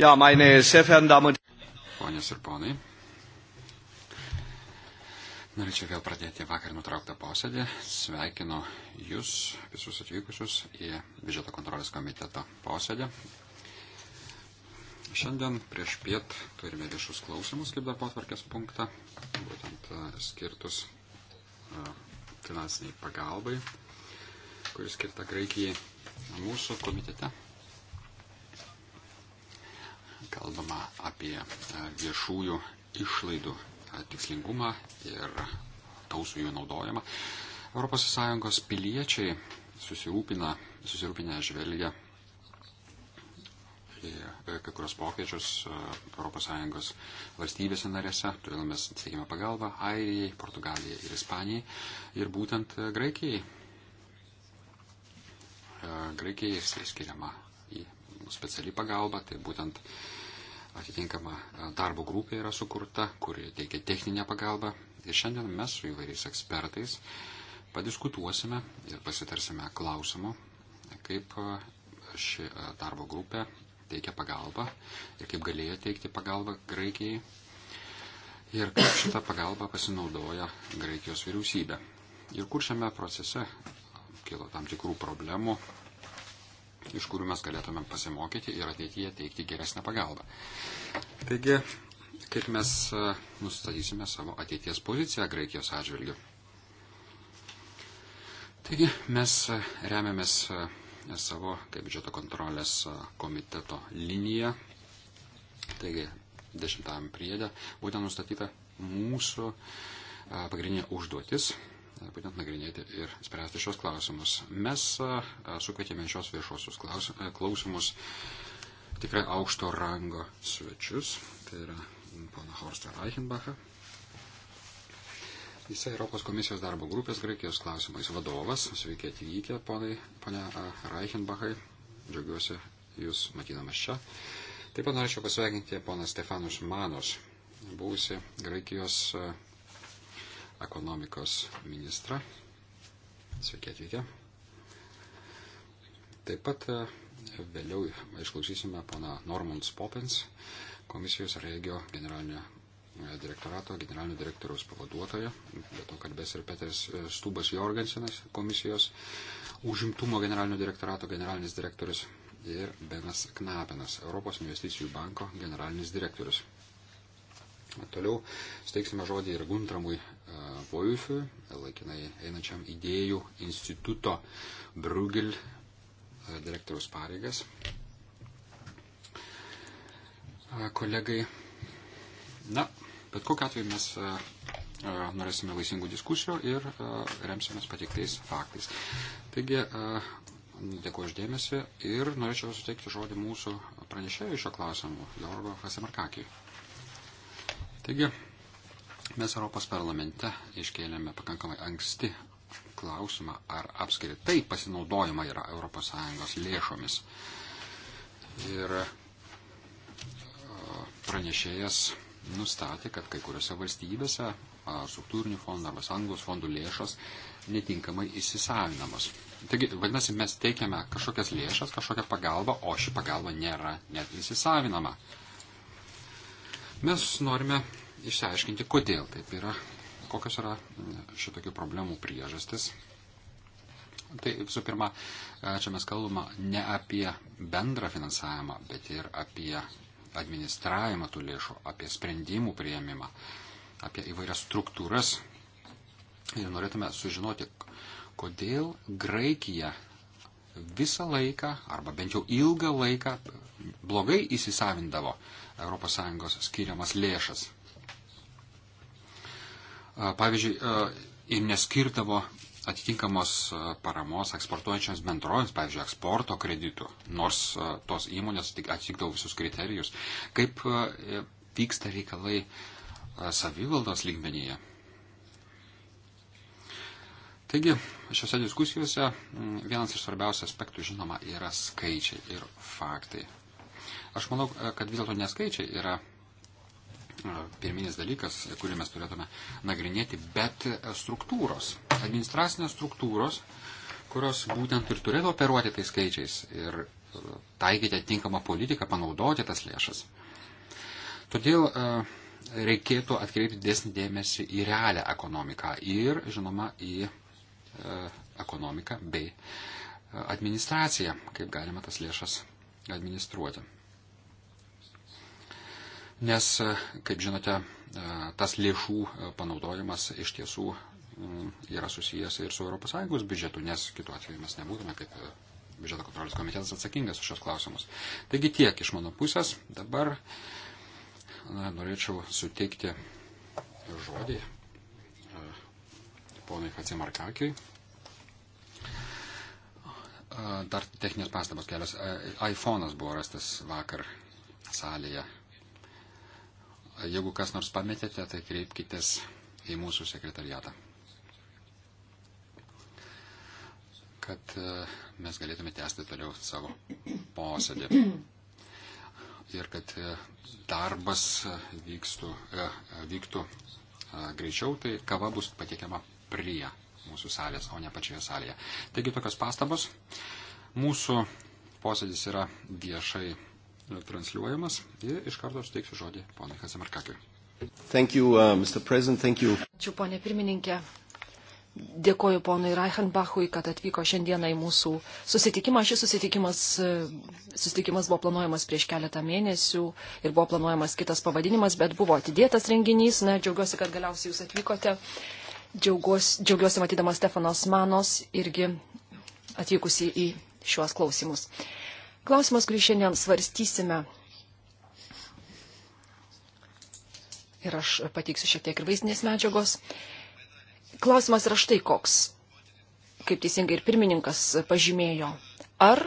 Ja, meine sehr verehrten Damen und Ponios ir ponai, norėčiau vėl pradėti vakar nutrauktą posėdį. Sveikinu Jūs visus atvykusius į biudžeto kontrolės komiteto posėdį. Šiandien prieš piet turime viešus klausimus kaip darbotvarkės punktą, būtent e, skirtus e, finansiniai pagalbai, kuris skirta Graikijai mūsų komitete kalbama apie e, viešųjų išlaidų e, tikslingumą ir tausų jų naudojimą. ES piliečiai susirūpina, susirūpinę žvelgia į e, kai kurios pokyčius ES valstybėse narėse, todėl mes teikime pagalbą Airijai, Portugalijai ir Ispanijai ir būtent Graikijai. Graikijai skiriama į speciali pagalba, tai būtent uh, atitinkama e, darbo grupė yra sukurta, kuri teikia techninę pagalbą. Ir šiandien mes su įvairiais ekspertais padiskutuosime ir pasitarsime klausimu, kaip e, ši e, darbo grupė teikia pagalbą ir kaip galėjo teikti pagalbą Graikijai ir kaip šitą pagalbą pasinaudoja Graikijos vyriausybė. Ir kur šiame procese kilo tam tikrų problemų, iš kurių mes galėtume pasimokyti ir ateityje teikti geresnę pagalbą. Taigi, kaip mes e, nustatysime savo ateities poziciją Graikijos atžvilgiu. Taigi, mes e, remiamės e, savo, kaip biudžeto kontrolės komiteto liniją. Taigi, dešimtame priedė būtent nustatyta mūsų pagrindinė užduotis būtent nagrinėti ir spręsti šios klausimus. Mes sukvietėme šios viešosius klausimus tikrai aukšto rango svečius, tai yra pana Horstą Reichenbachą. Jis Europos komisijos darbo grupės Graikijos klausimais vadovas. Sveiki atvykę, ponai, ponia Reichenbachai. Džiaugiuosi jūs matydamas čia. Taip pat norėčiau pasveikinti poną Stefanus Manos, buvusi Graikijos ekonomikos ministrą. Sveiki atvykę. Taip pat e, vėliau išklausysime pana Normans Popens, komisijos regio generalinio e, direktorato, generalinio direktoriaus pavaduotojo. Be to kalbės ir Petras e, Stubas Jorgensenas, komisijos užimtumo generalinio direktorato generalinis direktorius ir Benas Knapenas, Europos investicijų banko generalinis direktorius. Toliau steiksime žodį ir Guntramui Voifui, e, laikinai einančiam idėjų instituto Brugel e, direktoriaus pareigas. E, kolegai, na, bet kokiu atveju mes norėsime laisingų diskusijų ir remsimės pateiktais faktais. Taigi, dėkuoju uždėmesi ir norėčiau suteikti žodį mūsų pranešėjui šio klausimu, Jorgo Hasemarkakijui. Taigi, mes Europos parlamente iškėlėme pakankamai anksti klausimą, ar apskritai pasinaudojama yra ES lėšomis. Ir pranešėjas nustatė, kad kai kuriuose valstybėse struktūrinių fondų arba sąjungos fondų lėšos netinkamai įsisavinamos. Taigi, vadinasi, mes teikiame kažkokias lėšas, kažkokią pagalbą, o ši pagalba nėra net įsisavinama. Mes norime išsiaiškinti, kodėl taip yra, kokios yra mm, šitokių problemų priežastis. Tai visų pirma, e, čia mes kalbame ne apie bendrą finansavimą, bet ir apie administravimą tų lėšų, apie sprendimų prieimimą, apie įvairias struktūras. Ir norėtume sužinoti, kodėl Graikija visą laiką, arba bent jau ilgą laiką, blogai įsisavindavo ES skiriamas lėšas. Pavyzdžiui, ir neskirdavo atitinkamos paramos eksportuojančiams bendrovėms, pavyzdžiui, eksporto kreditų, nors tos įmonės atitikdavo visus kriterijus. Kaip e, vyksta reikalai savivaldos lygmenyje? Taigi, šiuose diskusijose vienas iš svarbiausių aspektų, žinoma, yra skaičiai ir faktai. Aš manau, kad vis dėlto neskaičiai yra e, pirminis dalykas, kurį mes turėtume nagrinėti, bet struktūros, administracinės struktūros, kurios būtent ir turėtų operuoti tais skaičiais ir e, taikyti atitinkamą politiką, panaudoti tas lėšas. Todėl e, reikėtų atkreipti dėsnį dėmesį į realią ekonomiką ir, žinoma, į ekonomiką bei administraciją, kaip galima tas lėšas administruoti nes, kaip žinote, tas lėšų panaudojimas iš tiesų mm, yra susijęs ir su ES biudžetu, nes kitu atveju mes nebūtume kaip e, biudžeto kontrolės komitetas atsakingas už šios klausimus. Taigi tiek iš mano pusės. Dabar na, norėčiau suteikti žodį e, ponui Hacimarkakiui. E, dar techninės pastabos kelios. iPhone'as buvo rastas vakar salėje Jeigu kas nors pametėte, tai kreipkitės į mūsų sekretariatą, kad e, mes galėtume tęsti toliau savo posėdį ir kad e, darbas vykstų, e, vyktų greičiau, tai kava bus patiekiama prie mūsų salės, o ne pačioje salėje. Taigi tokios pastabos. Mūsų posėdis yra viešai transliuojamas ir iš karto aš teiksiu žodį ponai Hasemarkakiui. Thank you, uh, Mr. President, thank you. Ačiū, ponė pirmininkė. Dėkoju ponui Reichenbachui, kad atvyko šiandieną į mūsų susitikimą. Šis susitikimas, e, susitikimas buvo planuojamas prieš keletą mėnesių ir buvo planuojamas kitas pavadinimas, bet buvo atidėtas renginys. Na, džiaugiuosi, kad galiausiai jūs atvykote. Džiaugiuosi, džiaugiuosi matydamas Stefanos Manos irgi atvykusi į šiuos klausimus. Uh, Klausimas, kurį šiandien svarstysime. Ir aš pateiksiu šiek tiek ir vaizdinės medžiagos. Klausimas yra štai koks, kaip teisingai ir pirmininkas pažymėjo. Ar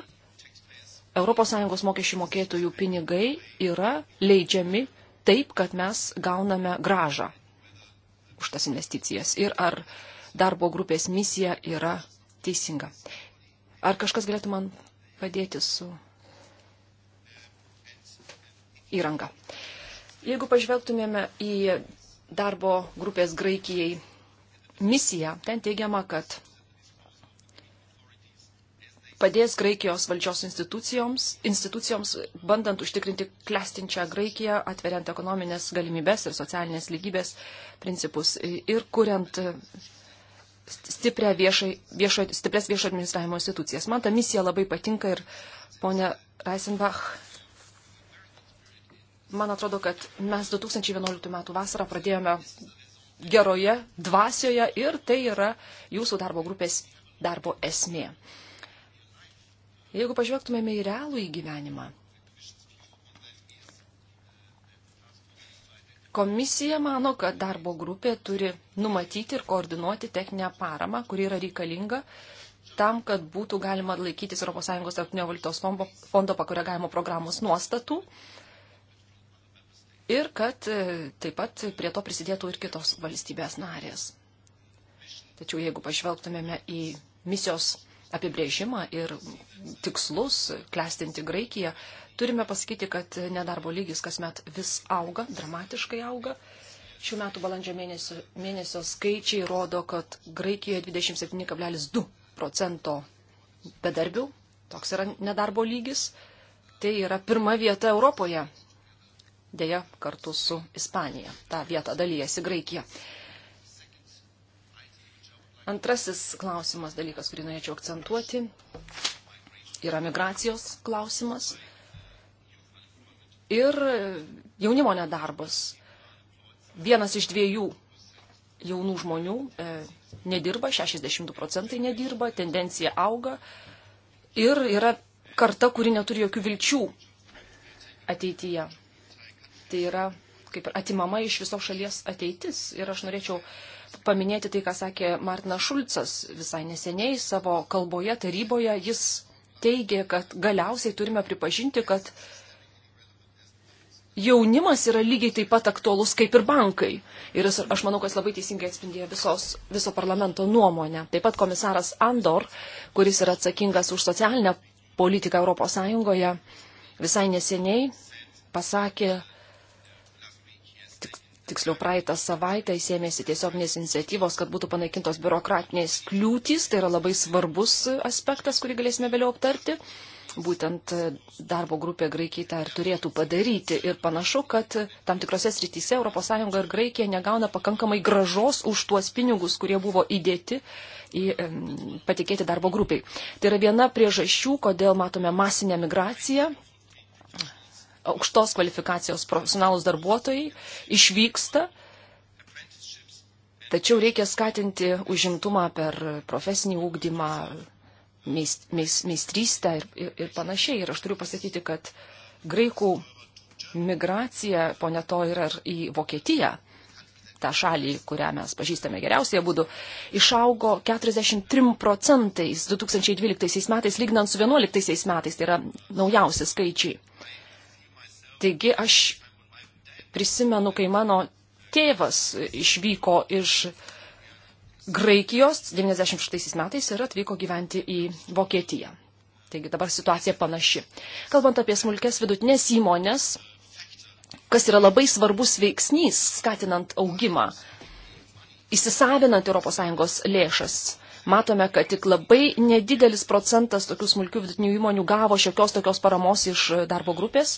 ES mokesčių mokėtojų pinigai yra leidžiami taip, kad mes gauname gražą už tas investicijas ir ar darbo grupės misija yra teisinga. Ar kažkas galėtų man padėti su įrangą. Jeigu pažvelgtumėme į darbo grupės Graikijai misiją, ten teigiama, kad padės Graikijos valdžios institucijoms, institucijoms bandant užtikrinti klestinčią Graikiją, atveriant ekonominės galimybės ir socialinės lygybės principus ir kuriant viešai, viešo, stiprias viešo administravimo institucijas. Man ta misija labai patinka ir ponia Reisenbach Man atrodo, kad mes 2011 m. vasarą pradėjome geroje dvasioje ir tai yra jūsų darbo grupės darbo esmė. Jeigu pažvelgtumėme į realų įgyvenimą, Komisija mano, kad darbo grupė turi numatyti ir koordinuoti techninę paramą, kuri yra reikalinga tam, kad būtų galima laikytis ES tarptinio valiutos fondo pakoregavimo programos nuostatų, ir kad e, taip pat prie to prisidėtų ir kitos valstybės narės. Tačiau jeigu pažvelgtumėme į misijos apibrėžimą ir tikslus klestinti Graikiją, turime pasakyti, kad nedarbo lygis kasmet vis auga, dramatiškai auga. Šių metų balandžio mėnesio, mėnesio skaičiai rodo, kad Graikijoje 27,2 procento bedarbių, toks yra nedarbo lygis, tai yra pirma vieta Europoje dėja kartu su Ispanija. Ta vieta dalyjasi Graikija. Antrasis klausimas, dalykas, kurį norėčiau akcentuoti, yra migracijos klausimas ir jaunimo nedarbas. Vienas iš dviejų jaunų žmonių e, nedirba, 62 procentai nedirba, tendencija auga ir yra karta, kuri neturi jokių vilčių ateityje tai yra kaip ir atimama iš visos šalies ateitis. Ir aš norėčiau paminėti tai, ką sakė Martinas Šulcas visai neseniai savo kalboje taryboje. Jis teigė, kad galiausiai turime pripažinti, kad jaunimas yra lygiai taip pat aktuolus kaip ir bankai. Ir jis, aš manau, kad jis labai teisingai atspindėjo visos, viso parlamento nuomonę. Taip pat komisaras Andor, kuris yra atsakingas už socialinę politiką ES, visai neseniai pasakė, tiksliau praeitą savaitę įsėmėsi tiesioginės iniciatyvos, kad būtų panaikintos biurokratinės kliūtys. Tai yra labai svarbus aspektas, kurį galėsime vėliau aptarti. Būtent e, darbo grupė Graikijai tą ir turėtų padaryti. Ir panašu, kad e, tam tikrose srityse ES ir Graikija negauna pakankamai gražos už tuos pinigus, kurie buvo įdėti į e, patikėti darbo grupiai. Tai yra viena priežasčių, kodėl matome masinę migraciją aukštos kvalifikacijos profesionalus darbuotojai išvyksta, tačiau reikia skatinti užimtumą per profesinį ūkdymą, meist, meist, meistrystę ir, ir, ir panašiai. Ir aš turiu pasakyti, kad graikų migracija, ponė to, yra ir į Vokietiją tą šalį, kurią mes pažįstame geriausiai būdu, išaugo 43 procentais 2012 metais, lygnant su 2011 metais, tai yra naujausi skaičiai. Taigi aš prisimenu, kai mano tėvas išvyko iš Graikijos 96 metais ir atvyko gyventi į Vokietiją. Taigi dabar situacija panaši. Kalbant apie smulkės vidutinės įmonės, kas yra labai svarbus veiksnys skatinant augimą, įsisavinant ES lėšas, matome, kad tik labai nedidelis procentas tokių smulkių vidutinių įmonių gavo šiokios tokios paramos iš darbo grupės.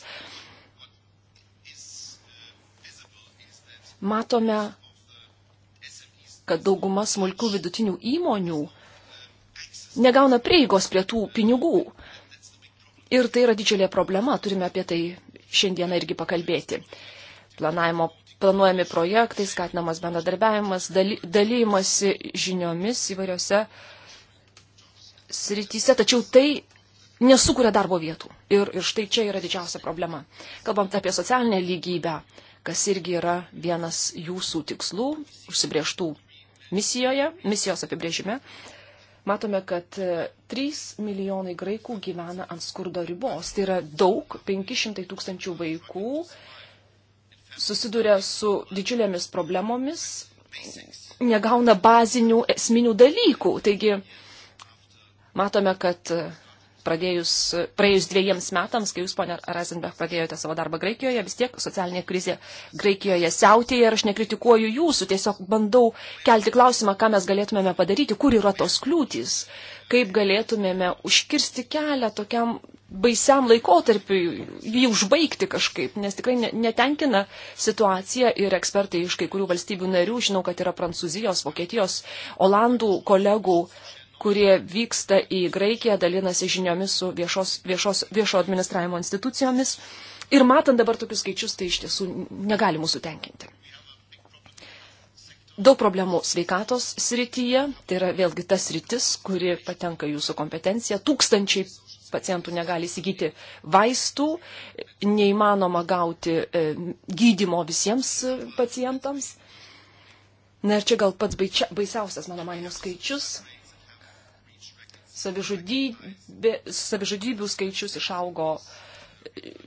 matome, kad dauguma smulkių vidutinių įmonių negauna prieigos prie tų pinigų. Ir tai yra didžiulė problema, turime apie tai šiandieną irgi pakalbėti. Planavimo, planuojami projektai, skatinamas bendradarbiavimas, daly, dalymasi žiniomis įvairiose srityse, tačiau tai nesukuria darbo vietų. Ir, ir štai čia yra didžiausia problema. Kalbant apie socialinę lygybę, kas irgi yra vienas jūsų tikslų, užsibrieštų misijoje, misijos apibrėžime. Matome, kad 3 e, milijonai graikų gyvena ant skurdo ribos. Tai yra daug, 500 tūkstančių vaikų susiduria su didžiulėmis problemomis, negauna bazinių esminių dalykų. Taigi matome, kad e, pradėjus, praėjus dviejiems metams, kai jūs, ponė Rasenbech, pradėjote savo darbą Graikijoje, vis tiek socialinė krizė Graikijoje siautėja ir aš nekritikuoju jūsų, tiesiog bandau kelti klausimą, ką mes galėtumėme padaryti, kur yra tos kliūtys, kaip galėtumėme užkirsti kelią tokiam baisiam laikotarpiu, jį užbaigti kažkaip, nes tikrai netenkina situacija ir ekspertai iš kai kurių valstybių narių, žinau, kad yra Prancūzijos, Vokietijos, Olandų kolegų kurie vyksta į Graikiją, dalinasi žiniomis su viešos, viešos, viešo administravimo institucijomis. Ir matant dabar tokius skaičius, tai iš tiesų negali mūsų tenkinti. Daug problemų sveikatos srityje, tai yra vėlgi tas rytis, kuri patenka jūsų kompetencija. Tūkstančiai pacientų negali įsigyti vaistų, neįmanoma gauti e, gydimo visiems e, pacientams. Na ir čia gal pats baisiausias, mano manimo, skaičius savižudybių skaičius išaugo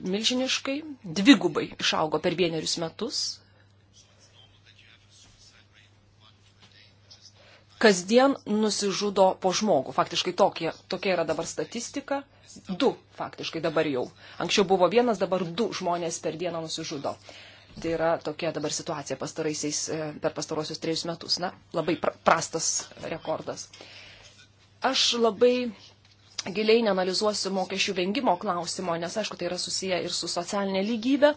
milžiniškai, dvigubai išaugo per vienerius metus. Kasdien nusižudo po žmogų. Faktiškai tokie, tokia yra dabar statistika. Du, faktiškai dabar jau. Anksčiau buvo vienas, dabar du žmonės per dieną nusižudo. Tai yra tokia dabar situacija e, per pastarosius trejus metus. Na, labai prastas rekordas. Uh, Aš labai giliai neanalizuosiu mokesčių vengimo klausimo, nes aišku, tai yra susiję ir su socialinė lygybė.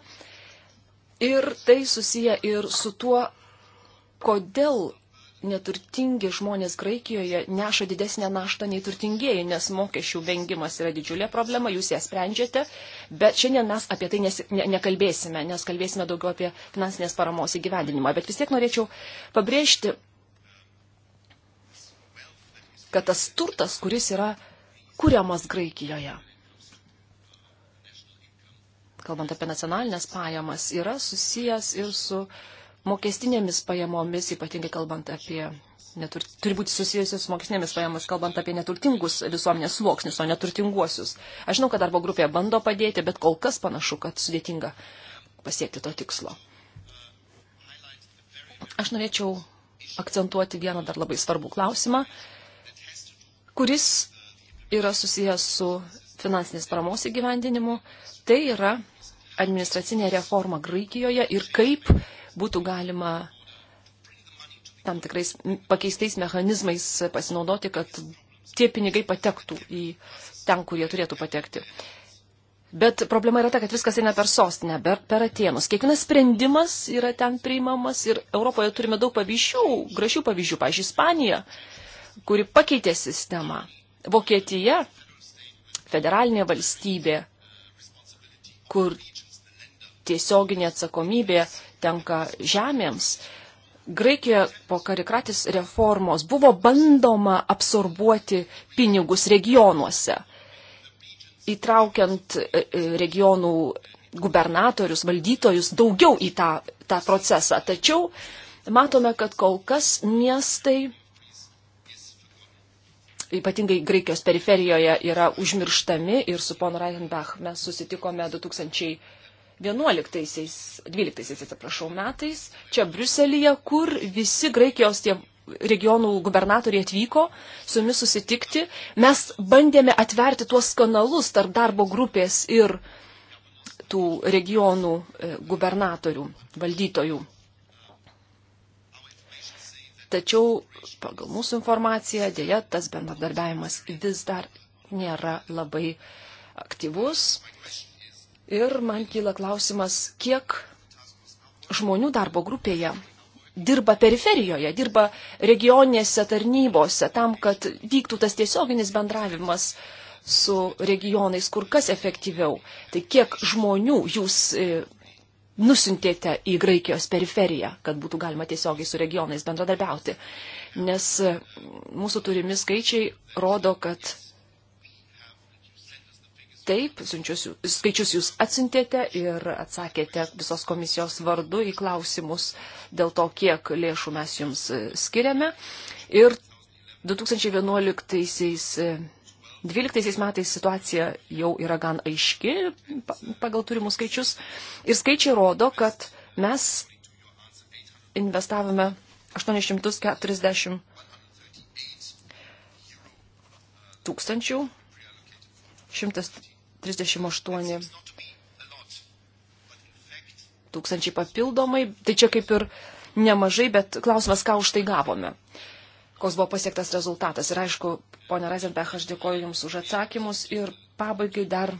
Ir tai susiję ir su tuo, kodėl neturtingi žmonės Graikijoje neša didesnę naštą nei turtingieji, nes mokesčių vengimas yra didžiulė problema, jūs ją sprendžiate, bet šiandien mes apie tai nes, ne, nekalbėsime, nes kalbėsime daugiau apie finansinės paramos įgyvendinimą. Bet vis tiek norėčiau pabrėžti, kad tas turtas, kuris yra kuriamas Graikijoje, kalbant apie nacionalinės pajamas, yra susijęs ir su mokestinėmis pajamomis, ypatingai kalbant apie, netur, turi būti susijusios su mokestinėmis pajamomis, kalbant apie neturtingus visuomenės sluoksnius, o neturtinguosius. Aš žinau, kad darbo grupė bando padėti, bet kol kas panašu, kad sudėtinga pasiekti to tikslo. Aš norėčiau akcentuoti vieną dar labai svarbų klausimą, kuris yra susijęs su finansinės paramos įgyvendinimu, tai yra administracinė reforma Graikijoje ir kaip būtų galima tam tikrais pakeistais mechanizmais pasinaudoti, kad tie pinigai patektų į ten, kur jie turėtų patekti. Bet problema yra ta, kad viskas eina per sostinę, per, per Atenus. Kiekvienas sprendimas yra ten priimamas ir Europoje turime daug pavyzdžių, gražių pavyzdžių, pažiūrėjau, Ispanija kuri pakeitė sistemą. Vokietija, federalinė valstybė, kur tiesioginė atsakomybė tenka žemėms. Graikijoje po karikratis reformos buvo bandoma absorbuoti pinigus regionuose, įtraukiant e, e, regionų gubernatorius, valdytojus daugiau į tą, tą procesą. Tačiau matome, kad kol kas miestai ypatingai Graikijos periferijoje yra užmirštami ir su ponu Reichenbach mes susitikome 2011-2012 atsiprašau, metais čia Briuselyje, kur visi Graikijos tie regionų gubernatoriai atvyko su jumis susitikti. Mes bandėme atverti tuos kanalus tarp darbo grupės ir tų regionų e, gubernatorių, valdytojų. Tačiau pagal mūsų informaciją dėja tas bendradarbiavimas vis dar nėra labai aktyvus. Ir man kyla klausimas, kiek žmonių darbo grupėje dirba periferijoje, dirba regioninėse tarnybose tam, kad vyktų tas tiesioginis bendravimas su regionais kur kas efektyviau. Tai kiek žmonių jūs e, nusintėte į Graikijos periferiją, kad būtų galima tiesiogiai su regionais bendradarbiauti. Nes mm, mūsų turimi skaičiai rodo, kad taip, siunčius, skaičius jūs atsintėte ir atsakėte visos komisijos vardu į klausimus dėl to, kiek lėšų mes jums skiriame. Ir 2011 12 metais situacija jau yra gan aiški pagal turimus skaičius ir skaičiai rodo, kad mes investavome 840 tūkstančių, 138 tūkstančiai papildomai, tai čia kaip ir nemažai, bet klausimas, ką už tai gavome. Uh, koks buvo pasiektas rezultatas. Ir aišku, ponia Razenbech, aš dėkoju Jums už atsakymus ir pabaigai dar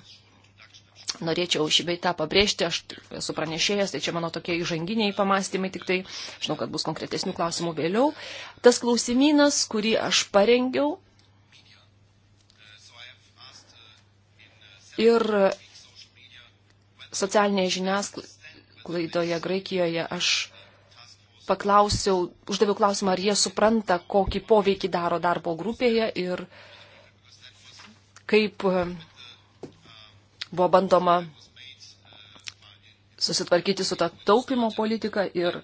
norėčiau šį beitą pabrėžti, aš esu pranešėjas, tai čia mano tokie įžanginiai pamastymai, tik tai žinau, kad bus konkretesnių klausimų vėliau. Tas klausimynas, kurį aš parengiau ir socialinėje žiniasklaidoje Graikijoje aš paklausiau, uždaviau klausimą, ar jie supranta, kokį poveikį daro darbo grupėje ir kaip e, buvo bandoma susitvarkyti su tą taupimo politiką ir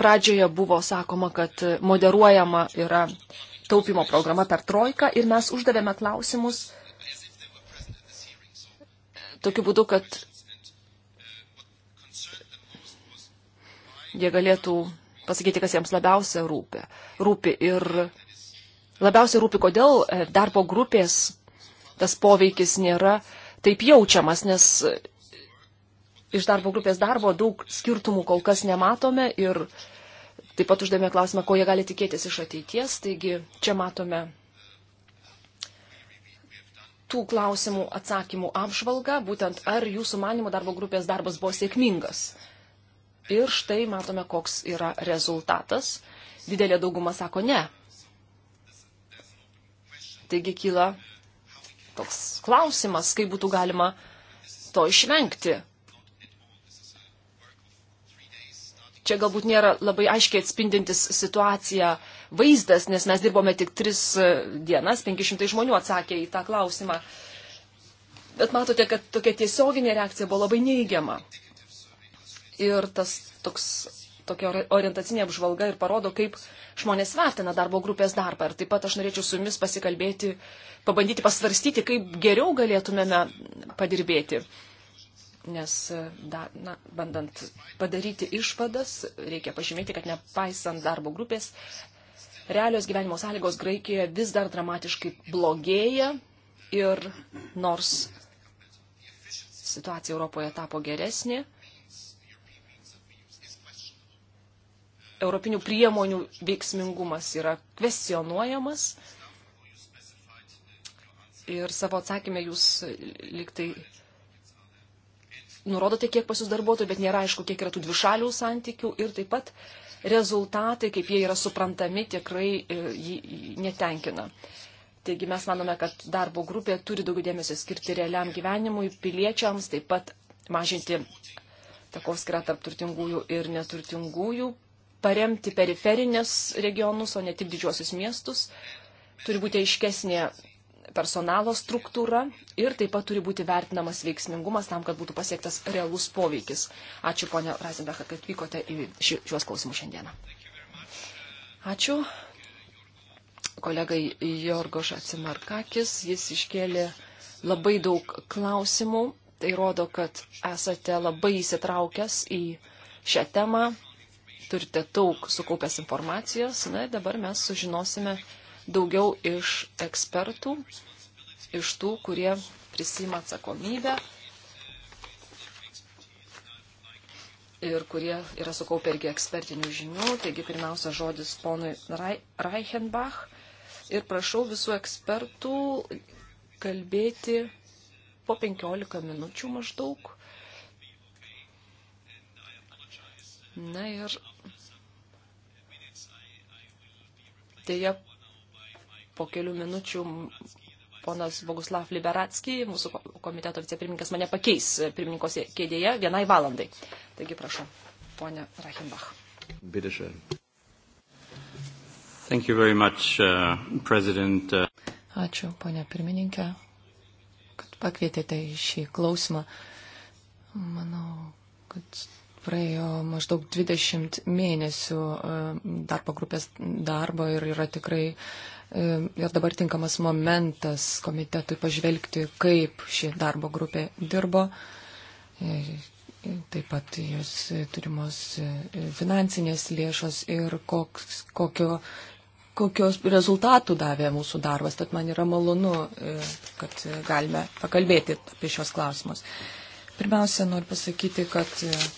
pradžioje buvo sakoma, kad moderuojama yra taupimo programa per trojką ir mes uždavėme klausimus tokiu būdu, kad jie galėtų pasakyti, kas jiems labiausia rūpi. rūpi. Ir labiausia rūpi, kodėl e, darbo grupės tas poveikis nėra taip jaučiamas, nes iš darbo grupės darbo daug skirtumų kol kas nematome ir taip pat uždavėme klausimą, ko jie gali tikėtis iš ateities. Taigi čia matome tų klausimų atsakymų apžvalgą, būtent ar jūsų manimų darbo grupės darbas buvo sėkmingas. Ir štai matome, koks yra rezultatas. Didelė dauguma sako ne. Taigi kyla toks klausimas, kaip būtų galima to išvengti. Čia galbūt nėra labai aiškiai atspindintis situaciją vaizdas, nes mes dirbome tik tris e, dienas, 500 žmonių atsakė į tą klausimą. Bet matote, kad tokia tiesioginė reakcija buvo labai neigiama ir tas toks, tokia orientacinė apžvalga ir parodo, kaip žmonės vertina darbo grupės darbą. Ir taip pat aš norėčiau su jumis pasikalbėti, pabandyti pasvarstyti, kaip geriau galėtumėme padirbėti. Nes, da, na, bandant padaryti išvadas, reikia pažymėti, kad nepaisant darbo grupės, realios gyvenimo sąlygos Graikijoje vis dar dramatiškai blogėja ir nors situacija Europoje tapo geresnė, europinių priemonių veiksmingumas yra kvestionuojamas. Ir savo atsakymę jūs liktai nurodote, kiek pas jūs darbuotojų, bet nėra aišku, kiek yra tų dvišalių santykių ir taip pat rezultatai, kaip jie yra suprantami, tikrai e, jį netenkina. Taigi mes manome, kad darbo grupė turi daugiau dėmesio skirti realiam gyvenimui, piliečiams, taip pat mažinti takos skirą tarp turtingųjų ir neturtingųjų, paremti periferinės regionus, o ne tik didžiuosius miestus. Turi būti aiškesnė personalo struktūra ir taip pat turi būti vertinamas veiksmingumas tam, kad būtų pasiektas realus poveikis. Ačiū, ponia Razenbeka, kad atvykote į šiuos klausimus šiandieną. Ačiū kolegai Jorgoš Atsimarkakis. Jis iškėlė labai daug klausimų. Tai rodo, kad esate labai įsitraukęs į šią temą turite daug sukaupęs informacijos. Na ir dabar mes sužinosime daugiau iš ekspertų, iš tų, kurie prisima atsakomybę ir kurie yra sukaupę irgi ekspertinių žinių. Taigi pirmiausia žodis ponui Reichenbach. Ir prašau visų ekspertų kalbėti po 15 minučių maždaug. Na ir Dėja, po kelių minučių ponas Boguslav Liberatski, mūsų komiteto vicepirmininkas, mane pakeis pirmininkos kėdėje vienai valandai. Taigi prašau, ponė Rahimbach. Bidišė. Thank you very much, uh, President. Ačiū, ponė pirmininkė, kad pakvietėte į šį klausimą. Manau, kad Praėjo maždaug 20 mėnesių e, darbo grupės darbo ir yra tikrai e, ir dabar tinkamas momentas komitetui pažvelgti, kaip ši darbo grupė dirbo. E, taip pat jos turimos finansinės lėšos ir koks, kokio, kokios rezultatų davė mūsų darbas. Tad man yra malonu, kad galime pakalbėti apie šios klausimus. Pirmiausia, noriu pasakyti, kad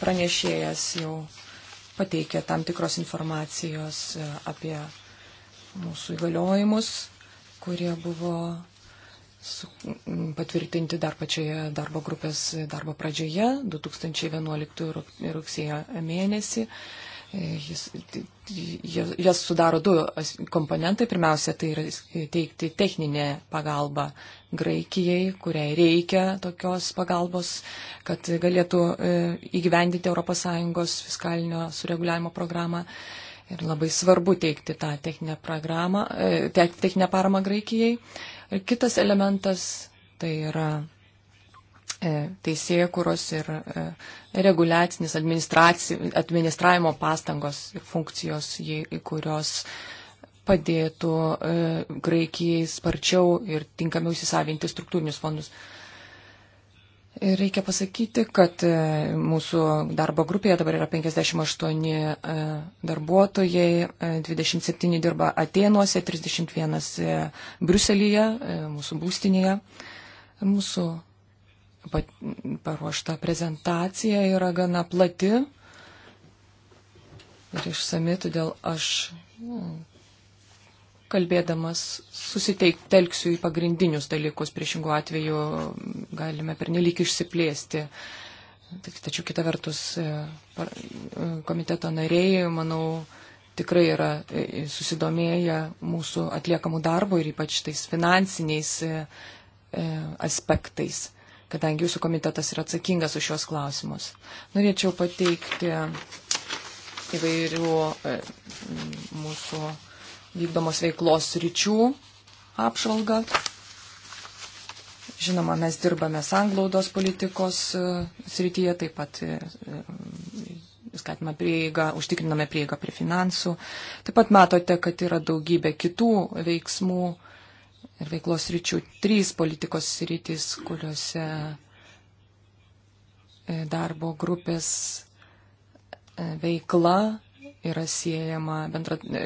pranešėjas jau pateikė tam tikros informacijos e, apie mūsų įgaliojimus, kurie buvo patvirtinti dar pačioje darbo grupės darbo pradžioje 2011 rugsėjo mėnesį. Jis, jas sudaro du komponentai. Pirmiausia, tai yra teikti techninę pagalbą Graikijai, kuriai reikia tokios pagalbos, kad galėtų e, įgyvendinti ES fiskalinio sureguliavimo programą. Ir labai svarbu teikti tą techninę, programą, e, techninę paramą Graikijai. Ir kitas elementas tai yra E, teisėjų kuros ir e, reguliacinis administravimo pastangos ir funkcijos, kurios padėtų e, Graikijai sparčiau ir tinkamiau įsisavinti struktūrinius fondus. Reikia pasakyti, kad mūsų darbo grupėje dabar yra 58 darbuotojai, 27 dirba Atenuose, 31 Bruselėje, mūsų būstinėje. Mūsų paruošta prezentacija yra gana plati ir išsami, todėl aš nu, kalbėdamas susitelksiu į pagrindinius dalykus, priešingų atveju galime pernelyg išsiplėsti. Tačiau kita vertus, e, e, komiteto nariai, manau, tikrai yra e, susidomėję mūsų atliekamų darbų ir ypač tais finansiniais aspektais kadangi jūsų komitetas yra atsakingas už šios klausimus. Norėčiau pateikti įvairių e, mūsų vykdomos veiklos ryčių apžvalgą. Žinoma, mes dirbame sanglaudos politikos e, srityje, taip pat e, skatiname prieigą, užtikriname prieigą prie finansų. Taip pat matote, kad yra daugybė kitų veiksmų, ir veiklos ryčių. Trys politikos rytis, kuriuose e, darbo grupės e, veikla yra siejama, bendra, e,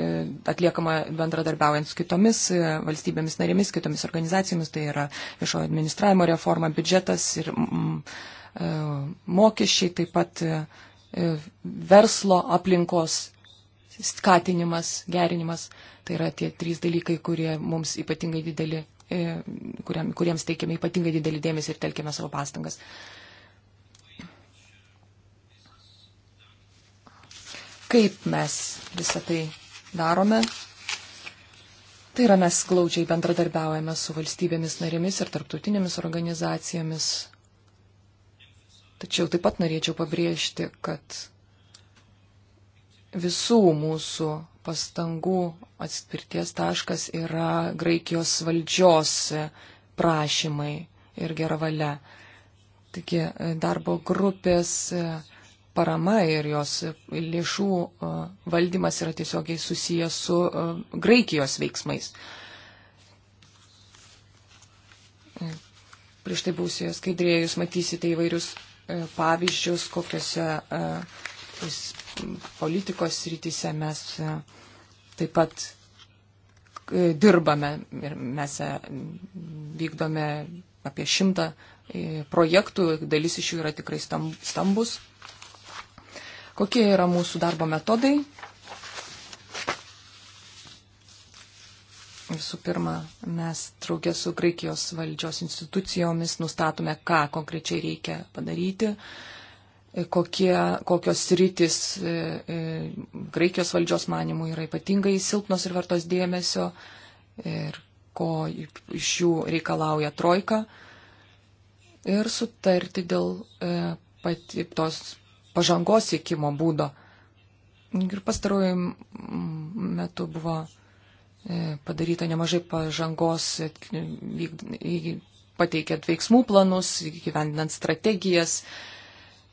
atliekama bendradarbiaujant su kitomis valstybėmis narėmis, kitomis organizacijomis, tai yra viešojo administravimo reforma, biudžetas ir mokesčiai, taip pat verslo aplinkos skatinimas, gerinimas. Tai yra tie trys dalykai, kurie mums ypatingai didelį, e, kuriam, kuriems teikiame ypatingai didelį dėmesį ir telkiame savo pastangas. Kaip mes visą tai darome? Tai yra mes glaudžiai bendradarbiaujame su valstybėmis narėmis ir tarptautinėmis organizacijomis. Tačiau taip pat norėčiau pabrėžti, kad visų mūsų pastangų atspirties taškas yra Graikijos valdžios prašymai ir gera valia. Taigi e, darbo grupės e, parama ir jos e, lėšų valdymas yra tiesiogiai susijęs su Graikijos veiksmais. Prieš tai būsėjo skaidrėje, jūs matysite įvairius pavyzdžius, kokiuose politikos rytise mes e, taip pat e, dirbame ir mes e, vykdome apie šimtą projektų, dalis iš jų yra tikrai stambus. Kokie yra mūsų darbo metodai? Visų pirma, mes traukė su Graikijos valdžios institucijomis nustatome, ką konkrečiai reikia padaryti. Uh, kokie, kokios rytis e, e, Graikijos valdžios manimų yra ypatingai silpnos ir vertos dėmesio ir ko iš jų reikalauja trojka ir sutarti dėl e, pati tos pažangos siekimo būdo. Ir pastarojim metu buvo padaryta nemažai pažangos, pateikiant veiksmų planus, gyvendinant strategijas,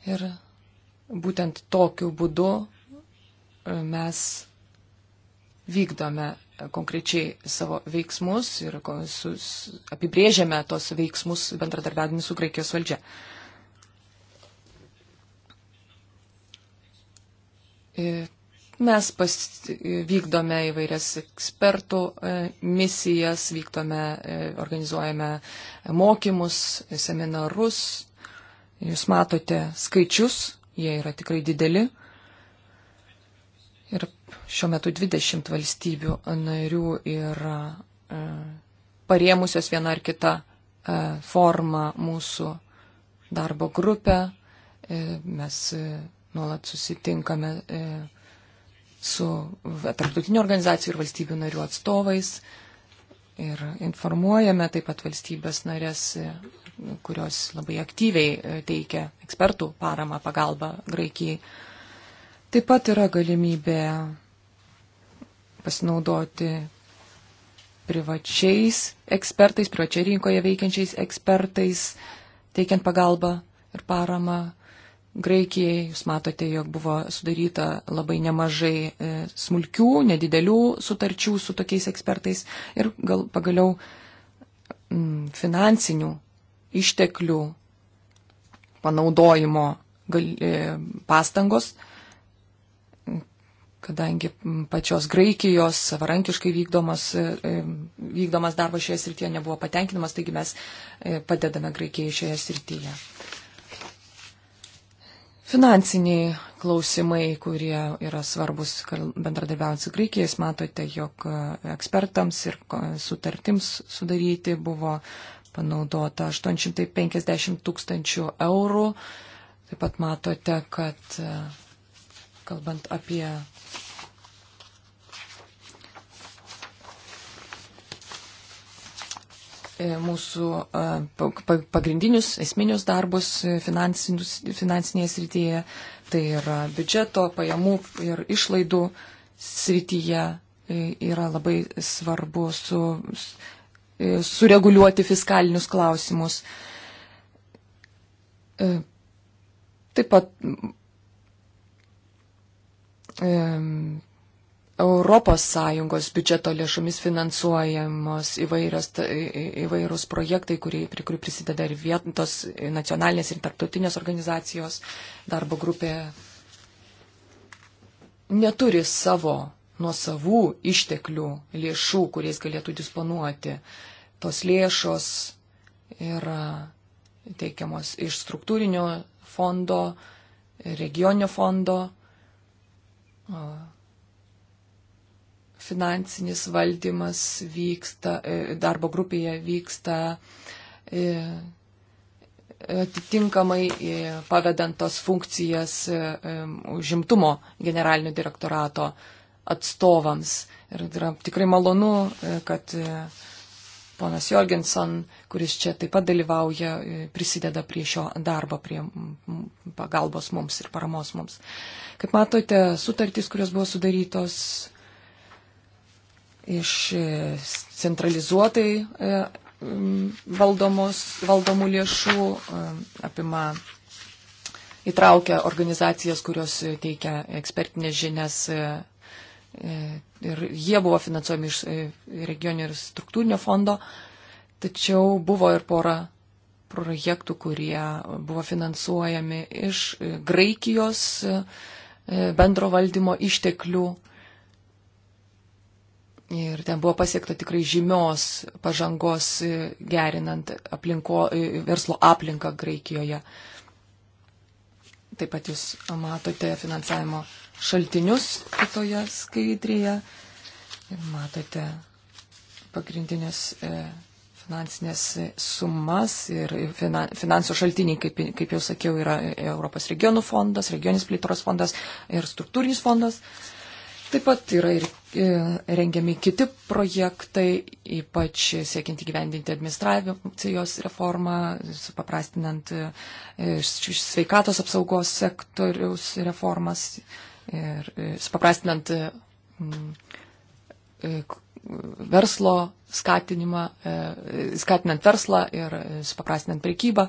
Ir būtent tokiu būdu e, mes vykdome konkrečiai savo veiksmus ir apibrėžiame tos veiksmus bendradarbiavimį su Graikijos valdžia. E, mes pas, vykdome įvairias ekspertų e, misijas, vykdome, organizuojame mokymus, seminarus Jūs matote skaičius, jie yra tikrai dideli. Ir šiuo metu 20 valstybių narių yra e, parėmusios vieną ar kitą e, formą mūsų darbo grupę. E, mes e, nuolat susitinkame e, su tarptautinių organizacijų ir valstybių narių atstovais. E, ir informuojame taip pat valstybės narės, kurios labai aktyviai e, teikia ekspertų paramą, pagalbą Graikijai. Taip pat yra galimybė pasinaudoti privačiais ekspertais, privačiai rinkoje veikiančiais ekspertais, teikiant pagalbą ir paramą Graikijai. Jūs matote, jog buvo sudaryta labai nemažai e, smulkių, nedidelių sutarčių su tokiais ekspertais ir gal pagaliau finansinių išteklių panaudojimo e, pastangos, kadangi pačios Graikijos savarankiškai vykdomas, e, vykdomas darbas šioje srityje nebuvo patenkinamas, taigi mes padedame Graikijai šioje srityje. Finansiniai klausimai, kurie yra svarbus bendradarbiaujant su Graikijais, matote, jog ekspertams ir sutartims sudaryti buvo panaudota 850 tūkstančių eurų. Taip pat matote, kad kalbant apie E, mūsų e, pagrindinius, esminius darbus e, finansinėje srityje, tai yra biudžeto, pajamų ir išlaidų srityje yra labai svarbu su, sureguliuoti fiskalinius klausimus. Taip pat ES biudžeto lėšomis finansuojamos įvairios, įvairūs projektai, kurie, prie kurių prisideda ir vietos nacionalinės ir tarptautinės organizacijos darbo grupė neturi savo nuo savų išteklių lėšų, kuriais galėtų disponuoti. Tos lėšos yra teikiamos iš struktūrinio fondo, regioninio fondo, finansinis valdymas vyksta, e, darbo grupėje vyksta e, atitinkamai e, pavedant tos funkcijas užimtumo generalinio direktorato atstovams. Ir yra tikrai malonu, kad ponas Jorgenson, kuris čia taip pat dalyvauja, prisideda prie šio darbo, prie pagalbos mums ir paramos mums. Kaip matote, sutartys, kurios buvo sudarytos iš e, centralizuotai e, valdomos, valdomų lėšų, e, apima įtraukia organizacijas, kurios teikia ekspertinės žinias ir jie buvo finansuojami iš regioninio ir struktūrinio fondo, tačiau buvo ir pora projektų, kurie buvo finansuojami iš Graikijos bendro valdymo išteklių Ir ten buvo pasiekta tikrai žymios pažangos e, gerinant aplinko, e, verslo aplinką Graikijoje. Taip pat jūs matote finansavimo šaltinius kitoje skaidrėje ir matote pagrindinės e, finansinės sumas ir finansų šaltiniai, kaip, kaip jau sakiau, yra Europos regionų fondas, regioninis plėtros fondas ir struktūrinis fondas. Taip pat yra ir e, rengiami kiti projektai, ypač siekiant įgyvendinti administracijos reformą, supaprastinant e, sveikatos apsaugos sektoriaus reformas ir e, supaprastinant verslo skatinimą, skatinant verslą ir supaprastinant prekybą.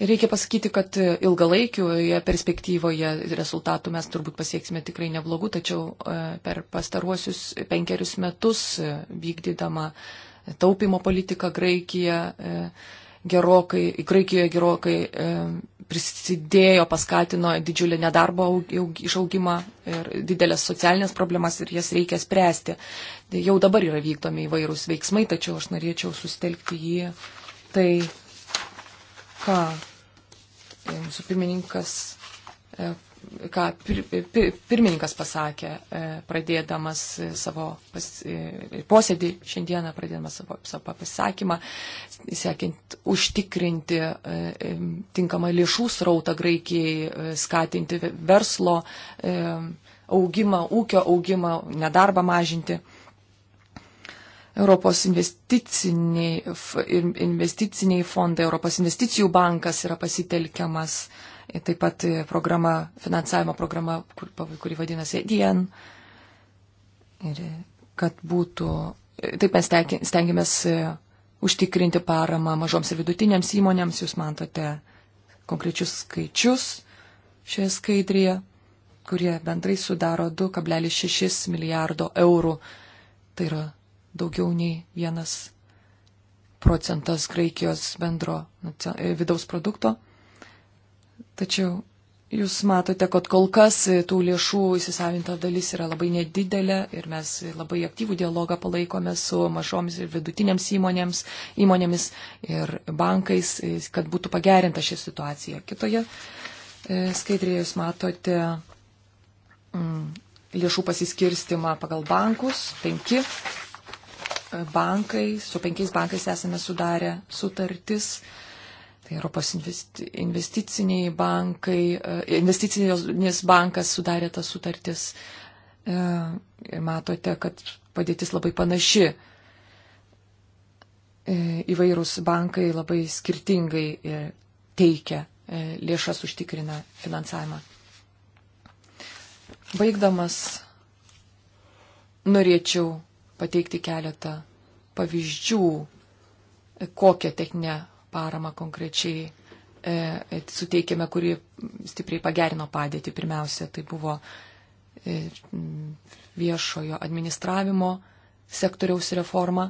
Reikia pasakyti, kad ilgalaikioje perspektyvoje rezultatų mes turbūt pasieksime tikrai neblogų, tačiau e, per pastaruosius penkerius metus e, vykdydama taupimo politiką Graikija e, gerokai, Graikijoje gerokai prisidėjo, paskatino didžiulį nedarbo išaugimą ir didelės socialinės problemas ir jas reikia spręsti. Tai jau dabar yra vykdomi įvairūs veiksmai, tačiau aš norėčiau sustelkti į tai, ką E, mūsų pirmininkas, e, ką pir, pir, pirmininkas pasakė, e, pradėdamas savo pas, posėdį šiandieną, pradėdamas savo, savo pasisakymą, siekiant užtikrinti tinkamą lėšų srautą Graikijai, skatinti verslo augimą, ūkio augimą, nedarbą mažinti. Europos investiciniai, investiciniai fondai, Europos investicijų bankas yra pasitelkiamas, e, taip pat e, programa, finansavimo programa, kur, kuri vadinasi EDN. Ir e, kad būtų, taip mes stengiamės užtikrinti paramą mažoms ir vidutinėms įmonėms, jūs matote konkrečius skaičius šioje skaidrėje, kurie bendrai sudaro 2,6 milijardo eurų. Tai yra daugiau nei vienas procentas Graikijos bendro e, vidaus produkto. Tačiau jūs matote, kad kol kas e, tų lėšų įsisavinta dalis yra labai nedidelė ir mes labai aktyvų dialogą palaikome su mažomis ir vidutinėms įmonėms, įmonėmis ir bankais, e, kad būtų pagerinta ši situacija. Kitoje skaidrėje jūs matote mm, lėšų pasiskirstimą pagal bankus, penki bankai, su penkiais bankais esame sudarę sutartis. Tai Europos investiciniai bankai, e, investicinės bankas sudarė tas sutartis. E, ir matote, kad padėtis labai panaši. E, įvairūs bankai labai skirtingai teikia lėšas užtikrina finansavimą. Baigdamas norėčiau pateikti keletą pavyzdžių, e, kokią techninę paramą konkrečiai e, e, suteikėme, kuri stipriai pagerino padėtį. Pirmiausia, tai buvo e, viešojo administravimo sektoriaus reforma,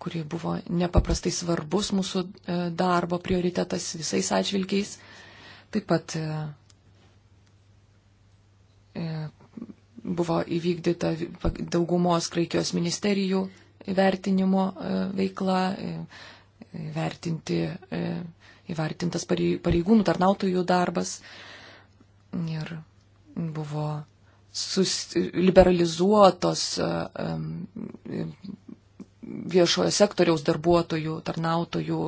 kuri buvo nepaprastai svarbus mūsų e, darbo prioritetas visais atžvilgiais. Taip pat e, e buvo įvykdyta daugumos Graikijos ministerijų vertinimo e, veikla, e, vertinti, e, įvertintas pareigūnų tarnautojų darbas ir buvo sus, liberalizuotos viešojo sektoriaus darbuotojų, tarnautojų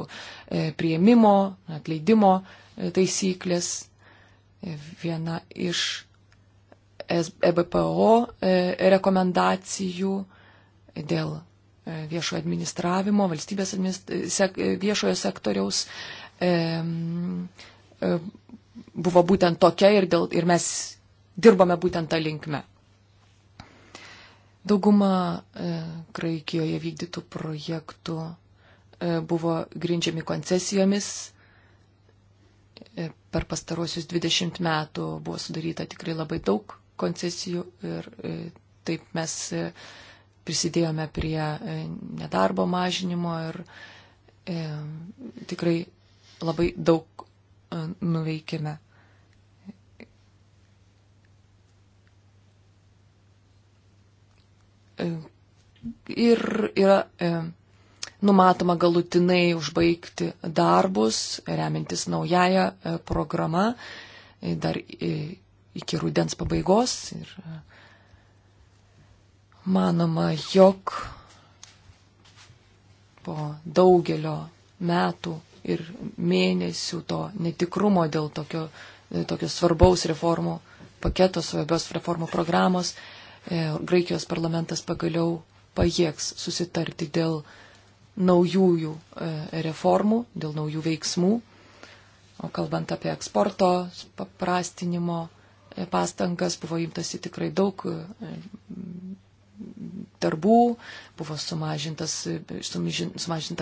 prieimimo, atleidimo taisyklės. Viena iš EBPO rekomendacijų dėl E, viešojo administravimo, valstybės administ... E, sek... E, viešojo sektoriaus e, e, buvo būtent tokia ir, dėl... ir mes dirbame būtent tą linkmę. Dauguma e, Graikijoje vykdytų projektų e, buvo grindžiami koncesijomis. E, per pastarosius 20 metų buvo sudaryta tikrai labai daug koncesijų ir e, taip mes. E, prisidėjome prie e, nedarbo mažinimo ir e, tikrai labai daug e, nuveikėme. E, ir yra e, numatoma galutinai užbaigti darbus, remintis naująją programą, dar iki rudens pabaigos. Ir, e, Manoma, jog po daugelio metų ir mėnesių to netikrumo dėl tokio, tokio svarbaus reformų paketo, svarbios reformų programos, e, Graikijos parlamentas pagaliau pajėgs susitarti dėl naujųjų e, reformų, dėl naujų veiksmų. O kalbant apie eksporto paprastinimo e, pastangas, buvo imtasi tikrai daug darbų, buvo sumažinta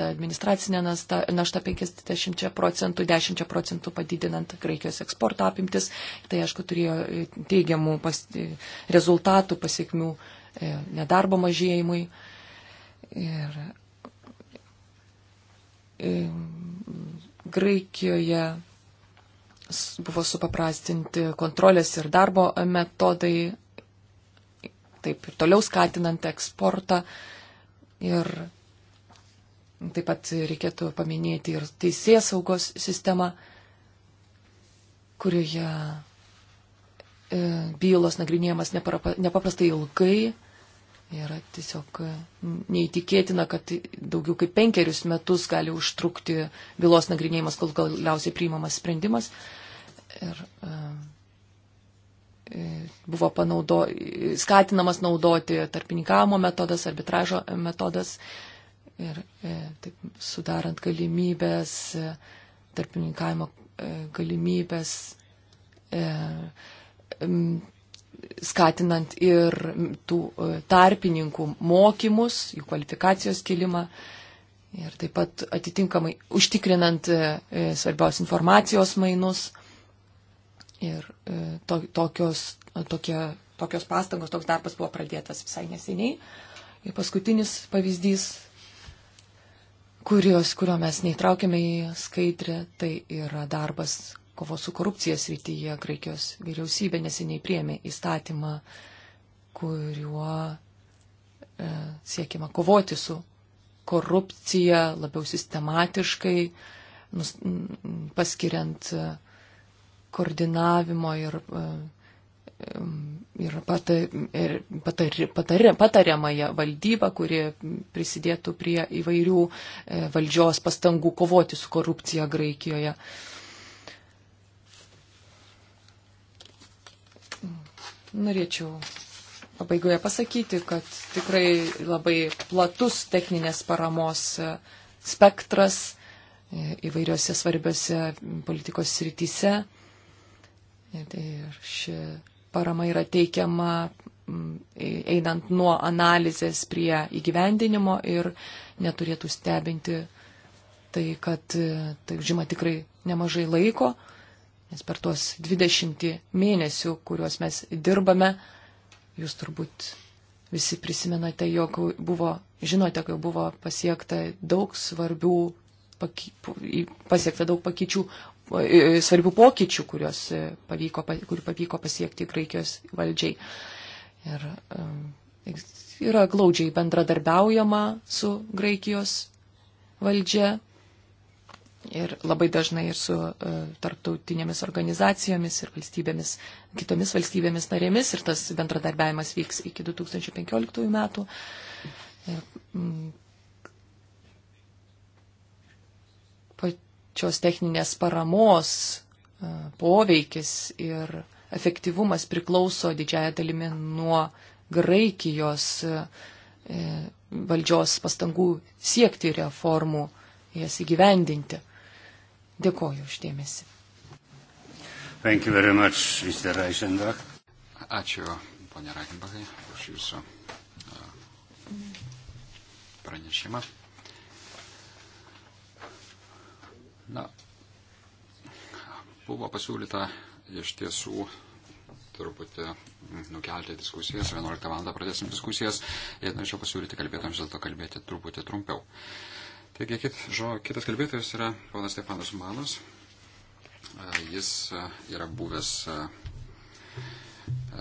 administracinė našta 50 procentų, 10 procentų padidinant Graikijos eksporto apimtis. Tai, aišku, turėjo e, teigiamų pas, e, rezultatų, pasiekmių e, nedarbo mažėjimui. Ir, ir, Graikijoje buvo supaprastinti kontrolės ir darbo metodai, taip ir toliau skatinant eksportą. Ir taip pat reikėtų paminėti ir teisės saugos sistemą, kurioje e, bylos nagrinėjimas nepaprastai ilgai. Yra tiesiog neįtikėtina, kad daugiau kaip penkerius metus gali užtrukti bylos nagrinėjimas, kol galiausiai priimamas sprendimas. Ir, uh, E, buvo panaudo, skatinamas naudoti tarpininkavimo metodas, arbitražo metodas ir e, taip, sudarant galimybės, e, tarpininkavimo galimybės, skatinant ir tų tarpininkų mokymus, jų kvalifikacijos kilimą. Ir taip pat atitinkamai užtikrinant svarbios informacijos mainus. Ir e, to, tokios, tokie, tokios pastangos, toks darbas buvo pradėtas visai neseniai. Ir paskutinis pavyzdys, kurios, kurio mes neįtraukėme į skaitrę, tai yra darbas kovos su korupcija srityje. Graikijos vyriausybė neseniai priemė įstatymą, kuriuo e, siekiama kovoti su korupcija labiau sistematiškai, nus, paskiriant. E, koordinavimo ir, ir, pata, ir patar, patar, patariamąją valdybą, kuri prisidėtų prie įvairių e, valdžios pastangų kovoti su korupcija Graikijoje. Norėčiau pabaigoje pasakyti, kad tikrai labai platus techninės paramos e, spektras e, įvairiose svarbiose politikos srityse. Tai ši parama yra teikiama mm, e, einant nuo analizės prie įgyvendinimo ir neturėtų stebinti tai, kad e, tai žima tikrai nemažai laiko, nes per tuos 20 mėnesių, kuriuos mes dirbame, jūs turbūt visi prisimenate, jog buvo, žinote, kad buvo pasiekta daug svarbių, pasiekta daug pakyčių, svarbių pokyčių, kuriuos e, pavyko, kurių pavyko pasiekti Graikijos valdžiai. Ir um, yra glaudžiai bendradarbiaujama su Graikijos valdžia ir labai dažnai ir su e, tarptautinėmis organizacijomis ir valstybėmis, kitomis valstybėmis narėmis ir tas bendradarbiavimas vyks iki 2015 metų. Ir, mm, šios techninės paramos e, poveikis ir efektyvumas priklauso didžiaja dalimi nuo Graikijos e, e, valdžios pastangų siekti reformų, jas įgyvendinti. Dėkoju uždėmesi. Much, Ačiū, ponė Reichenbachai, už jūsų pranešimą. Na, buvo pasiūlyta iš tiesų truputį nukelti diskusijas. 11 val. pradėsim diskusijas ir norėčiau pasiūlyti kalbėtams dėl to kalbėti truputį trumpiau. Taigi, kit, žo, kitas kalbėtojas yra ponas Stefanas Malas. Jis yra buvęs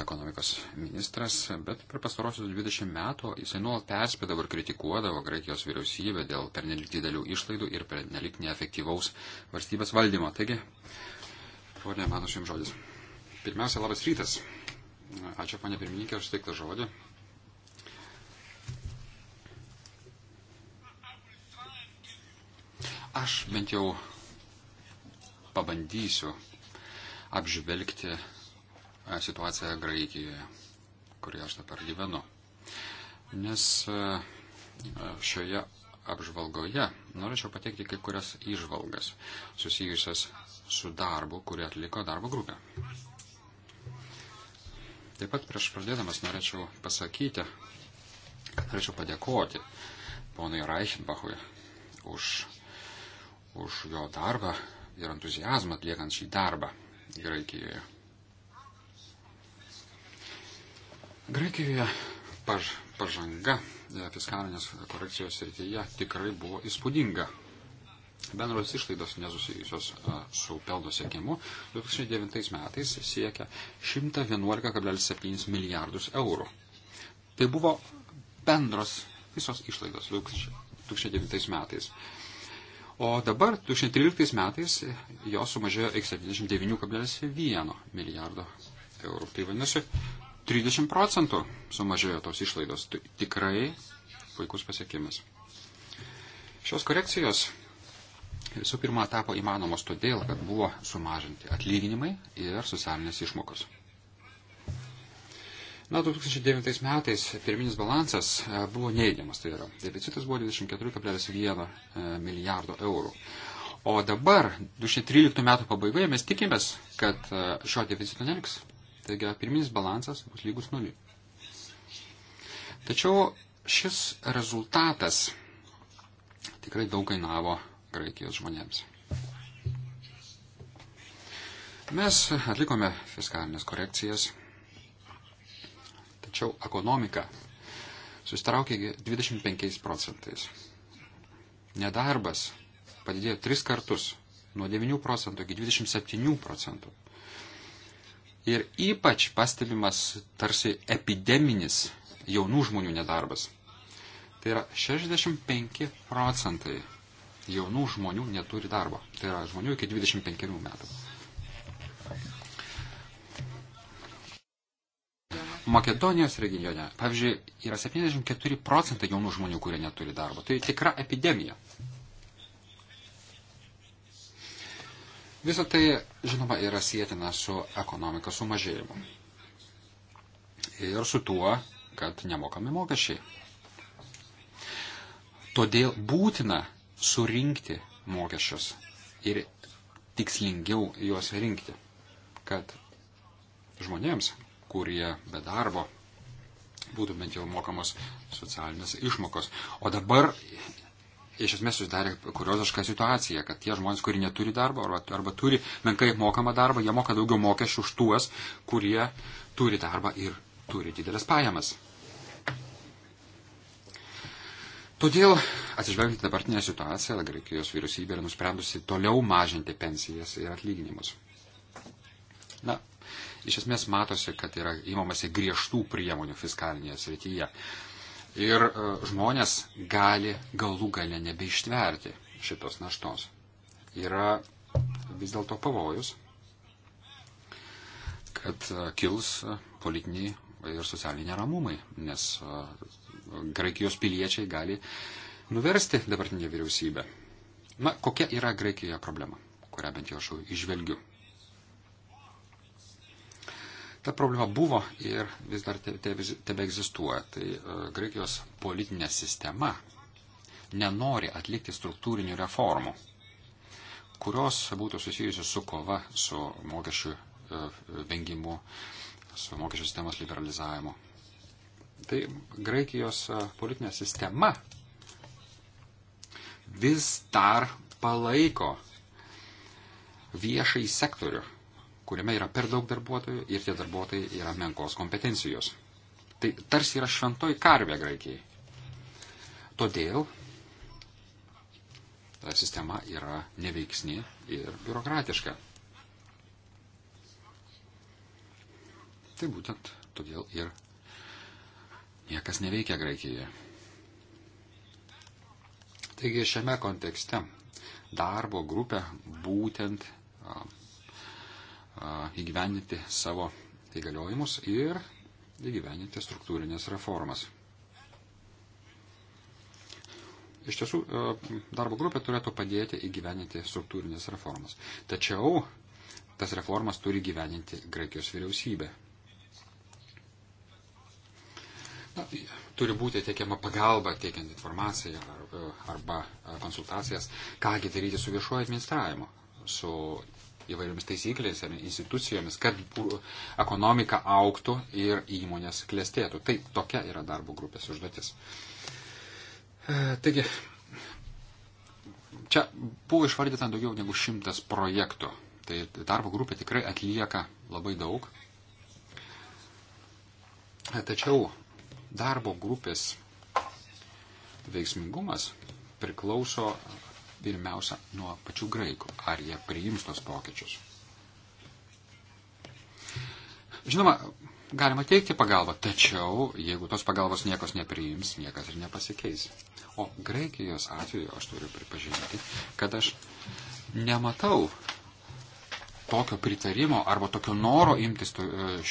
ekonomikos ministras, bet per pastarosius 20 metų jisai nuolat perspėdavo ir kritikuodavo Graikijos vyriausybę dėl pernelik didelių išlaidų ir pernelik neefektyvaus valstybės valdymo. Taigi, ponė, mano šim žodis. Pirmiausia, labas rytas. Ačiū, ponė pirmininkė, aš teiktą žodį. Aš bent jau pabandysiu apžvelgti E, situaciją Graikijoje, kurioje aš dabar gyvenu. Nes e, e, šioje apžvalgoje norėčiau pateikti kai kurias išvalgas susijusias su darbu, kurį atliko darbo grupė. Taip pat prieš pradėdamas norėčiau pasakyti, kad norėčiau padėkoti ponui Reichenbachui už, už jo darbą ir entuzijazmą atliekant šį darbą Graikijoje. Graikijoje paž, pažanga e, fiskalinės korekcijos srityje tikrai buvo įspūdinga. Bendros išlaidos nesusijusios e, su pelno siekimu 2009 metais siekia 111,7 milijardus eurų. Tai buvo bendros visos išlaidos 2009 metais. O dabar 2013 metais jos sumažėjo iki 79,1 milijardo eurų. Tai vadinasi, 30 procentų sumažėjo tos išlaidos. Tai tikrai puikus pasiekimas. Šios korekcijos visų pirma tapo įmanomos todėl, kad buvo sumažinti atlyginimai ir socialinės išmokos. Na, 2009 metais pirminis balansas e, buvo neigiamas, tai yra deficitas buvo 24,1 e, milijardo eurų. O dabar, 2013 metų pabaigoje, mes tikimės, kad e, šio deficito neliks Taigi pirminis balansas bus lygus nuliui. Tačiau šis rezultatas tikrai daug kainavo Graikijos žmonėms. Mes atlikome fiskalinės korekcijas, tačiau ekonomika susitraukė 25 procentais. Nedarbas padidėjo 3 kartus, nuo 9 procentų iki 27 procentų ir ypač pastebimas tarsi epideminis jaunų žmonių nedarbas. Tai yra 65 procentai jaunų žmonių neturi darbo. Tai yra žmonių iki 25 metų. Makedonijos regione, pavyzdžiui, yra 74 procentai jaunų žmonių, kurie neturi darbo. Tai tikra epidemija. Visą tai, žinoma, yra sėtina su ekonomikos sumažėjimu. Ir su tuo, kad nemokami mokesčiai. Todėl būtina surinkti mokesčius ir tikslingiau juos rinkti, kad žmonėms, kurie be darbo, būtų bent jau mokamos socialinės išmokos. O dabar iš esmės susidarė kurioziška situacija, kad tie žmonės, kurie neturi darbo arba, arba turi menkai mokamą darbą, jie moka daugiau mokesčių už tuos, kurie turi darbą ir turi didelės pajamas. Todėl, atsižvelgiant į dabartinę situaciją, Graikijos vyriausybė yra nusprendusi toliau mažinti pensijas ir atlyginimus. Na, iš esmės matosi, kad yra įmamasi griežtų priemonių fiskalinėje srityje ir e, žmonės gali galų gale nebeištverti šitos naštos. Yra vis dėlto pavojus, kad e, kils e, politiniai ir socialiniai neramumai, nes Graikijos piliečiai gali nuversti dabartinę vyriausybę. Na, kokia yra Graikijoje problema, kurią bent jau aš išvelgiu? Ta problema buvo ir vis dar tebe egzistuoja. Tai e, Graikijos politinė sistema nenori atlikti struktūrinių reformų, kurios būtų susijusios su kova su mokesčių e, vengimu, su mokesčių sistemos liberalizavimu. Tai Graikijos e, politinė sistema vis dar palaiko viešai sektorių kuriame yra per daug darbuotojų ir tie darbuotojai yra menkos kompetencijos. Tai tarsi yra šventoji karvė Graikijai. Todėl ta sistema yra neveiksni ir biurokratiška. Tai būtent todėl ir niekas neveikia Graikijoje. Taigi šiame kontekste darbo grupė būtent įgyveninti savo įgaliojimus ir įgyveninti struktūrinės reformas. Iš tiesų, darbo grupė turėtų padėti įgyveninti struktūrinės reformas. Tačiau tas reformas turi gyveninti Graikijos vyriausybė. Na, tai turi būti teikiama pagalba, teikiant informaciją ar, arba konsultacijas, kągi daryti su viešuoju administravimu, su įvairiomis taisyklėmis ir institucijomis, kad ekonomika auktų ir įmonės klestėtų. Tai tokia yra darbo grupės užduotis. E, taigi, čia buvo išvardyta daugiau negu šimtas projektų. Tai darbo grupė tikrai atlieka labai daug. E, tačiau darbo grupės veiksmingumas priklauso pirmiausia nuo pačių graikų, ar jie priims tos pokyčius. Žinoma, galima teikti pagalbą, tačiau jeigu tos pagalbos niekas nepriims, niekas ir nepasikeis. O Graikijos atveju aš turiu pripažinti, kad aš nematau tokio pritarimo arba tokio noro imtis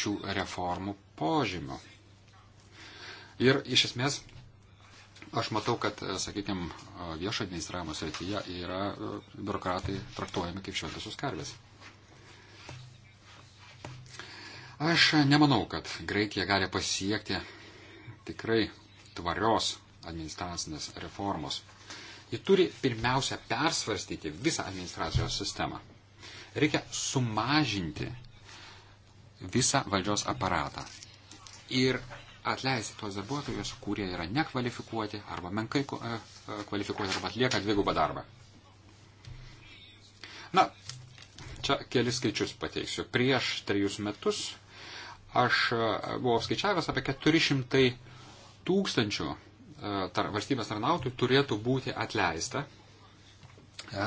šių reformų požymio. Ir iš esmės Aš matau, kad, e, sakykime, viešo administravimo srityje yra e, biurokratai traktuojami kaip šventosios karvės. Aš nemanau, kad Graikija gali pasiekti tikrai tvarios administracinės reformos. Ji turi pirmiausia persvarstyti visą administracijos sistemą. Reikia sumažinti visą valdžios aparatą. Ir atleisti tos darbuotojus, kurie yra nekvalifikuoti arba menkai e, e, kvalifikuoti arba atlieka dvigubą darbą. Na, čia kelis skaičius pateiksiu. Prieš trejus metus aš e, buvau skaičiavęs apie 400 tūkstančių tar, valstybės tarnautojų turėtų būti atleista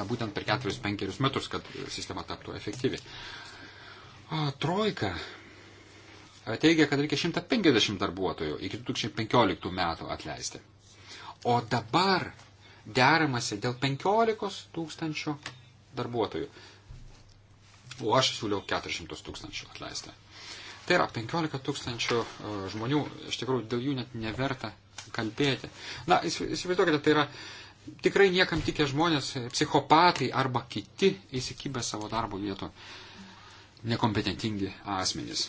būtent per 4-5 metus, kad sistema taptų efektyvi. Trojka teigia, kad reikia 150 darbuotojų iki 2015 metų atleisti. O dabar deramasi dėl 15 tūkstančių darbuotojų. O aš siūliau 400 tūkstančių atleisti. Tai yra 15 tūkstančių e, žmonių, iš tikrųjų dėl jų net neverta kalbėti. Na, įsivaizduokite, tai yra tikrai niekam tikė žmonės, e, psichopatai arba kiti įsikibę savo darbo vietų nekompetentingi asmenys.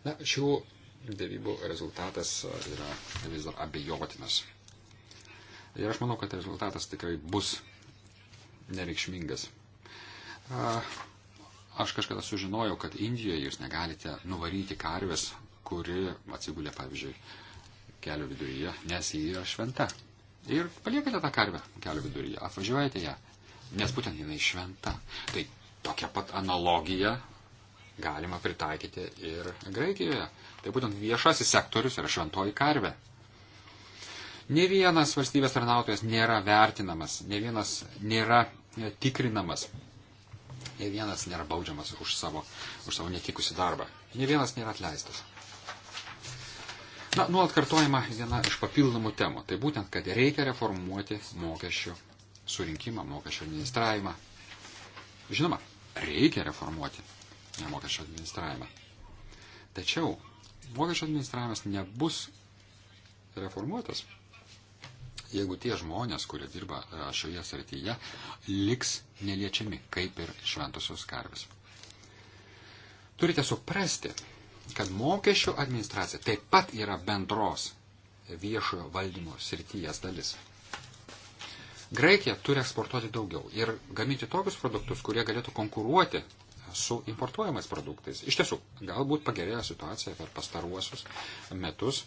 Na, šių dėrybų rezultatas yra vis dar abejotinas. Ir aš manau, kad rezultatas tikrai bus nereikšmingas. Aš kažkada sužinojau, kad Indijoje jūs negalite nuvaryti karvės, kuri atsigulė, pavyzdžiui, kelio viduryje, nes ji yra šventa. Ir paliekate tą karvę kelio viduryje, atvažiuojate ją, nes būtent jinai šventa. Tai tokia pat analogija galima pritaikyti ir Graikijoje. Tai būtent viešasis sektorius yra šventoji karvė. Ne vienas valstybės tarnautojas nėra vertinamas, ne vienas nėra e, tikrinamas, ne vienas nėra baudžiamas už savo, už savo netikusi darbą, ne vienas nėra atleistas. Na, nuolat kartojama viena iš papildomų temų. Tai būtent, kad reikia reformuoti mokesčių surinkimą, mokesčių administravimą. Žinoma, reikia reformuoti mokesčio administravimą. Tačiau mokesčio administravimas nebus reformuotas, jeigu tie žmonės, kurie dirba e, šioje srityje, liks neliečiami, kaip ir šventosios karvės. Turite suprasti, kad mokesčių administracija taip pat yra bendros viešojo valdymo srities dalis. Graikija turi eksportuoti daugiau ir gaminti tokius produktus, kurie galėtų konkuruoti su importuojamais produktais. Iš tiesų, galbūt pagerėjo situacija per pastaruosius metus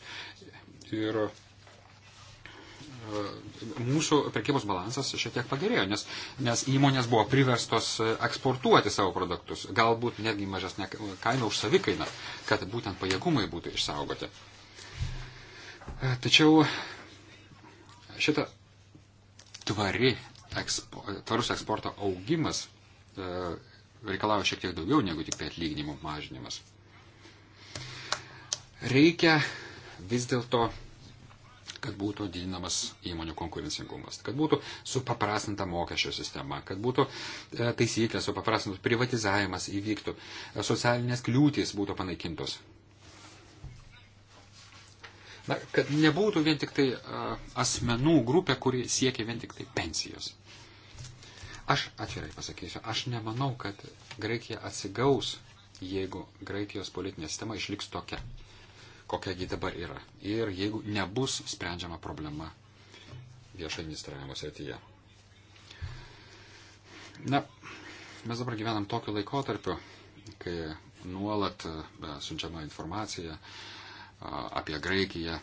ir e, mūsų prekybos balansas šiek tiek pagerėjo, nes, nes įmonės buvo priverstos eksportuoti savo produktus, galbūt netgi mažesnė kaina už savikainą, kad būtent pajėgumai būtų išsaugoti. E, tačiau šita tvari, ekspo, tvarus eksporto augimas e, reikalauja šiek tiek daugiau negu tik tai atlyginimų mažinimas. Reikia vis dėlto, kad būtų didinamas įmonių konkurencingumas, kad būtų supaprastinta mokesčio sistema, kad būtų e, taisyklės supaprastintos, privatizavimas įvyktų, e, socialinės kliūtys būtų panaikintos. Na, kad nebūtų vien tik tai e, asmenų grupė, kuri siekia vien tik tai pensijos. Aš atvirai pasakysiu, aš nemanau, kad Graikija atsigaus, jeigu Graikijos politinė sistema išliks tokia, kokia ji dabar yra. Ir jeigu nebus sprendžiama problema viešo administravimo srityje. Na, mes dabar gyvenam tokiu laikotarpiu, kai nuolat e, siunčiama informacija apie Graikiją,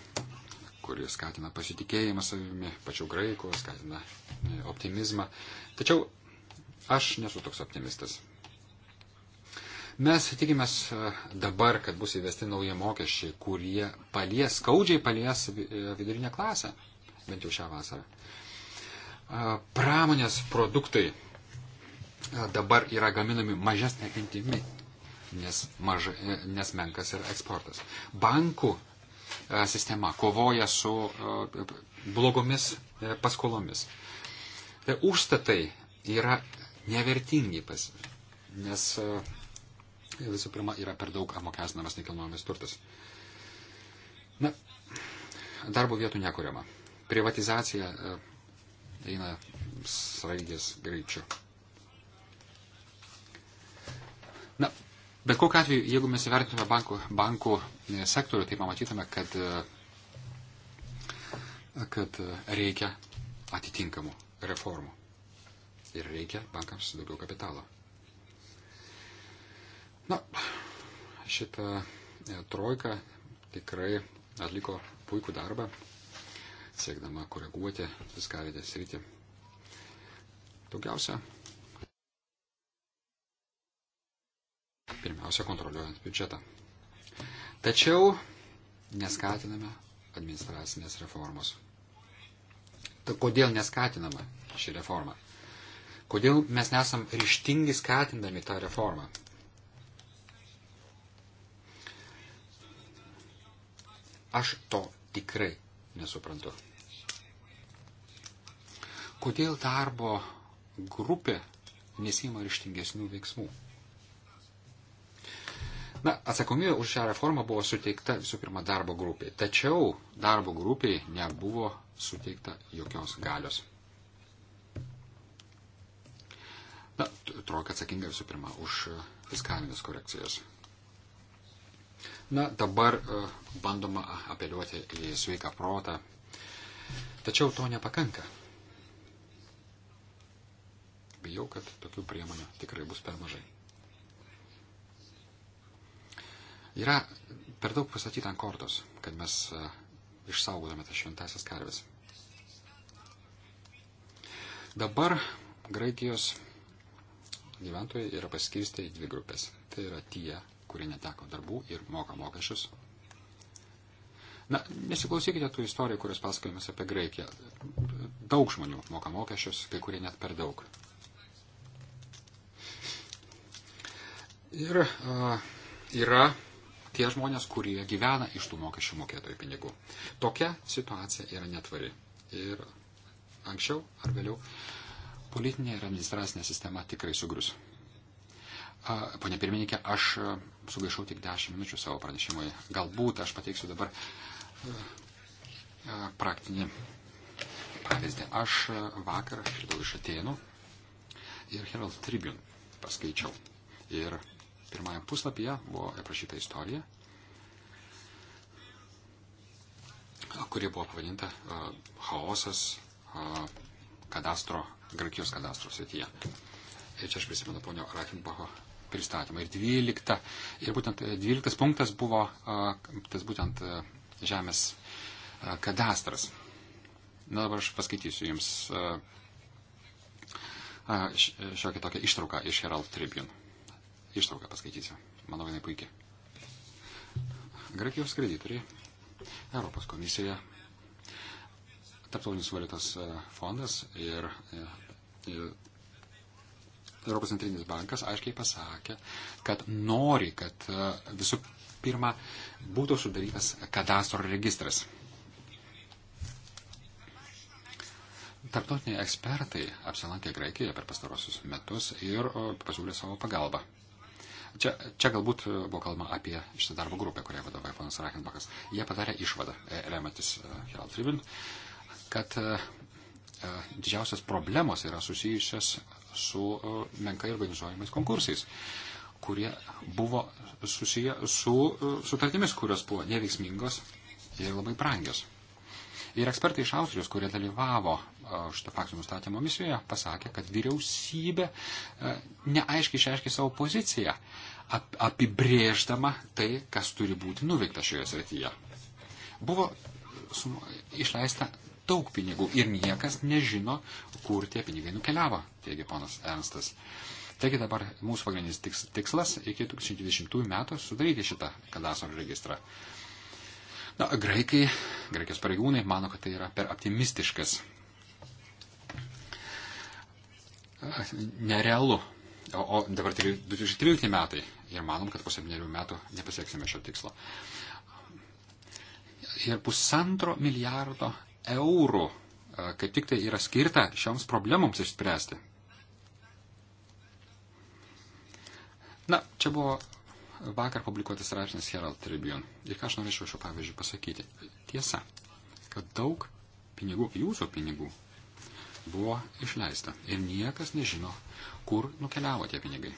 kuris skatina pasitikėjimą savimi, pačių graikų, skatina e, optimizmą. Tačiau aš nesu toks optimistas. Mes tikimės e, dabar, kad bus įvesti nauji mokesčiai, kurie palies, skaudžiai palies e, vidurinę klasę, bent jau šią vasarą. Pramonės produktai dabar yra gaminami mažesnė apimtimi, nes, maža, nes menkas yra eksportas. Bankų E, sistema, kovoja su e, blogomis e, paskolomis. Tai užstatai yra nevertingi, pas, nes visų pirma yra per daug apmokestinamas nekilnojamas turtas. Na, darbo vietų nekuriama. Privatizacija eina sraigės greičiu. Na, Bet kokiu atveju, jeigu mes įvertintume bankų, bankų e, sektorių, tai pamatytume, kad, e, kad e, reikia atitinkamų reformų. Ir reikia bankams daugiau kapitalo. Na, šita trojka tikrai atliko puikų darbą, siekdama koreguoti fiskalinę sritį. Daugiausia pirmiausia kontroliuojant biudžetą. Tačiau neskatiname administracinės reformos. Ta kodėl neskatinama ši reforma? Kodėl mes nesam ryštingi skatindami tą reformą? Aš to tikrai nesuprantu. Kodėl darbo grupė nesima ryštingesnių veiksmų? Na, atsakomybė už šią reformą buvo suteikta visų pirma darbo grupiai, tačiau darbo grupiai nebuvo suteikta jokios galios. Na, trojka atsakinga visų pirma už e, fiskalinės korekcijas. Na, dabar e, bandoma apeliuoti į sveiką protą, tačiau to nepakanka. Bijau, kad tokių priemonių tikrai bus per mažai. Yra per daug pastatyta ant kortos, kad mes e, išsaugodame tas šventasias karves. Dabar Graikijos gyventojai yra paskirstę į dvi grupės. Tai yra tie, kurie neteko darbų ir moka mokesčius. Na, nesiklausykite tų istorijų, kurias pasakojimas apie Graikiją. Daug žmonių moka mokesčius, kai kurie net per daug. Ir a, e, yra tie žmonės, kurie gyvena iš tų mokesčių mokėtojų pinigų. Tokia situacija yra netvari. Ir anksčiau ar vėliau politinė ir administracinė sistema tikrai sugrius. Pone pirmininkė, aš sugaišau tik 10 minučių savo pranešimui. Galbūt aš pateiksiu dabar praktinį pavyzdį. Aš vakar išdau iš Atėnų ir Herald Tribune paskaičiau. Ir pirmajam puslapyje buvo aprašyta istorija, kuri buvo pavadinta uh, chaosas uh, kadastro, Graikijos kadastro srityje. Ir čia aš prisimenu ponio Rachenbacho pristatymą. Ir 12, ir būtent 12 e, punktas buvo uh, tas būtent uh, žemės uh, kadastras. Na dabar aš paskaitysiu jums uh, uh, šiokią tokią ištrauką iš Herald Tribune. Ištrauką paskaitysiu. Manau, jinai puikiai. Graikijos kreditoriai, Europos komisija, Tarptautinis valiutos e, fondas ir, ir e, e, Europos centrinis bankas aiškiai pasakė, kad nori, kad visų pirma būtų sudarytas kadastro registras. Tarptautiniai ekspertai apsilankė Graikijoje per pastarosius metus ir pasiūlė savo pagalbą. Čia, čia galbūt buvo kalbama apie šitą darbo grupę, kurią vadovauja ponas Rachenbachas. Jie padarė išvadą, e, remiantis Herald e, Tribune, kad e, didžiausias problemos yra susijusios su menkai organizuojamais konkursais, kurie buvo susiję su sutartimis, kurios buvo neveiksmingos ir labai brangios. Ir ekspertai iš Austrijos, kurie dalyvavo šito faktų nustatymo misijoje pasakė, kad vyriausybė e, neaiškiai išreiškė savo poziciją, apibrėždama tai, kas turi būti nuveikta šioje srityje. Buvo išleista daug pinigų ir niekas nežino, kur tie pinigai nukeliavo, teigia ponas Ernstas. Taigi dabar mūsų pagrindinis tikslas iki 2020 metų sudaryti šitą kadastro registrą. Na, graikai, graikijos pareigūnai mano, kad tai yra per optimistiškas nerealu. O, o dabar 2013 metai ir manom, kad po septynerių metų nepasieksime šio tikslo. Ir pusantro milijardo eurų e, kaip tik tai yra skirta šioms problemoms išspręsti. Na, čia buvo vakar publikuotas straipsnis Herald Tribune. Ir ką aš norėčiau šiuo pavyzdžiu pasakyti? Tiesa, kad daug pinigų, jūsų pinigų, buvo išleista ir niekas nežino, kur nukeliavo tie pinigai.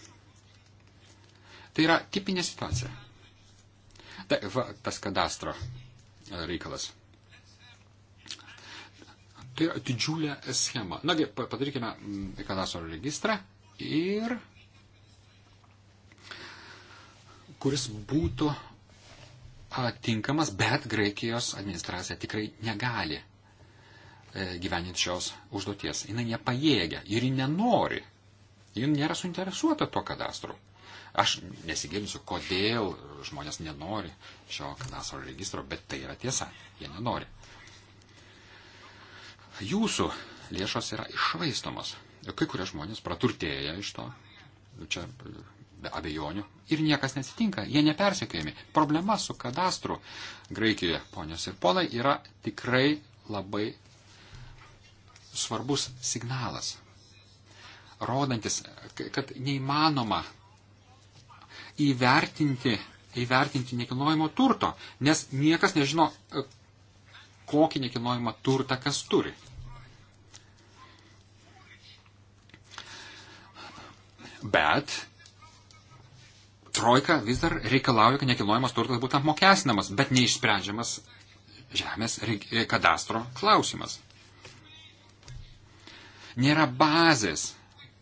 Tai yra tipinė situacija. Tai va, tas kadastro e, reikalas. Tai yra didžiulė schema. Nagi, padarykime mm, kadastro registrą ir kuris būtų tinkamas, bet Graikijos administracija tikrai negali E, gyvenint šios užduoties. Jis nepajėgia ir ji nenori. Ji nėra suinteresuota tuo kadastru. Aš nesigilinsiu, kodėl žmonės nenori šio kadastro registro, bet tai yra tiesa. Jie nenori. Jūsų lėšos yra išvaistomos. Kai kurie žmonės praturtėja iš to. Čia be abejonių. Ir niekas nesitinka, jie nepersekiojami. Problema su kadastru Graikijoje, ponios ir ponai, yra tikrai labai svarbus signalas, rodantis, kad neįmanoma įvertinti, įvertinti nekilnojimo turto, nes niekas nežino, e, kokį nekilnojimą turtą kas turi. Bet trojka vis dar reikalauja, kad nekilnojimas turtas būtų apmokestinamas, bet neišsprendžiamas žemės e, kadastro klausimas nėra bazės,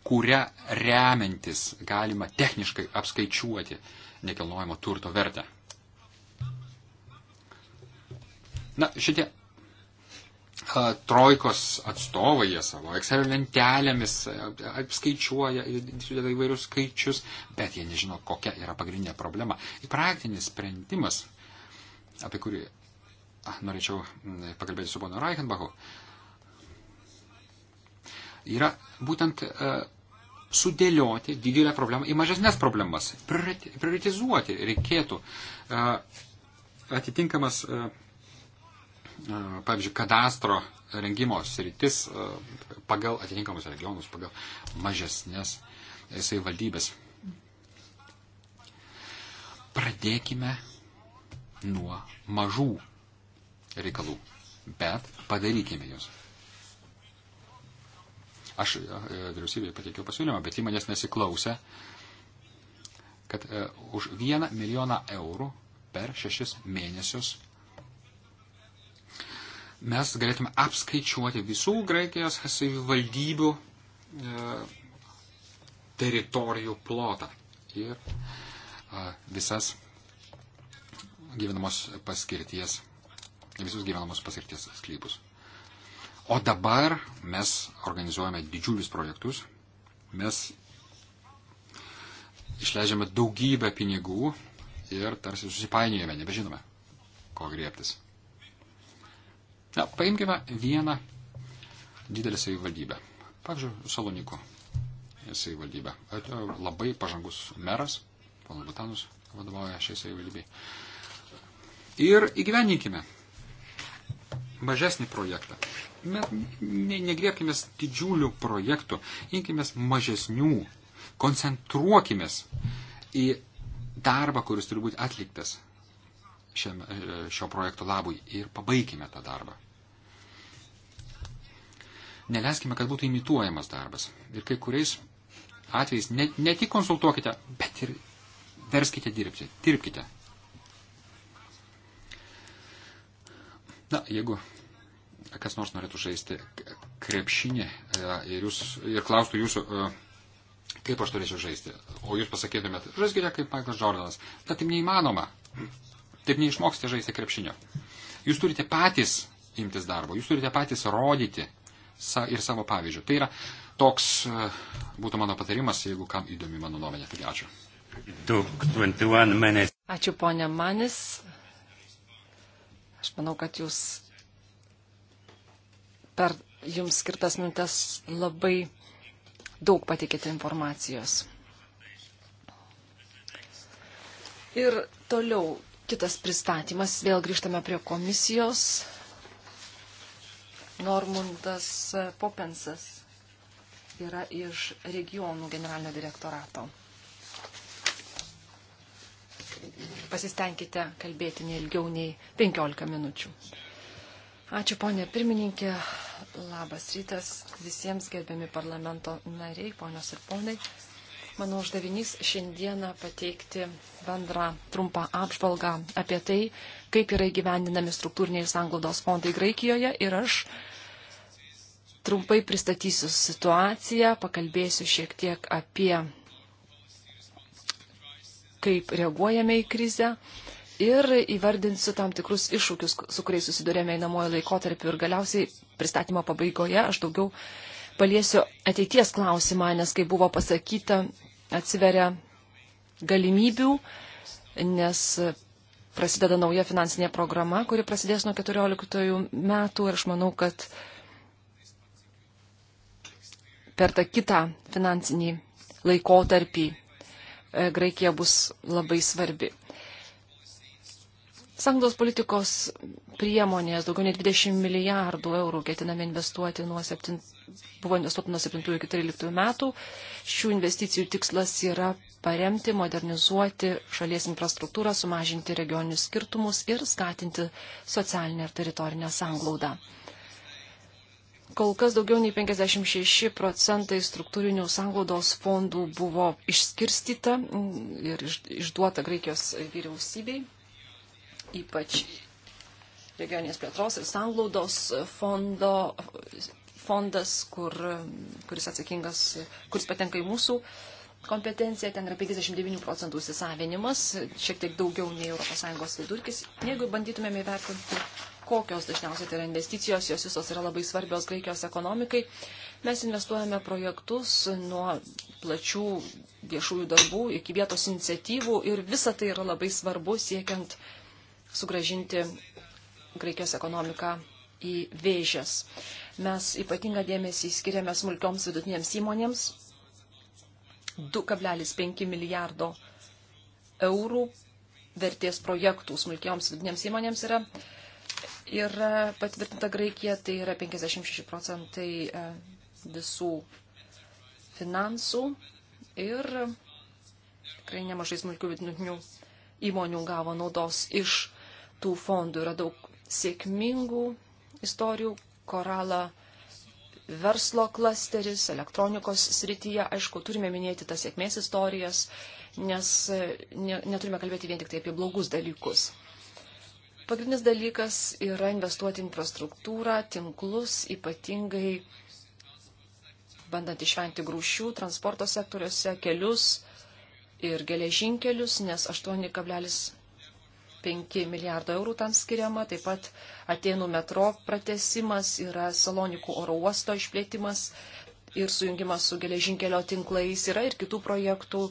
kurią remiantis galima techniškai apskaičiuoti nekilnojamo turto vertę. Na, šitie a, trojkos atstovai jie savo Excel lentelėmis apskaičiuoja, sudeda įvairius skaičius, bet jie nežino, kokia yra pagrindinė problema. Ir praktinis sprendimas, apie kurį a, norėčiau pakalbėti su ponu Reichenbachu, yra būtent e, sudėlioti didelę problemą į mažesnės problemas. Prioritizuoti reikėtų e, atitinkamas, e, pavyzdžiui, kadastro rengimo sritis pagal atitinkamus regionus, pagal mažesnės savivaldybės. Pradėkime nuo mažų reikalų, bet padarykime juos. Aš e, vyriausybėje pateikiau pasiūlymą, bet ji manęs nesiklausė, kad e, už vieną milijoną eurų per šešis mėnesius mes galėtume apskaičiuoti visų Graikijos savivaldybių e, teritorijų plotą ir visas gyvenamos paskirties, visus gyvenamos paskirties sklypus. O dabar mes organizuojame didžiulius projektus, mes išleidžiame daugybę pinigų ir tarsi susipainiojame, nebežinome, ko griebtis. Na, paimkime vieną didelę savivaldybę. Pavyzdžiui, Salonikų savivaldybę. Labai pažangus meras, ponas Butanus vadovauja šiai savivaldybei. Ir įgyveninkime mažesnį projektą. Mes negriekime didžiulių projektų, imkime mažesnių, koncentruokime į darbą, kuris turi būti atliktas šiam, e, šio projekto labui ir pabaikime tą darbą. Neleiskime, kad būtų imituojamas darbas. Ir kai kuriais atvejais ne, ne tik konsultuokite, bet ir verskite dirbti, dirbkite. Na, jeigu kas nors norėtų žaisti krepšinį e, ir, jūs, ir klaustų jūsų, e, kaip aš turėčiau žaisti, o jūs pasakytumėt, žaiskite kaip Michael Jordanas, bet taip neįmanoma, taip neišmoksite žaisti krepšinio. Jūs turite patys imtis darbo, jūs turite patys rodyti ir savo pavyzdžių. Tai yra toks e, būtų mano patarimas, jeigu kam įdomi mano nuomonė. Taigi ačiū. Ačiū ponė Manis. Aš manau, kad jūs per jums skirtas mintes labai daug patikėte informacijos. Ir toliau kitas pristatymas. Vėl grįžtame prie komisijos. Normundas Popensas yra iš regionų generalinio direktorato. Pasistengkite kalbėti neilgiau nei 15 minučių. Ačiū, ponė pirmininkė. Labas rytas visiems gerbiami parlamento nariai, ponios ir ponai. Mano uždavinys šiandieną pateikti bendrą trumpą apžvalgą apie tai, kaip yra įgyvendinami struktūriniai sanglaudos fondai Graikijoje ir aš trumpai pristatysiu situaciją, pakalbėsiu šiek tiek apie kaip reaguojame į krizę, ir įvardinsiu tam tikrus iššūkius, su kuriais susidurėme įnamojo laikotarpiu ir galiausiai pristatymo pabaigoje aš daugiau paliesiu ateities klausimą, nes kaip buvo pasakyta, atsiveria galimybių, nes prasideda nauja finansinė programa, kuri prasidės nuo 14 metų ir aš manau, kad per tą kitą finansinį laikotarpį e, Graikija bus labai svarbi. Sanglos politikos priemonės daugiau nei 20 milijardų eurų ketiname investuoti nuo 7, buvo investuoti nuo 7 iki 13 metų. Šių investicijų tikslas yra paremti, modernizuoti šalies infrastruktūrą, sumažinti regioninius skirtumus ir skatinti socialinę ir teritorinę sanglaudą. Kol kas daugiau nei 56 procentai struktūrinių sanglaudos fondų buvo išskirstyta mm, ir išduota Graikijos vyriausybei ypač regioninės plėtros ir sanglaudos fondo, fondas, kur, kuris atsakingas, kuris patenka į mūsų kompetencija, ten yra 59 procentų įsisavinimas, šiek tiek daugiau nei ES vidurkis. Jeigu bandytumėme įvertinti, kokios dažniausiai tai yra investicijos, jos visos yra labai svarbios Graikijos ekonomikai, mes investuojame projektus nuo plačių viešųjų darbų iki vietos iniciatyvų ir visa tai yra labai svarbu siekiant sugražinti Graikijos ekonomiką į vėžės. Mes ypatingą dėmesį skiriame smulkioms vidutinėms įmonėms. 2,5 milijardo eurų vertės projektų smulkioms vidinėms įmonėms yra, yra patvirtinta Graikija, tai yra 56 procentai e, visų finansų ir tikrai nemažai smulkių vidutinių įmonių gavo naudos iš tų fondų. Yra daug sėkmingų istorijų, koralą verslo klasteris, elektronikos srityje. Aišku, turime minėti tas sėkmės istorijas, nes ne, neturime kalbėti vien tik tai apie blogus dalykus. Pagrindinis dalykas yra investuoti infrastruktūrą, tinklus, ypatingai bandant išvengti grūšių transporto sektoriuose, kelius ir geležinkelius, nes 8,5 5 milijardo eurų tam skiriama, taip pat Atenų metro pratesimas, yra Salonikų oro uosto išplėtimas ir sujungimas su geležinkelio tinklais, yra ir kitų projektų,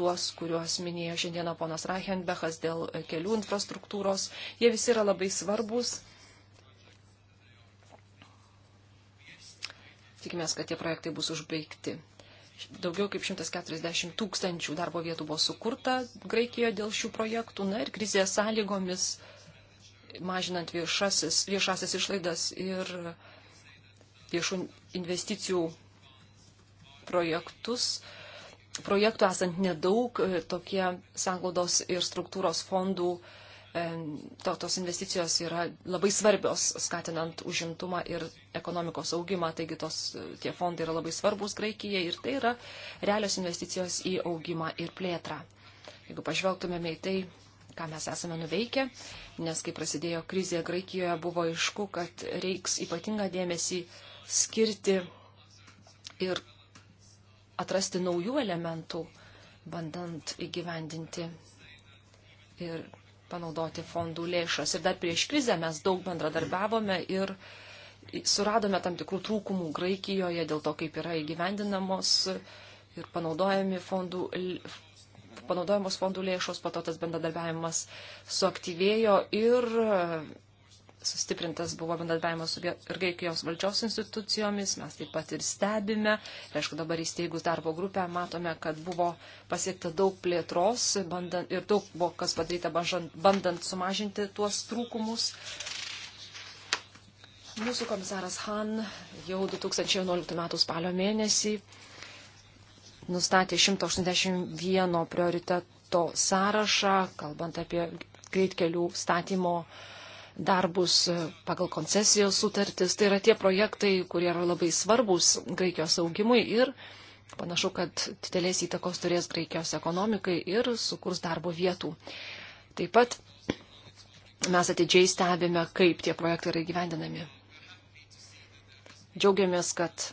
tuos, kuriuos minėjo šiandieną ponas Reichenbechas dėl kelių infrastruktūros. Jie visi yra labai svarbus. Tikimės, kad tie projektai bus užbaigti. Daugiau kaip 140 tūkstančių darbo vietų buvo sukurta Graikijoje dėl šių projektų. Na ir krizės sąlygomis, mažinant viešasis, viešasis išlaidas ir viešų investicijų projektus, projektų esant nedaug, tokie sanglaudos ir struktūros fondų uh, E, to, tos investicijos yra labai svarbios, skatinant užimtumą ir ekonomikos augimą, taigi tos, e, tie fondai yra labai svarbus Graikijai ir tai yra realios investicijos į augimą ir plėtrą. Jeigu pažvelgtumėme į tai, ką mes esame nuveikę, nes kai prasidėjo krizė Graikijoje, buvo aišku, kad reiks ypatingą dėmesį skirti ir atrasti naujų elementų, bandant įgyvendinti ir panaudoti fondų lėšas. Ir dar prieš krizę mes daug bendradarbiavome ir suradome tam tikrų trūkumų Graikijoje dėl to, kaip yra įgyvendinamos ir fondų, panaudojamos fondų lėšos, po to tas bendradarbiavimas suaktyvėjo ir sustiprintas buvo bendradarbiavimas su ir Graikijos valdžios institucijomis, mes taip pat ir stebime. Ir aišku, dabar įsteigus darbo grupę matome, kad buvo pasiekta daug plėtros bandant, ir daug buvo kas padaryta bandant, bandant sumažinti tuos trūkumus. Mūsų komisaras Han jau 2011 m. spalio mėnesį nustatė 181 prioriteto sąrašą, kalbant apie greitkelių statymo uh, darbus e, pagal koncesijos sutartis. Tai yra tie projektai, kurie yra labai svarbus Graikijos augimui ir panašu, kad didelės įtakos turės Graikijos ekonomikai ir sukurs darbo vietų. Taip pat mes atidžiai stebime, kaip tie projektai yra gyvendinami. Džiaugiamės, kad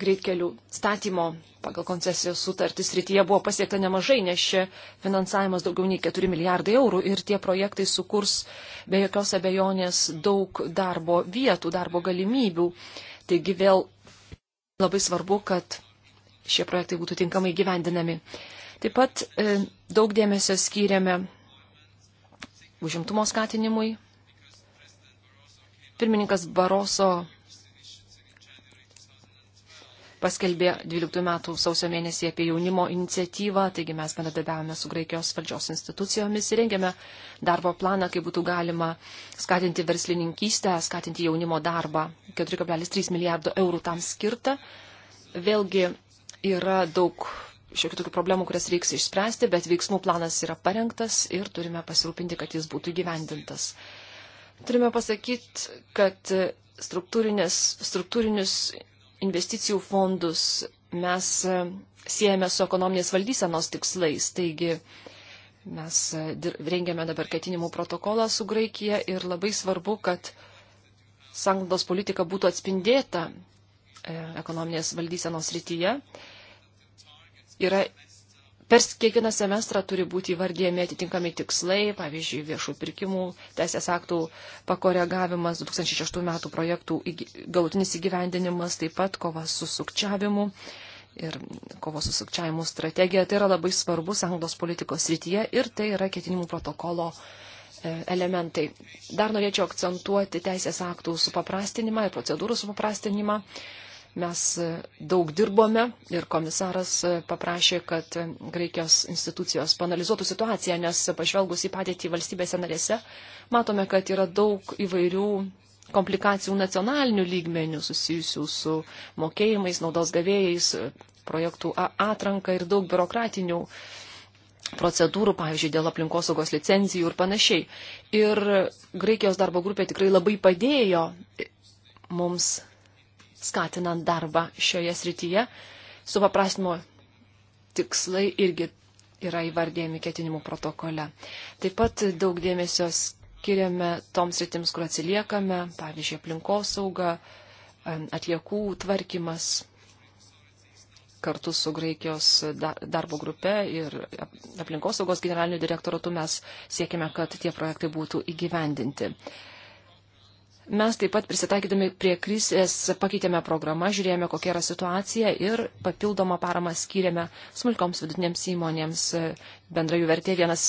greitkelių statymo pagal koncesijos sutartį srityje buvo pasiekta nemažai, nes čia finansavimas daugiau nei 4 milijardai eurų ir tie projektai sukurs be jokios abejonės daug darbo vietų, darbo galimybių. Taigi vėl labai svarbu, kad šie projektai būtų tinkamai gyvendinami. Taip pat e, daug dėmesio skyrėme užimtumo skatinimui. Pirmininkas Baroso paskelbė 12 metų sausio mėnesį apie jaunimo iniciatyvą, taigi mes bendradarbiavome su Graikijos valdžios institucijomis ir rengėme darbo planą, kaip būtų galima skatinti verslininkystę, skatinti jaunimo darbą. 4,3 milijardo eurų tam skirta. Vėlgi yra daug šiokių tokių problemų, kurias reiks išspręsti, bet veiksmų planas yra parengtas ir turime pasirūpinti, kad jis būtų gyvendintas. Turime pasakyti, kad struktūrinis investicijų fondus mes e, siejame su ekonominės valdysenos tikslais. Taigi mes e, rengiame dabar ketinimų protokolą su Graikija ir labai svarbu, kad sanglaudos politika būtų atspindėta e, ekonominės valdysenos rytyje. Yra per kiekvieną semestrą turi būti įvardyjami atitinkami tikslai, pavyzdžiui, viešų pirkimų, teisės aktų pakoregavimas, 2006 metų projektų galutinis įgyvendinimas, taip pat kova su sukčiavimu ir kovos su sukčiavimu strategija. Tai yra labai svarbu sąnaudos politikos rytyje ir tai yra ketinimų protokolo e, elementai. Dar norėčiau akcentuoti teisės aktų supaprastinimą ir procedūrų supaprastinimą. Mes e, daug dirbome ir komisaras e, paprašė, kad e, Graikijos institucijos panalizuotų situaciją, nes pažvelgus į padėtį valstybėse narėse, matome, kad yra daug įvairių komplikacijų nacionalinių lygmenių susijusių su mokėjimais, naudos gavėjais, projektų atranka ir daug biurokratinių procedūrų, pavyzdžiui, dėl aplinkosaugos licenzijų ir panašiai. Ir Graikijos darbo grupė tikrai labai padėjo mums skatinant darbą šioje srityje. Supaprastinimo tikslai irgi yra įvardėjami ketinimų protokole. Taip pat daug dėmesio skiriame toms rytims, kur atsiliekame, pavyzdžiui, aplinkosauga, atliekų tvarkymas kartu su Graikijos darbo grupe ir aplinkosaugos generaliniu direktoratu mes siekime, kad tie projektai būtų įgyvendinti. Mes taip pat prisitaikydami prie krizės pakeitėme programą, žiūrėjome, kokia yra situacija ir papildomą paramą skyrėme smulkoms vidutinėms įmonėms. Bendra jų vertė vienas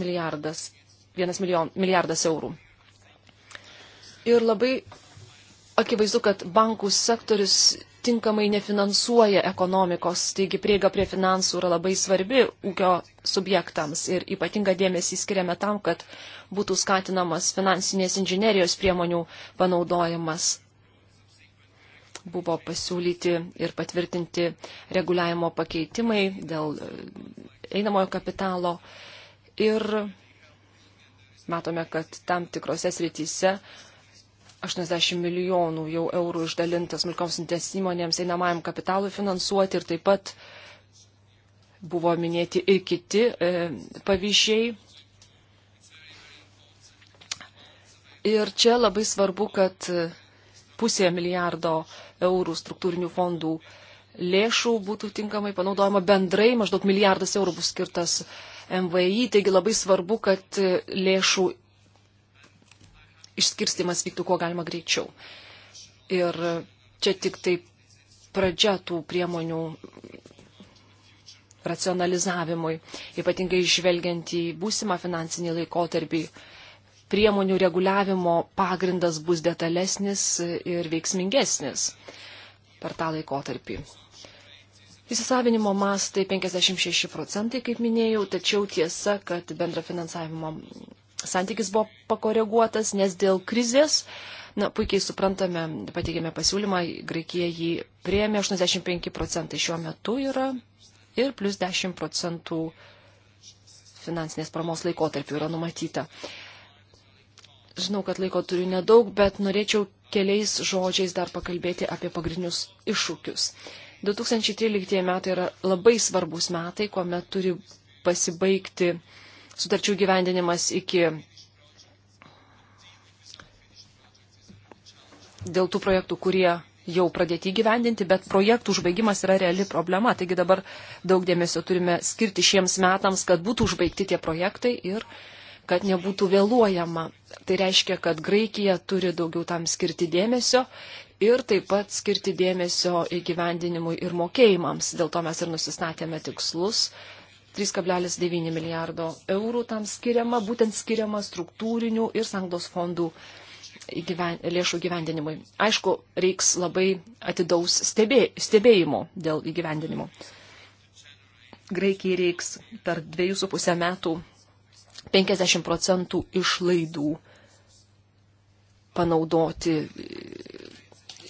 milijardas, vienas milijon, milijardas eurų. Ir labai akivaizdu, kad bankų sektorius tinkamai nefinansuoja ekonomikos, taigi prieiga prie finansų yra labai svarbi ūkio subjektams ir ypatinga dėmesį skiriame tam, kad būtų skatinamas finansinės inžinerijos priemonių panaudojimas. Buvo pasiūlyti ir patvirtinti reguliavimo pakeitimai dėl e, einamojo kapitalo ir matome, kad tam tikrose srityse 80 milijonų jau eurų išdalintas smulkoms įmonėms einamajam kapitalui finansuoti ir taip pat buvo minėti ir kiti e, pavyzdžiai. Ir čia labai svarbu, kad e, pusė milijardo eurų struktūrinių fondų lėšų būtų tinkamai panaudojama bendrai, maždaug milijardas eurų bus skirtas MVI, taigi labai svarbu, kad e, lėšų išskirstimas vyktų kuo galima greičiau. Ir čia tik tai pradžia tų priemonių racionalizavimui, ypatingai žvelgiant į būsimą finansinį laikotarpį. Priemonių reguliavimo pagrindas bus detalesnis ir veiksmingesnis per tą laikotarpį. Įsisavinimo mastai 56 procentai, kaip minėjau, tačiau tiesa, kad bendra finansavimo santykis buvo pakoreguotas, nes dėl krizės, na, puikiai suprantame, pateikėme pasiūlymą, Graikija jį prieėmė, 85 procentai šiuo metu yra ir plus 10 procentų finansinės paramos laikotarpių yra numatyta. Žinau, kad laiko turiu nedaug, bet norėčiau keliais žodžiais dar pakalbėti apie pagrindinius iššūkius. 2013 metai yra labai svarbus metai, kuomet turi pasibaigti uh, sutarčių gyvendinimas iki dėl tų projektų, kurie jau pradėti gyvendinti, bet projektų užbaigimas yra reali problema. Taigi dabar daug dėmesio turime skirti šiems metams, kad būtų užbaigti tie projektai ir kad nebūtų vėluojama. Tai reiškia, kad Graikija turi daugiau tam skirti dėmesio ir taip pat skirti dėmesio įgyvendinimui ir mokėjimams. Dėl to mes ir nusistatėme tikslus 3,9 milijardo eurų tam skiriama, būtent skiriama struktūrinių ir sanglos fondų gyven, lėšų gyvendinimui. Aišku, reiks labai atidaus stebė, stebėjimo dėl įgyvendinimo. Graikijai reiks per dviejus su pusę metų 50 procentų išlaidų panaudoti.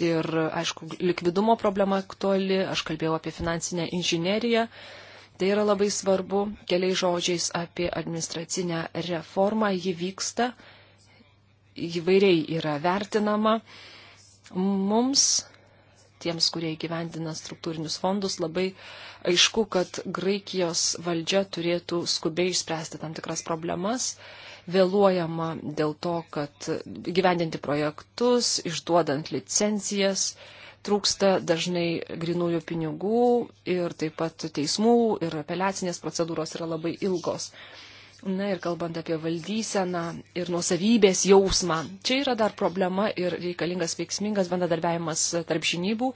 Ir, aišku, likvidumo problema aktuali, aš kalbėjau apie finansinę inžineriją, Tai yra labai svarbu keliais žodžiais apie administracinę reformą. Ji vyksta, įvairiai yra vertinama. Mums, tiems, kurie įgyvendina struktūrinius fondus, labai aišku, kad Graikijos valdžia turėtų skubiai išspręsti tam tikras problemas. Vėluojama dėl to, kad gyvendinti projektus, išduodant licencijas, trūksta dažnai grinųjų pinigų ir taip pat teismų ir apeliacinės procedūros yra labai ilgos. Na ir kalbant apie valdyseną ir nuosavybės jausmą, čia yra dar problema ir reikalingas veiksmingas bendradarbiavimas tarp žinybų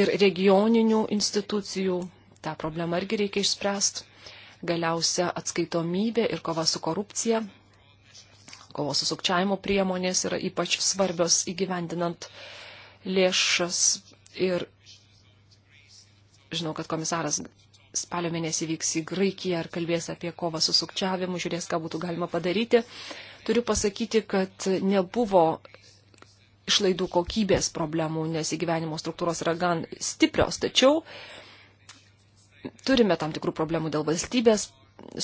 ir regioninių institucijų. Ta problema irgi reikia išspręsti. Galiausia atskaitomybė ir kova su korupcija kovos su sukčiavimo priemonės yra ypač svarbios įgyvendinant lėšas ir žinau, kad komisaras spalio mėnesį vyks į Graikiją ir kalbės apie kovą su sukčiavimu, žiūrės, ką būtų galima padaryti. Turiu pasakyti, kad nebuvo išlaidų kokybės problemų, nes įgyvenimo struktūros yra gan stiprios, tačiau turime tam tikrų problemų dėl valstybės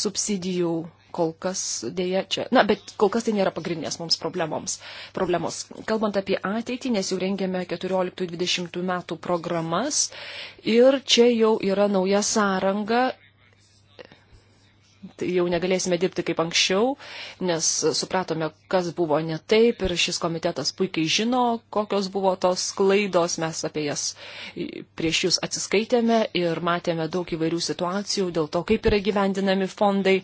subsidijų, kol kas dėja čia. Na, bet kol kas tai nėra pagrindinės mums problemoms. problemos. Kalbant apie ateitį, nes jau rengėme 14-20 metų programas ir čia jau yra nauja sąranga tai jau negalėsime dirbti kaip anksčiau, nes supratome, kas buvo ne taip ir šis komitetas puikiai žino, kokios buvo tos klaidos, mes apie jas prieš jūs atsiskaitėme ir matėme daug įvairių situacijų dėl to, kaip yra gyvendinami fondai.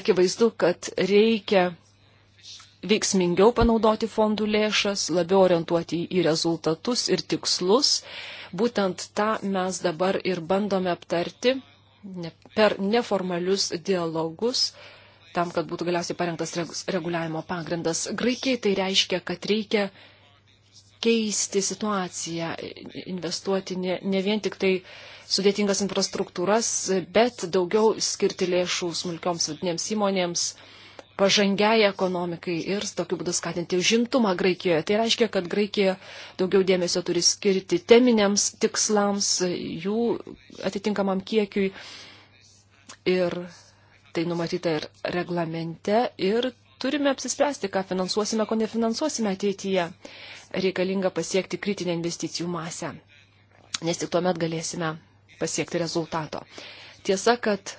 Akivaizdu, kad reikia veiksmingiau panaudoti fondų lėšas, labiau orientuoti į rezultatus ir tikslus. Būtent tą mes dabar ir bandome aptarti ne, per neformalius dialogus, tam, kad būtų galiausiai parengtas reguliavimo pagrindas. Graikiai tai reiškia, kad reikia keisti situaciją, investuoti ne, ne vien tik tai sudėtingas infrastruktūras, bet daugiau skirti lėšų smulkioms vidinėms įmonėms, įmonėms pažangiai ekonomikai ir tokiu būdu skatinti žimtumą Graikijoje. Tai reiškia, kad Graikija daugiau dėmesio turi skirti teminiams tikslams, jų atitinkamam kiekiui. Ir tai numatyta ir reglamente. Ir turime apsispręsti, ką finansuosime, ko nefinansuosime ateityje. Reikalinga pasiekti kritinę investicijų masę, nes tik tuomet galėsime pasiekti rezultato. Tiesa, kad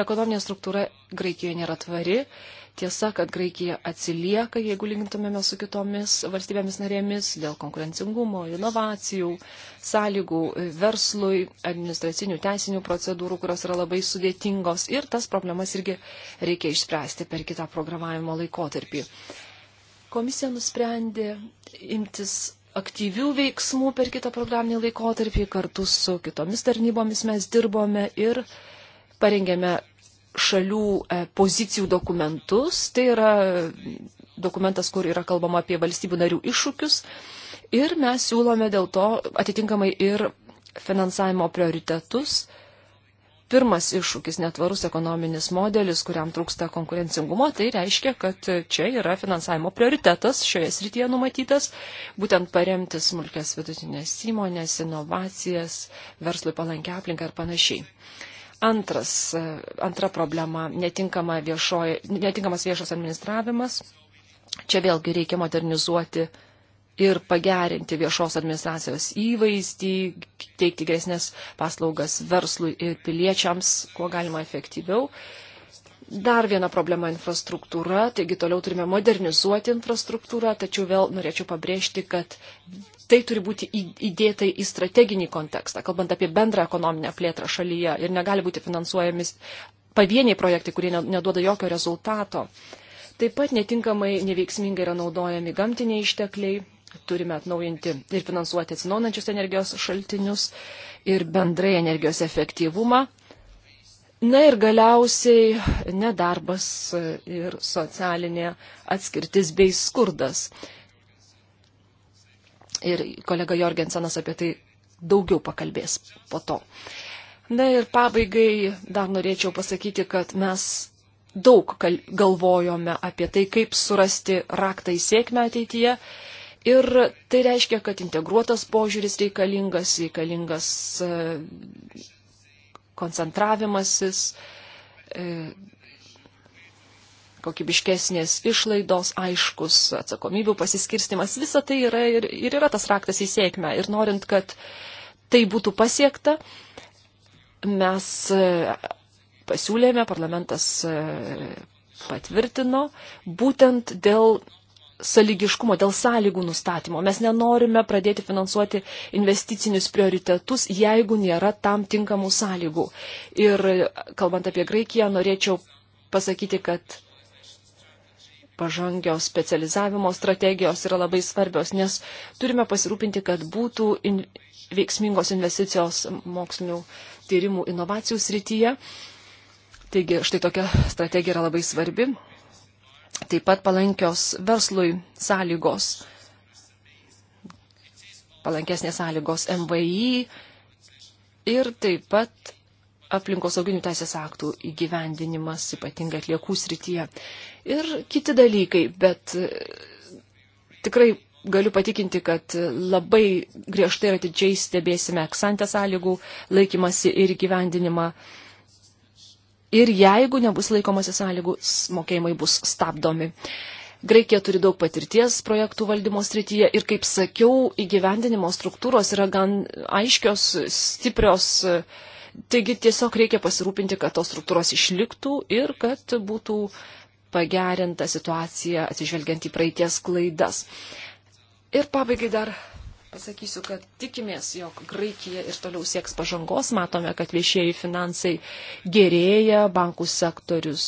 ekonominė struktūra Graikijoje nėra tvari. Tiesa, kad Graikija atsilieka, jeigu lygintumėme su kitomis valstybėmis narėmis dėl konkurencingumo, inovacijų, sąlygų verslui, administracinių teisinių procedūrų, kurios yra labai sudėtingos ir tas problemas irgi reikia išspręsti per kitą programavimo laikotarpį. Komisija nusprendė imtis aktyvių veiksmų per kitą programinį laikotarpį, kartu su kitomis tarnybomis mes dirbome ir parengėme šalių e, pozicijų dokumentus. Tai yra dokumentas, kur yra kalbama apie valstybių narių iššūkius. Ir mes siūlome dėl to atitinkamai ir finansavimo prioritetus. Pirmas iššūkis - netvarus ekonominis modelis, kuriam trūksta konkurencingumo, tai reiškia, kad čia yra finansavimo prioritetas šioje srityje numatytas, būtent paremti smulkės vidutinės įmonės, inovacijas, verslui palankę aplinką ir panašiai. Antras, e, antra problema netinkama viešoj, netinkamas viešas administravimas. Čia vėlgi reikia modernizuoti ir pagerinti viešos administracijos įvaizdį, teikti geresnės paslaugas verslui ir piliečiams, kuo galima efektyviau. Dar viena problema - infrastruktūra, taigi toliau turime modernizuoti infrastruktūrą, tačiau vėl norėčiau pabrėžti, kad tai turi būti įdėta į strateginį kontekstą, kalbant apie bendrą ekonominę plėtrą šalyje ir negali būti finansuojami pavieniai projektai, kurie neduoda jokio rezultato. Taip pat netinkamai neveiksmingai yra naudojami gamtiniai ištekliai, turime atnaujinti ir finansuoti atsinaujančius energijos šaltinius ir bendrai energijos efektyvumą. Na ir galiausiai nedarbas ir socialinė atskirtis bei skurdas ir kolega Jorgensenas apie tai daugiau pakalbės po to. Na ir pabaigai dar norėčiau pasakyti, kad mes daug galvojome apie tai, kaip surasti raktą į sėkmę ateityje. Ir tai reiškia, kad integruotas požiūris reikalingas, reikalingas e, koncentravimasis, e, kokybiškesnės išlaidos, aiškus atsakomybių pasiskirstimas, visa tai yra ir, ir yra tas raktas į sėkmę. Ir norint, kad tai būtų pasiekta, mes e, pasiūlėme, parlamentas e, patvirtino, būtent dėl sąlygiškumo, dėl sąlygų nustatymo. Mes nenorime pradėti finansuoti investicinius prioritetus, jeigu nėra tam tinkamų sąlygų. Ir kalbant apie Graikiją, norėčiau pasakyti, kad pažangios specializavimo strategijos yra labai svarbios, nes turime pasirūpinti, kad būtų in, veiksmingos investicijos mokslinių tyrimų inovacijų srityje. Taigi štai tokia strategija yra labai svarbi. Taip pat palankios verslui sąlygos, palankesnės sąlygos MVI ir taip pat aplinkosauginių teisės aktų įgyvendinimas, ypatingai atliekų srityje ir kiti dalykai, bet e, tikrai galiu patikinti, kad labai griežtai ir atidžiai stebėsime eksantę sąlygų laikymasi ir gyvendinimą. Ir jeigu nebus laikomasi sąlygų, mokėjimai bus stabdomi. Graikija turi daug patirties projektų valdymo srityje ir, kaip sakiau, įgyvendinimo struktūros yra gan aiškios, stiprios. Taigi tiesiog reikia pasirūpinti, kad tos struktūros išliktų ir kad būtų uh, pagerinta situacija atsižvelgiant į praeities klaidas. Ir pabaigai dar pasakysiu, kad tikimės, jog Graikija ir toliau sieks pažangos. Matome, kad viešieji finansai gerėja, bankų sektorius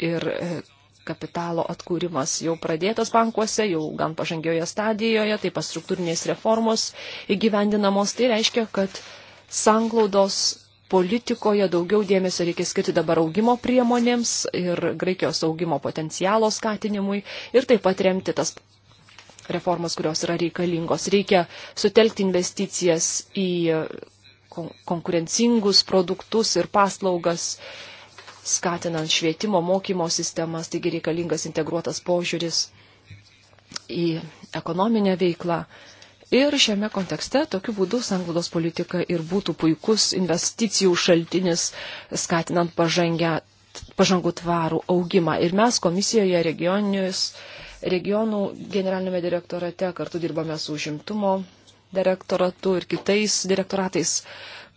ir e, kapitalo atkūrimas jau pradėtas bankuose, jau gan pažangioje stadijoje, taip pat struktūrinės reformos įgyvendinamos. Tai reiškia, kad sanglaudos politikoje daugiau dėmesio reikia skirti dabar augimo priemonėms ir Graikijos augimo potencialo skatinimui ir taip pat remti tas reformas, kurios yra reikalingos. Reikia sutelkti investicijas į konkurencingus produktus ir paslaugas, skatinant švietimo mokymo sistemas, taigi reikalingas integruotas požiūris į ekonominę veiklą. Ir šiame kontekste tokiu būdu sanglaudos politika ir būtų puikus investicijų šaltinis, skatinant pažangę, pažangų tvarų augimą. Ir mes komisijoje regionų generalinėme direktorate kartu dirbame su užimtumo direktoratu ir kitais direktoratais,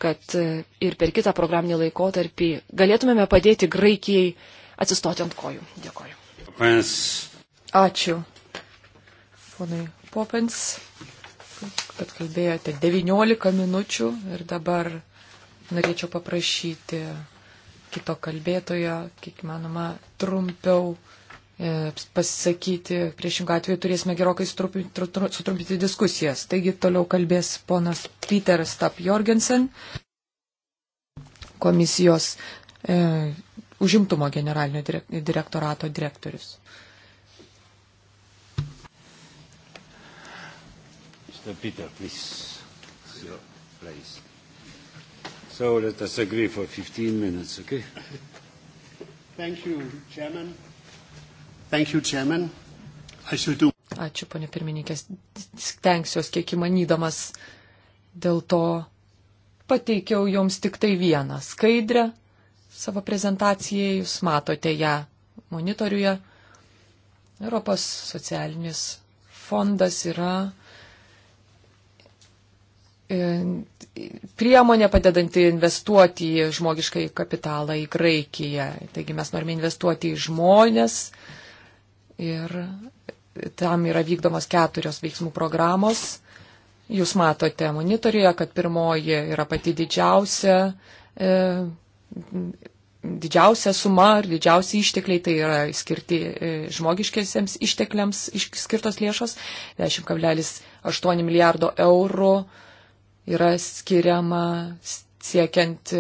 kad e, ir per kitą programinį laikotarpį galėtumėme padėti Graikijai atsistoti ant kojų. Dėkoju. Popens. Ačiū. Ponai Popens kad kalbėjote 19 minučių ir dabar norėčiau paprašyti kito kalbėtojo, kiek manoma, trumpiau e, pasisakyti, priešingą atveju turėsime gerokai sutrumpinti diskusijas. Taigi toliau kalbės ponas Peter Stap Jorgensen, komisijos e, užimtumo generalinio direktorato direktorius. Mr. Peter, please. Your place. So let us agree for 15 minutes, okay? Thank you, Chairman. Thank you, Chairman. I shall do. Ačiū, ponė pirmininkė. Stengsiuos, kiek įmanydamas. Dėl to pateikiau jums tik tai vieną skaidrę savo prezentacijai. Jūs matote ją monitoriuje. Europos socialinis fondas yra E, priemonė padedanti investuoti į žmogiškai kapitalą į Graikiją. Taigi mes norime investuoti į žmonės ir tam yra vykdomos keturios veiksmų programos. Jūs matote monitorėje, kad pirmoji yra pati didžiausia, e, didžiausia suma ir didžiausi ištekliai, tai yra skirti e, žmogiškiesiems ištekliams skirtos lėšos, 10,8 milijardo eurų. E, yra skiriama siekiant,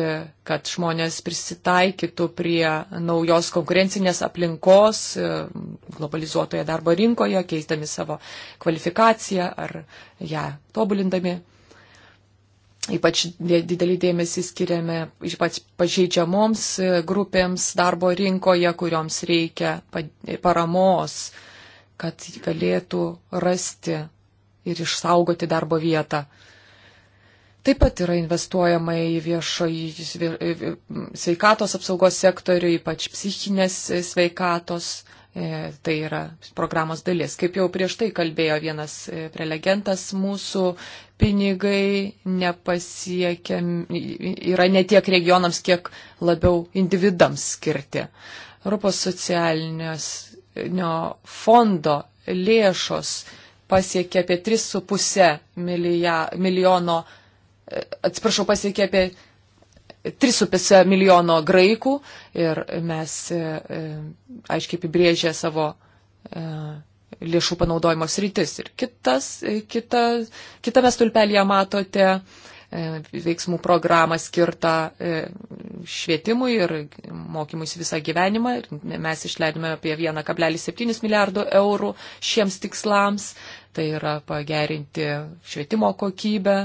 kad žmonės prisitaikytų prie naujos konkurencinės aplinkos globalizuotoje darbo rinkoje, keisdami savo kvalifikaciją ar ją tobulindami. Ypač didelį dėmesį skiriame ypač pažeidžiamoms e, grupėms darbo rinkoje, kurioms reikia e, paramos, kad galėtų rasti ir išsaugoti darbo vietą. Taip pat yra investuojama į viešoji sveikatos apsaugos sektorių, ypač psichinės sveikatos. E, tai yra programos dalis. Kaip jau prieš tai kalbėjo vienas e, prelegentas, mūsų pinigai yra ne tiek regionams, kiek labiau individams skirti. Europos socialinio fondo lėšos pasiekia apie 3,5 milijono atsiprašau, pasiekė apie 3,5 milijono graikų ir mes e, e, aiškiai apibrėžė savo e, lėšų panaudojimo sritis. Ir kitas, kita, kitame stulpelėje matote veiksmų programą skirtą švietimui ir mokymuisi visą gyvenimą. Ir mes išleidome apie 1,7 milijardo eurų šiems tikslams. Tai yra pagerinti švietimo kokybę,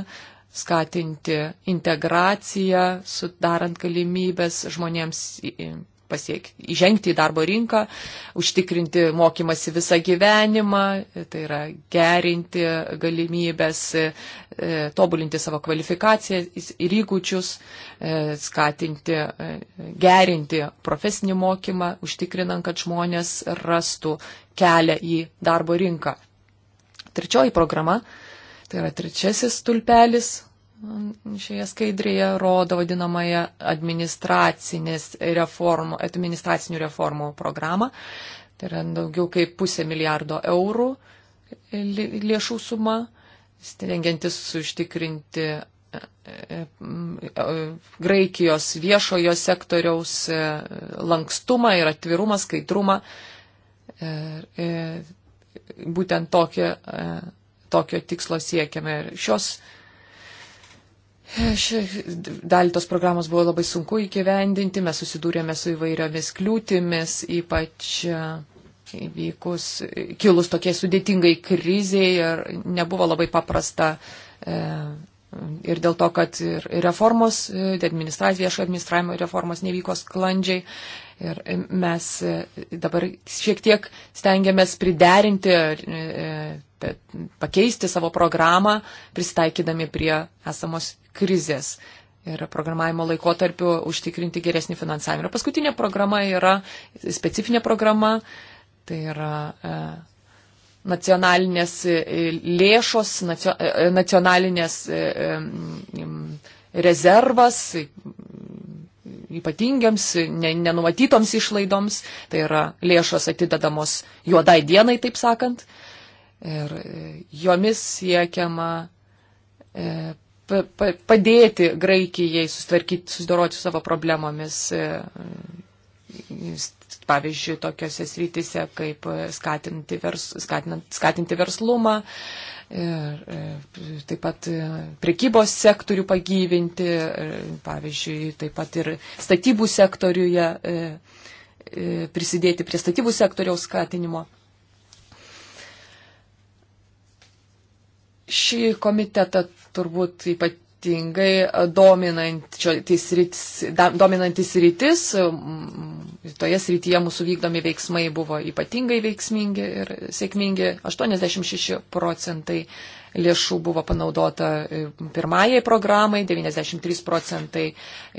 skatinti integraciją, sudarant galimybės žmonėms pasiekti, įžengti į darbo rinką, užtikrinti mokymasi visą gyvenimą, tai yra gerinti galimybės, e, tobulinti savo kvalifikaciją ir įgūdžius, e, skatinti, e, gerinti profesinį mokymą, užtikrinant, kad žmonės rastų kelią į darbo rinką. Trečioji programa, tai yra trečiasis tulpelis, šioje skaidrėje rodo vadinamąją reformų, administracinių reformų programą. Tai yra daugiau kaip pusė milijardo eurų lėšų suma, stengiantis užtikrinti e, e, Graikijos viešojo sektoriaus e, lankstumą ir atvirumą, skaidrumą. Būtent tokio, tokio tikslo siekiame. Ir šios Dalį tos programos buvo labai sunku įgyvendinti, mes susidūrėme su įvairiomis kliūtimis, ypač e, įvykus, kilus tokiai sudėtingai kriziai ir nebuvo labai paprasta. E, ir dėl to, kad ir reformos, e, viešo administravimo reformos nevyko sklandžiai. Ir mes dabar šiek tiek stengiamės priderinti pakeisti savo programą, pristaikydami prie esamos krizės ir programavimo laikotarpiu užtikrinti geresnį finansavimą. Ir paskutinė programa yra specifinė programa, tai yra e, nacionalinės e, lėšos, e, nacionalinės rezervas ypatingiams, nenumatytoms išlaidoms, tai yra lėšos atidedamos juodai dienai, taip sakant ir e, jomis siekiama e, padėti Graikijai susidoroti su savo problemomis, e, pavyzdžiui, tokiuose srityse, kaip skatinti, vers, skatinant, skatinti verslumą, ir, taip pat prekybos sektorių pagyvinti, pavyzdžiui, taip pat ir statybų sektoriuje prisidėti prie statybų sektoriaus skatinimo. šį komitetą turbūt ypatingai dominantis rytis, dominantis rytis, toje srityje mūsų vykdomi veiksmai buvo ypatingai veiksmingi ir sėkmingi. 86 procentai lėšų buvo panaudota e, pirmajai programai, 93 procentai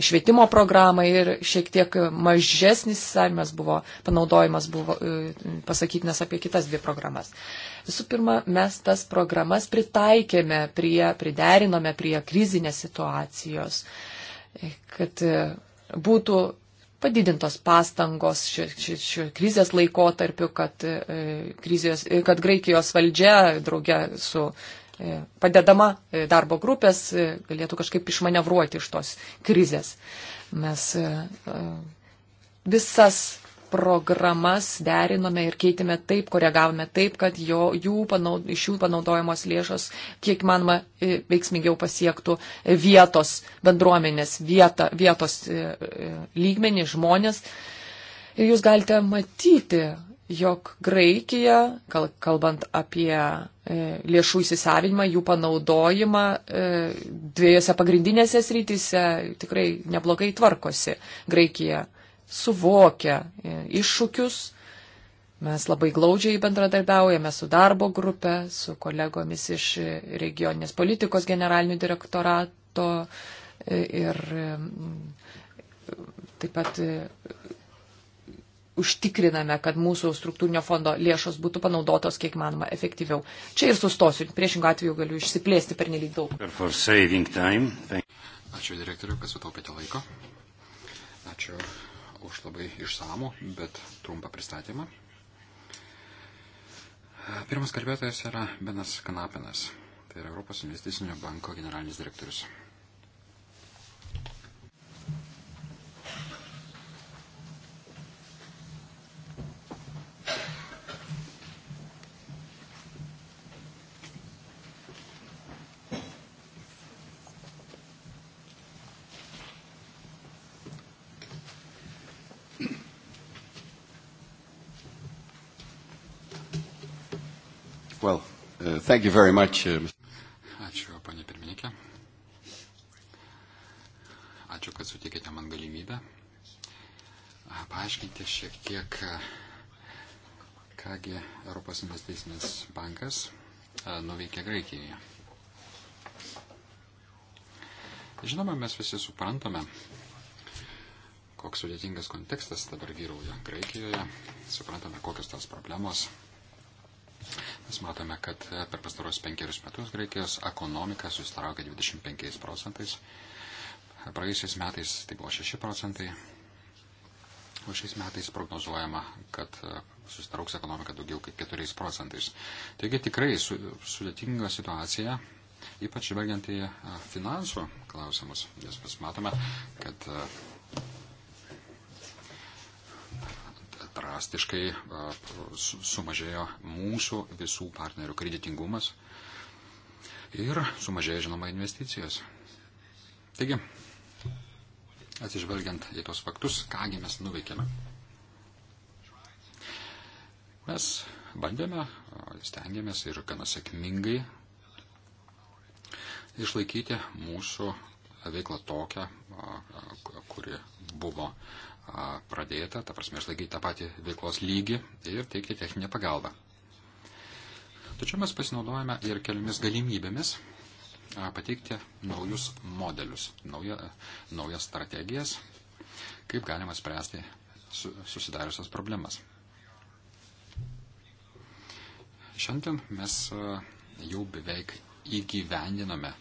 švietimo programai ir šiek tiek mažesnis savimas buvo panaudojimas buvo e, pasakytinas apie kitas dvi programas. Visų pirma, mes tas programas pritaikėme prie, priderinome prie krizinės situacijos, kad e, būtų padidintos pastangos šio, šio, šio krizės laikotarpiu, kad, e, krizės, e, kad Graikijos valdžia draugė su padedama darbo grupės galėtų kažkaip išmanevruoti iš tos krizės. Mes visas programas derinome ir keitėme taip, koregavome taip, kad jo, jų panaud, iš jų panaudojamos lėšos kiek manoma e, veiksmingiau pasiektų vietos bendruomenės, vietą, vietos e, e, lygmenį žmonės. Ir jūs galite matyti, jog Graikija, kalbant apie lėšų įsisavinimą, jų panaudojimą dviejose pagrindinėse srityse tikrai neblogai tvarkosi Graikija suvokia e, iššūkius. Mes labai glaudžiai bendradarbiaujame su darbo grupė, su kolegomis iš regioninės politikos generalinių direktorato e, ir e, taip pat užtikriname, kad mūsų struktūrinio fondo lėšos būtų panaudotos kiek manoma efektyviau. Čia ir sustosiu, priešingų atveju galiu išsiplėsti per nelik daug. Ačiū direktoriu, kad sutaupėte laiko. Ačiū už labai išsamų, bet trumpą pristatymą. Pirmas kalbėtojas yra Benas Kanapinas, tai yra Europos investicinio banko generalinis direktorius. Thank you very much. Uh, Ačiū, panė pirmininkė. Ačiū, kad sutikėte man galimybę paaiškinti šiek tiek, kągi Europos investicinis bankas nuveikė Graikijoje. Žinoma, mes visi suprantame, koks sudėtingas kontekstas dabar vyrauja Graikijoje, suprantame, kokios tos problemos Mes matome, kad per pastaros penkerius metus Graikijos ekonomika susitraukė 25 procentais. Praėjusiais metais tai buvo 6 procentai. O šiais metais prognozuojama, kad susitrauks ekonomika daugiau kaip 4 procentais. Taigi tikrai su, sudėtinga situacija, ypač žvelgiant į finansų klausimus, nes mes matome, kad drastiškai sumažėjo mūsų visų partnerių kreditingumas ir sumažėjo, žinoma, investicijos. Taigi, atsižvelgiant į tos faktus, kągi mes nuveikėme. Mes bandėme, stengiamės ir gana sėkmingai išlaikyti mūsų veiklą tokią, kuri buvo pradėta, ta prasme išlaikyti tą patį veiklos lygį ir teikti techninę pagalbą. Tačiau mes pasinaudojame ir keliomis galimybėmis pateikti naujus modelius, nauja, naujas strategijas, kaip galima spręsti susidariusias problemas. Šiandien mes jau beveik įgyvendinome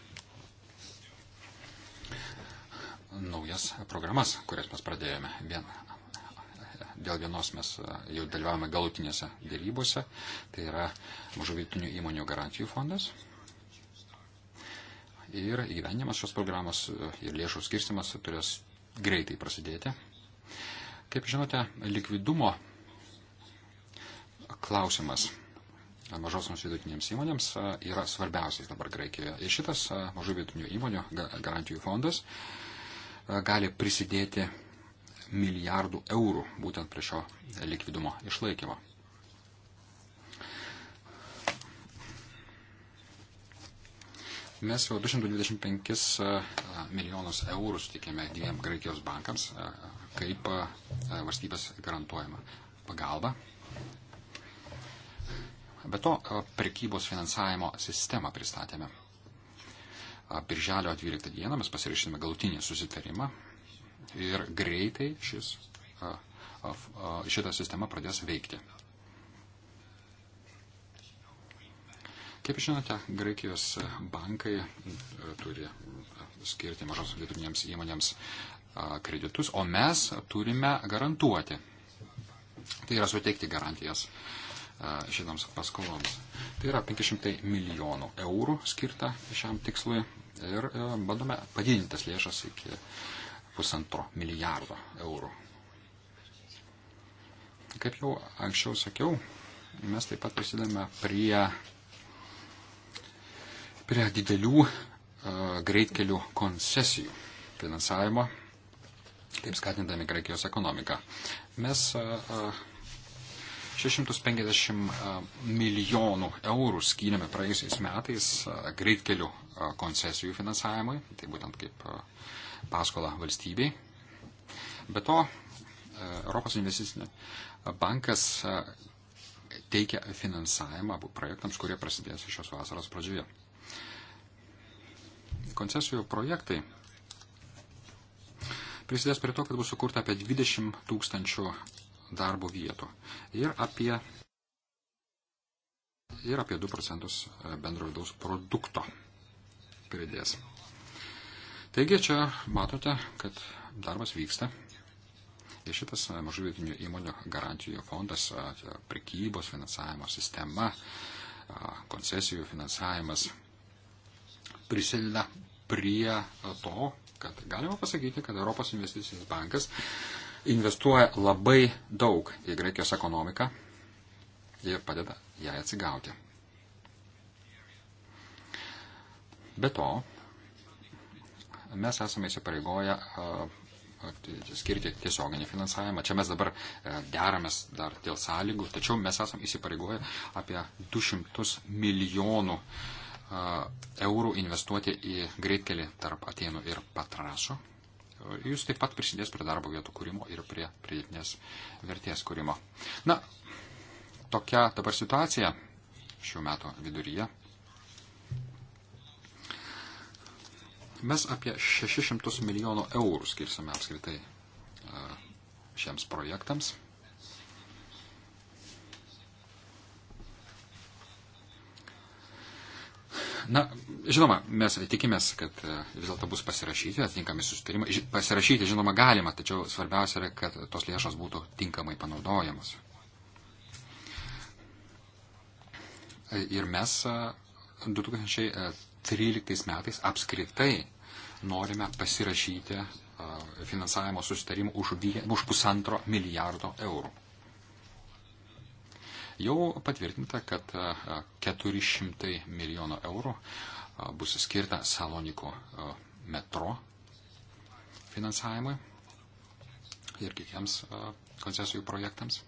naujas programas, kurias mes pradėjome. Vien, dėl vienos mes e, jau dalyvavome galutinėse dėrybose, tai yra mažovytinių įmonių garantijų fondas. Ir įgyvenimas šios programos e, ir lėšų skirstimas turės greitai prasidėti. Kaip žinote, likvidumo klausimas mažosioms vidutinėms įmonėms e, yra svarbiausias dabar Graikijoje. Ir šitas mažų vidutinių įmonių garantijų fondas gali prisidėti milijardų eurų būtent prie šio likvidumo išlaikymo. Mes jau 225 milijonus eurų sutikėme dviem Graikijos bankams kaip valstybės garantuojama pagalba. Be to, prekybos finansavimo sistemą pristatėme Birželio 12 dieną mes pasirašysime galutinį susitarimą ir greitai šis, šita sistema pradės veikti. Kaip žinote, Graikijos bankai turi skirti mažos vidutinėms įmonėms kreditus, o mes turime garantuoti. Tai yra suteikti garantijas šitams paskoloms. Tai yra 500 milijonų eurų skirta šiam tikslui ir e, bandome padidinti tas lėšas iki pusantro milijardo eurų. Kaip jau anksčiau sakiau, mes taip pat prisidame prie, prie didelių uh, greitkelių koncesijų finansavimo, taip skatindami Graikijos ekonomiką. Mes uh, 650 milijonų eurų skyrėme praėjusiais metais greitkelių koncesijų finansavimui, tai būtent kaip paskola valstybei. Be to, Europos investicinė bankas teikia finansavimą abu projektams, kurie prasidės šios vasaros pradžioje. Koncesijų projektai prisidės prie to, kad bus sukurta apie 20 tūkstančių darbo vietų ir apie, ir apie 2 procentus e, bendro vidaus produkto pridės. Taigi čia matote, kad darbas vyksta. Ir šitas e, mažų vietinių įmonių garantijų fondas, e, prekybos finansavimo sistema, koncesijų finansavimas prisideda prie to, kad galima pasakyti, kad Europos investicinis bankas investuoja labai daug į Graikijos ekonomiką ir padeda jai atsigauti. Be to, mes esame įsipareigoję skirti tiesioginį finansavimą. Čia mes dabar e, deramės dar dėl sąlygų, tačiau mes esame įsipareigoję apie 200 milijonų eurų investuoti į greitkelį tarp Atenų ir Patrašo. Jūs taip pat prisidės prie darbo vietų kūrimo ir prie pridėtinės vertės kūrimo. Na, tokia dabar situacija šių metų viduryje. Mes apie 600 milijonų eurų skirsime apskritai šiems projektams Na, žinoma, mes tikimės, kad e, vis dėlto bus pasirašyti atitinkami susitarimai. Pasirašyti, žinoma, galima, tačiau svarbiausia yra, kad tos lėšos būtų tinkamai panaudojamos. E, ir mes 2013 e, metais apskritai norime pasirašyti finansavimo susitarimų už, už pusantro milijardo eurų. Jau patvirtinta, kad 400 milijonų eurų bus skirta Saloniko metro finansavimui ir kitiems koncesijų projektams.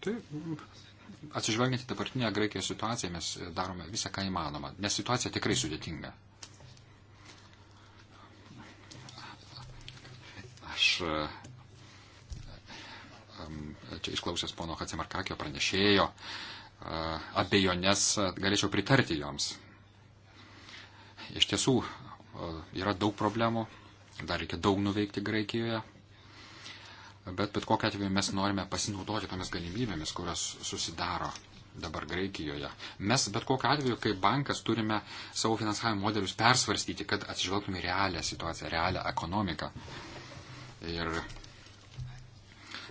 Tai atsižvelgiant į dabartinę Graikijos situaciją, mes darome visą, ką įmanoma, nes situacija tikrai sudėtinga. aš e, e, čia išklausęs pono Hatsimarkakio pranešėjo e, abejonės galėčiau pritarti joms. Iš tiesų yra daug problemų, dar reikia daug nuveikti Graikijoje, bet bet kokią atveju mes norime pasinaudoti tomis galimybėmis, kurios susidaro dabar Graikijoje. Mes bet kokiu atveju, kaip bankas, turime savo finansavimo modelius persvarstyti, kad atsižvelgtume realią situaciją, realią ekonomiką. Uh, Ir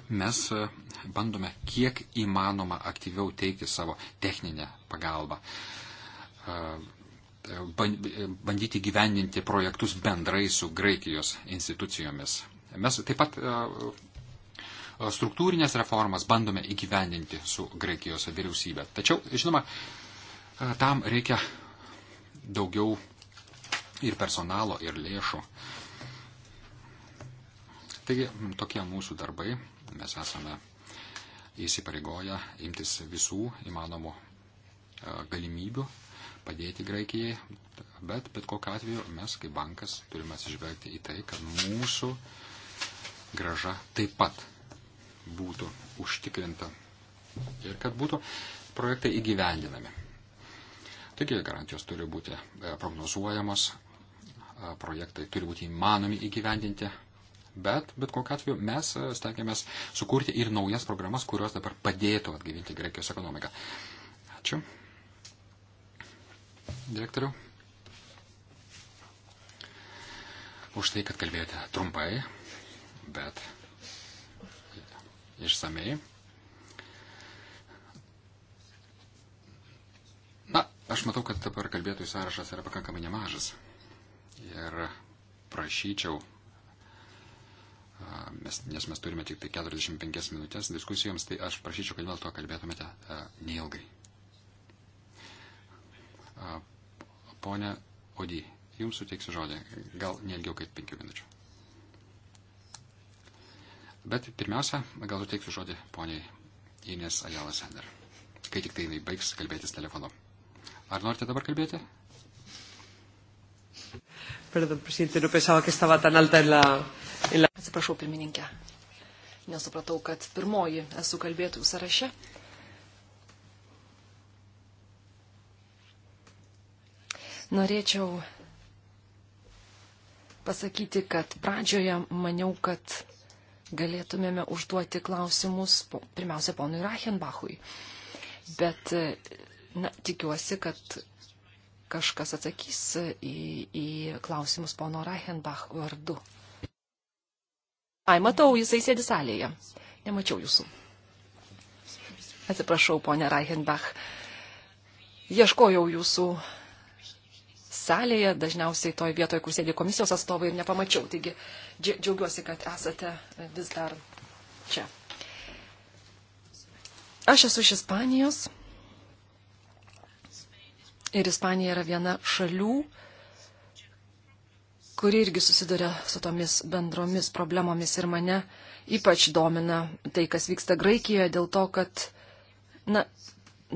mes e, bandome kiek įmanoma aktyviau teikti savo techninę pagalbą, e, e, bandyti gyvendinti projektus bendrai su Graikijos institucijomis. Mes taip pat struktūrinės reformas bandome įgyvendinti su Graikijos vyriausybė. Tačiau, žinoma, tam reikia daugiau ir personalo, ir lėšų. Uh, Taigi tokie mūsų darbai. Mes esame įsipareigoję imtis visų įmanomų e, galimybių padėti Graikijai, bet bet kokiu atveju mes kaip bankas turime atsižvelgti į tai, kad mūsų graža taip pat būtų užtikrinta ir kad būtų projektai įgyvendinami. Taigi garantijos turi būti e, prognozuojamos, e, projektai turi būti įmanomi įgyvendinti, Bet, bet kokiu atveju, mes e, stengiamės sukurti ir naujas programas, kurios dabar padėtų atgyvinti Graikijos ekonomiką. Ačiū. Direktoriau. Už tai, kad kalbėjote trumpai, bet išsamei. Na, aš matau, kad dabar kalbėtojų sąrašas yra pakankamai nemažas. Ir prašyčiau mes, nes mes turime tik tai 45 minutės diskusijoms, tai aš prašyčiau, kad dėl to kalbėtumėte neilgai. Pone Odį, jums suteiksiu žodį, gal neilgiau kaip 5 minučių. Bet pirmiausia, gal suteiksiu žodį poniai Ines Ajala Sender, kai tik tai jinai baigs kalbėtis telefonu. Ar norite dabar kalbėti? Perdón, presidente, no pensaba que estaba tan alta en la, Atsiprašau, pirmininkė. Nesupratau, kad pirmoji esu kalbėtų sąraše. Norėčiau pasakyti, kad pradžioje maniau, kad galėtumėme užduoti klausimus pirmiausia ponui Reichenbachui. Bet na, tikiuosi, kad kažkas atsakys į, į klausimus pono Reichenbach vardu. Ai, matau, jisai sėdi salėje. Nemačiau jūsų. Atsiprašau, ponė Reichenbach. Ieškojau jūsų salėje, dažniausiai toje vietoje, kur sėdė komisijos atstovai ir nepamačiau. Taigi džiaugiuosi, kad esate vis dar čia. Aš esu iš Ispanijos ir Ispanija yra viena šalių, kuri irgi susiduria su tomis bendromis problemomis ir mane ypač domina tai, kas vyksta Graikijoje, dėl to, kad, na,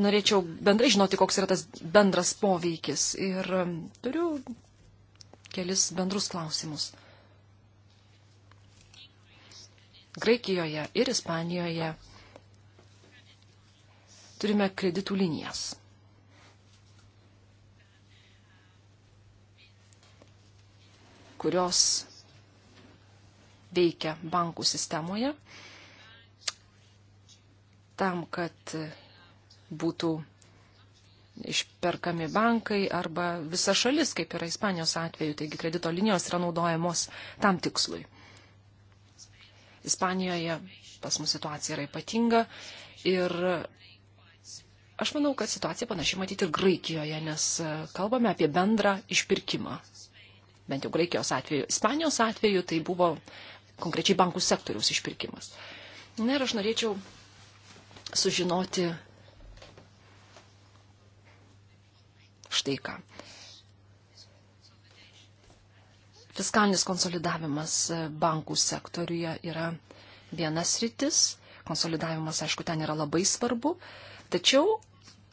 norėčiau bendrai žinoti, koks yra tas bendras poveikis. Ir um, turiu kelis bendrus klausimus. Graikijoje ir Ispanijoje turime kreditų linijas. kurios veikia bankų sistemoje, tam, kad būtų išperkami bankai arba visa šalis, kaip yra Ispanijos atveju, taigi kredito linijos yra naudojamos tam tikslui. Ispanijoje pas mus situacija yra ypatinga ir aš manau, kad situacija panaši matyti ir Graikijoje, nes e, kalbame apie bendrą išpirkimą bent jau Graikijos atveju. Ispanijos atveju tai buvo konkrečiai bankų sektoriaus išpirkimas. Na ir aš norėčiau sužinoti štai ką. Fiskalinis konsolidavimas bankų sektoriuje yra vienas rytis. Konsolidavimas, aišku, ten yra labai svarbu. Tačiau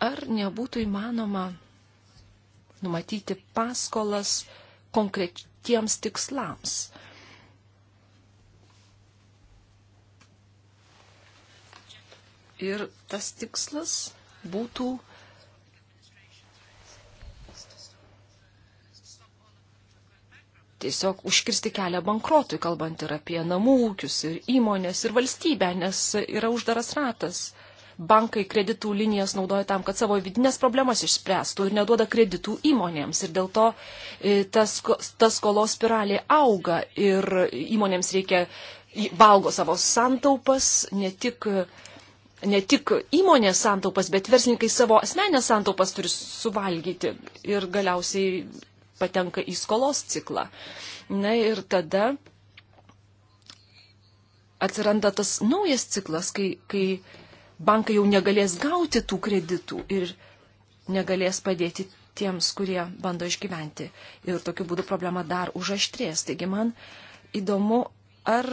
ar nebūtų įmanoma numatyti paskolas konkretiems tikslams. Ir tas tikslas būtų tiesiog užkirsti kelią bankrotui, kalbant ir apie namų ūkius, ir įmonės, ir valstybę, nes yra uždaras ratas bankai kreditų linijas naudoja tam, kad savo vidinės problemas išspręstų ir neduoda kreditų įmonėms. Ir dėl to tas, e, tas skolos spiralė auga ir įmonėms reikia valgo savo santaupas, ne tik ne tik įmonės santaupas, bet verslininkai savo asmenės santaupas turi suvalgyti ir galiausiai patenka į skolos ciklą. Na ir tada atsiranda tas naujas ciklas, kai, kai bankai jau negalės gauti tų kreditų ir negalės padėti tiems, kurie bando išgyventi. Ir tokiu būdu problema dar užaštrės. Taigi man įdomu, ar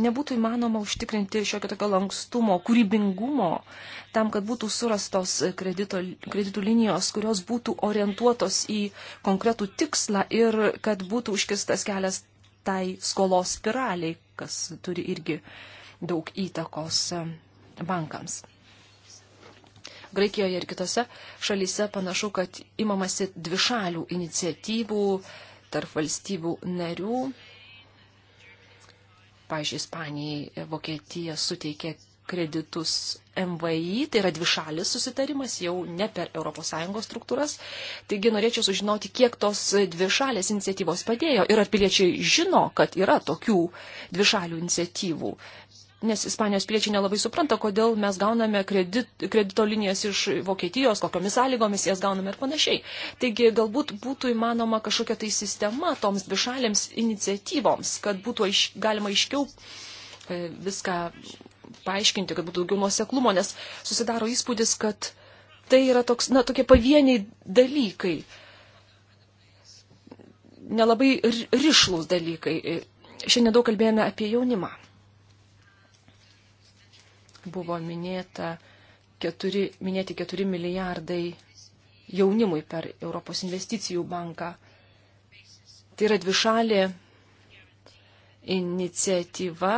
nebūtų įmanoma užtikrinti šiokio tokio lankstumo, kūrybingumo, tam, kad būtų surastos kredito, kreditų linijos, kurios būtų orientuotos į konkretų tikslą ir kad būtų užkistas kelias tai skolos spiraliai, kas turi irgi daug įtakos bankams. Graikijoje ir kitose šalyse panašu, kad imamasi dvišalių iniciatyvų tarp valstybių narių. Pavyzdžiui, Ispanijai Vokietija suteikė kreditus MVI, tai yra dvišalis susitarimas, jau ne per ES struktūras. Taigi norėčiau sužinoti, kiek tos dvišalės iniciatyvos padėjo ir ar piliečiai žino, kad yra tokių dvišalių iniciatyvų, nes Ispanijos piliečiai nelabai supranta, kodėl mes gauname kredit, kredito linijas iš Vokietijos, kokiomis sąlygomis jas gauname ir panašiai. Taigi galbūt būtų įmanoma kažkokia tai sistema toms dvišalėms iniciatyvoms, kad būtų aiš, galima aiškiau e, viską paaiškinti, kad būtų daugiau nuoseklumo, nes susidaro įspūdis, kad tai yra toks, na, tokie pavieniai dalykai, nelabai ryšlus dalykai. Šiandien daug kalbėjome apie jaunimą buvo minėta keturi, minėti 4 milijardai jaunimui per Europos investicijų banką. Tai yra dvišalė iniciatyva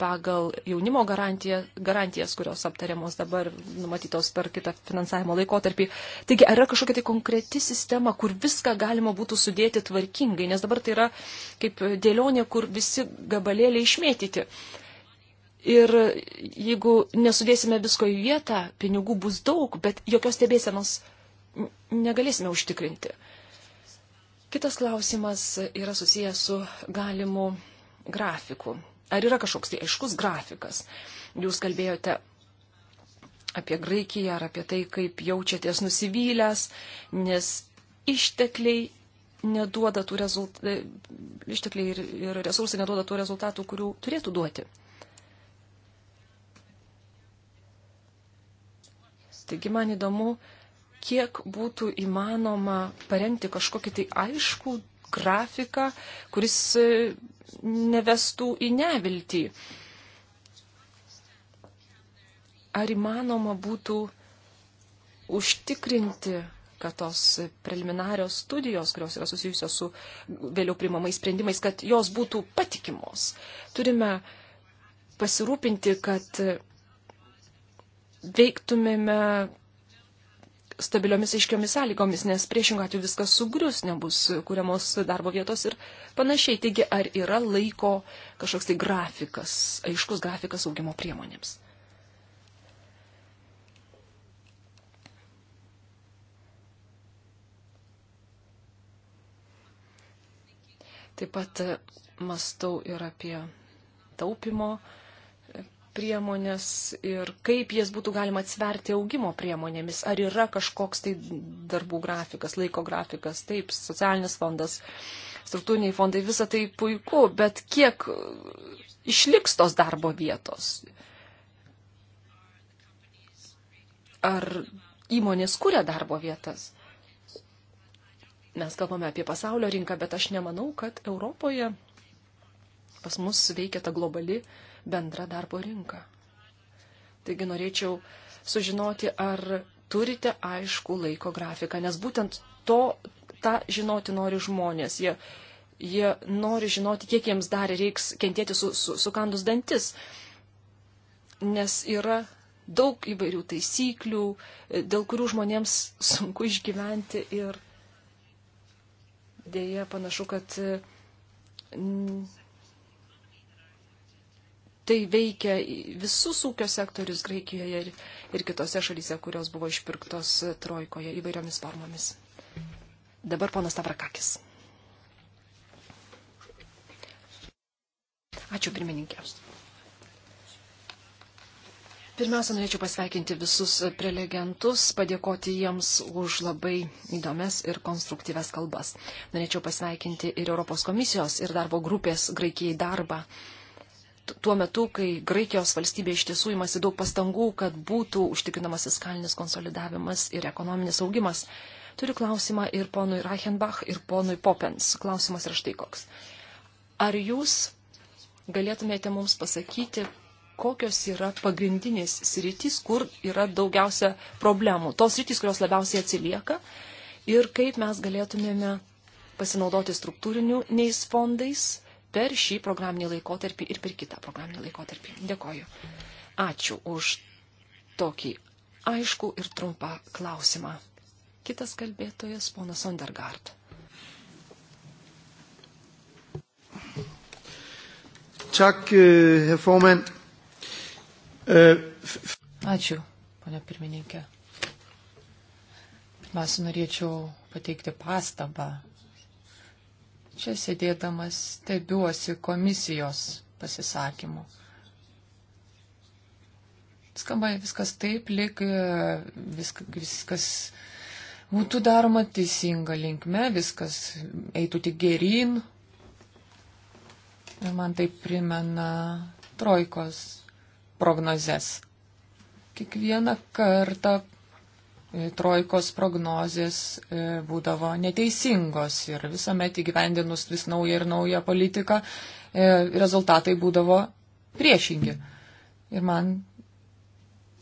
pagal jaunimo garantiją, garantijas, kurios aptariamos dabar, numatytos per kitą finansavimo laikotarpį. Taigi, ar yra kažkokia tai konkreti sistema, kur viską galima būtų sudėti tvarkingai, nes dabar tai yra kaip dėlionė, kur visi gabalėliai išmėtyti. Uh, Ir jeigu nesudėsime visko į vietą, pinigų bus daug, bet jokios stebėsenos negalėsime užtikrinti. Kitas klausimas yra susijęs su galimu grafiku. Ar yra kažkoks tai aiškus grafikas? Jūs kalbėjote apie Graikiją ar apie tai, kaip jaučiatės nusivylęs, nes ištekliai neduoda tų rezultatų, ištekliai ir, ir resursai neduoda tų rezultatų, kurių turėtų duoti. Taigi man įdomu, kiek būtų įmanoma parengti kažkokį tai aiškų grafiką, kuris e, nevestų į neviltį. Ar įmanoma būtų užtikrinti, kad tos preliminarios studijos, kurios yra susijusios su vėliau primamais sprendimais, kad jos būtų patikimos. Turime pasirūpinti, kad veiktumėme stabiliomis aiškiomis sąlygomis, nes priešingų atveju viskas sugrius, nebus kuriamos darbo vietos ir panašiai. Taigi, ar yra laiko kažkoks tai grafikas, aiškus grafikas augimo priemonėms? Taip pat mastau ir apie taupimo priemonės ir kaip jas būtų galima atsverti augimo priemonėmis. Ar yra kažkoks tai darbų grafikas, laiko grafikas, taip, socialinis fondas, struktūriniai fondai, visa tai puiku, bet kiek išliks tos darbo vietos? Ar įmonės kuria darbo vietas? Mes kalbame apie pasaulio rinką, bet aš nemanau, kad Europoje pas mus veikia ta globali uh, bendra darbo rinka. Taigi norėčiau sužinoti, ar turite aišku laiko grafiką, nes būtent to, tą žinoti nori žmonės. Jie, jie nori žinoti, kiek jiems dar reiks kentėti su, su, sukandus dantis, nes yra daug įvairių taisyklių, dėl kurių žmonėms sunku išgyventi ir dėja panašu, kad mm, tai veikia visus ūkio sektorius Graikijoje ir, ir kitose šalyse, kurios buvo išpirktos trojkoje įvairiomis formomis. Dabar ponas Tavrakakis. Ačiū pirmininkė. Pirmiausia, norėčiau pasveikinti visus prelegentus, padėkoti jiems už labai įdomias ir konstruktyves kalbas. Norėčiau pasveikinti ir Europos komisijos, ir darbo grupės Graikijai darbą tuo metu, kai Graikijos valstybė iš tiesų imasi daug pastangų, kad būtų užtikrinamas fiskalinis konsolidavimas ir ekonominis augimas. Turiu klausimą ir ponui Reichenbach, ir ponui Popens. Klausimas yra štai koks. Ar jūs galėtumėte mums pasakyti, kokios yra pagrindinės sritys, kur yra daugiausia problemų? Tos sritys, kurios labiausiai atsilieka ir kaip mes galėtumėme pasinaudoti struktūriniais fondais per šį programinį laikotarpį ir per kitą programinį laikotarpį. Dėkoju. Ačiū už tokį aišku ir trumpą klausimą. Kitas kalbėtojas, ponas Sondergaard. Tak, eh, herr Forman. Eh, Ačiū, ponia pirmininkė. Pirmiausia, norėčiau pateikti pastabą Čia sėdėdamas stebiuosi komisijos pasisakymu. Skamba viskas taip, lyg e, viskas, viskas būtų daroma teisinga linkme, viskas eitų tik gerin. Ir man tai primena trojkos prognozes. Kiekvieną kartą E, trojkos prognozės e, būdavo neteisingos ir visuomet įgyvendinus vis naują ir naują politiką e, rezultatai būdavo priešingi. Ir man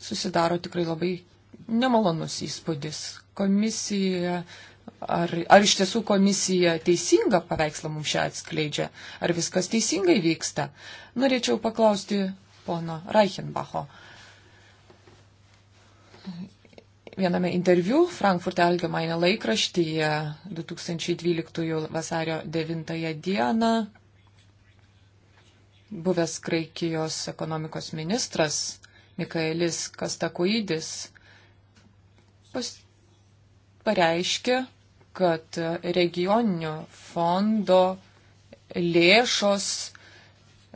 susidaro tikrai labai nemalonus įspūdis. Komisija, ar, ar iš tiesų komisija teisingą paveikslą mums čia atskleidžia, ar viskas teisingai vyksta. Norėčiau paklausti pono Reichenbacho viename interviu Frankfurte Algemeine laikraštyje 2012 vasario 9 dieną buvęs Graikijos ekonomikos ministras Mikaelis Kastakuidis pas, pareiškė, kad regioninio fondo lėšos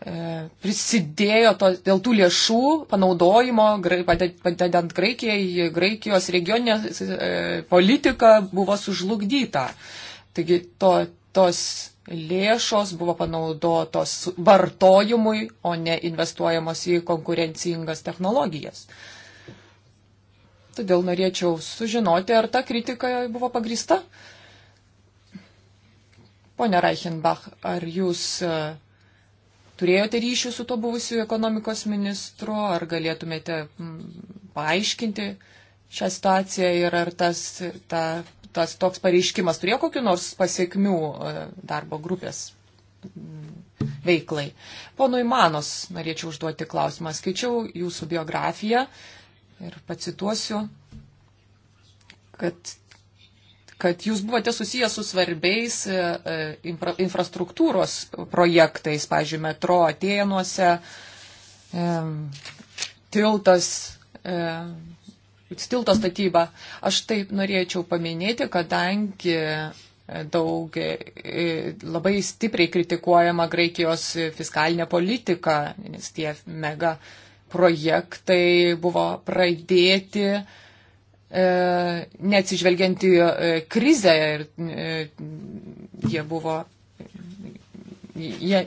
E, prisidėjo to, dėl tų lėšų panaudojimo, padedant Graikijai, Graikijos regioninė e, politika buvo sužlugdyta. Taigi to, tos lėšos buvo panaudotos vartojimui, o ne investuojamos į konkurencingas technologijas. Todėl norėčiau sužinoti, ar ta kritika buvo pagrįsta. Pone Reichenbach, ar jūs e, turėjote ryšių su to buvusiu ekonomikos ministru, ar galėtumėte mm, paaiškinti šią situaciją ir ar tas, ta, tas toks pareiškimas turėjo kokiu nors pasiekmių e, darbo grupės mm, veiklai. Ponui Manos norėčiau užduoti klausimą. Skaičiau jūsų biografiją ir pacituosiu, kad kad jūs buvote susijęs su svarbiais e, e, infra, infrastruktūros projektais, pavyzdžiui, metro Atėnuose, e, tiltas, tilto statyba. Aš taip norėčiau paminėti, kadangi daug labai stipriai kritikuojama Graikijos fiskalinė politika, nes tie mega projektai buvo pradėti E, neatsižvelgiant į e, krizę ir e, jie buvo jie,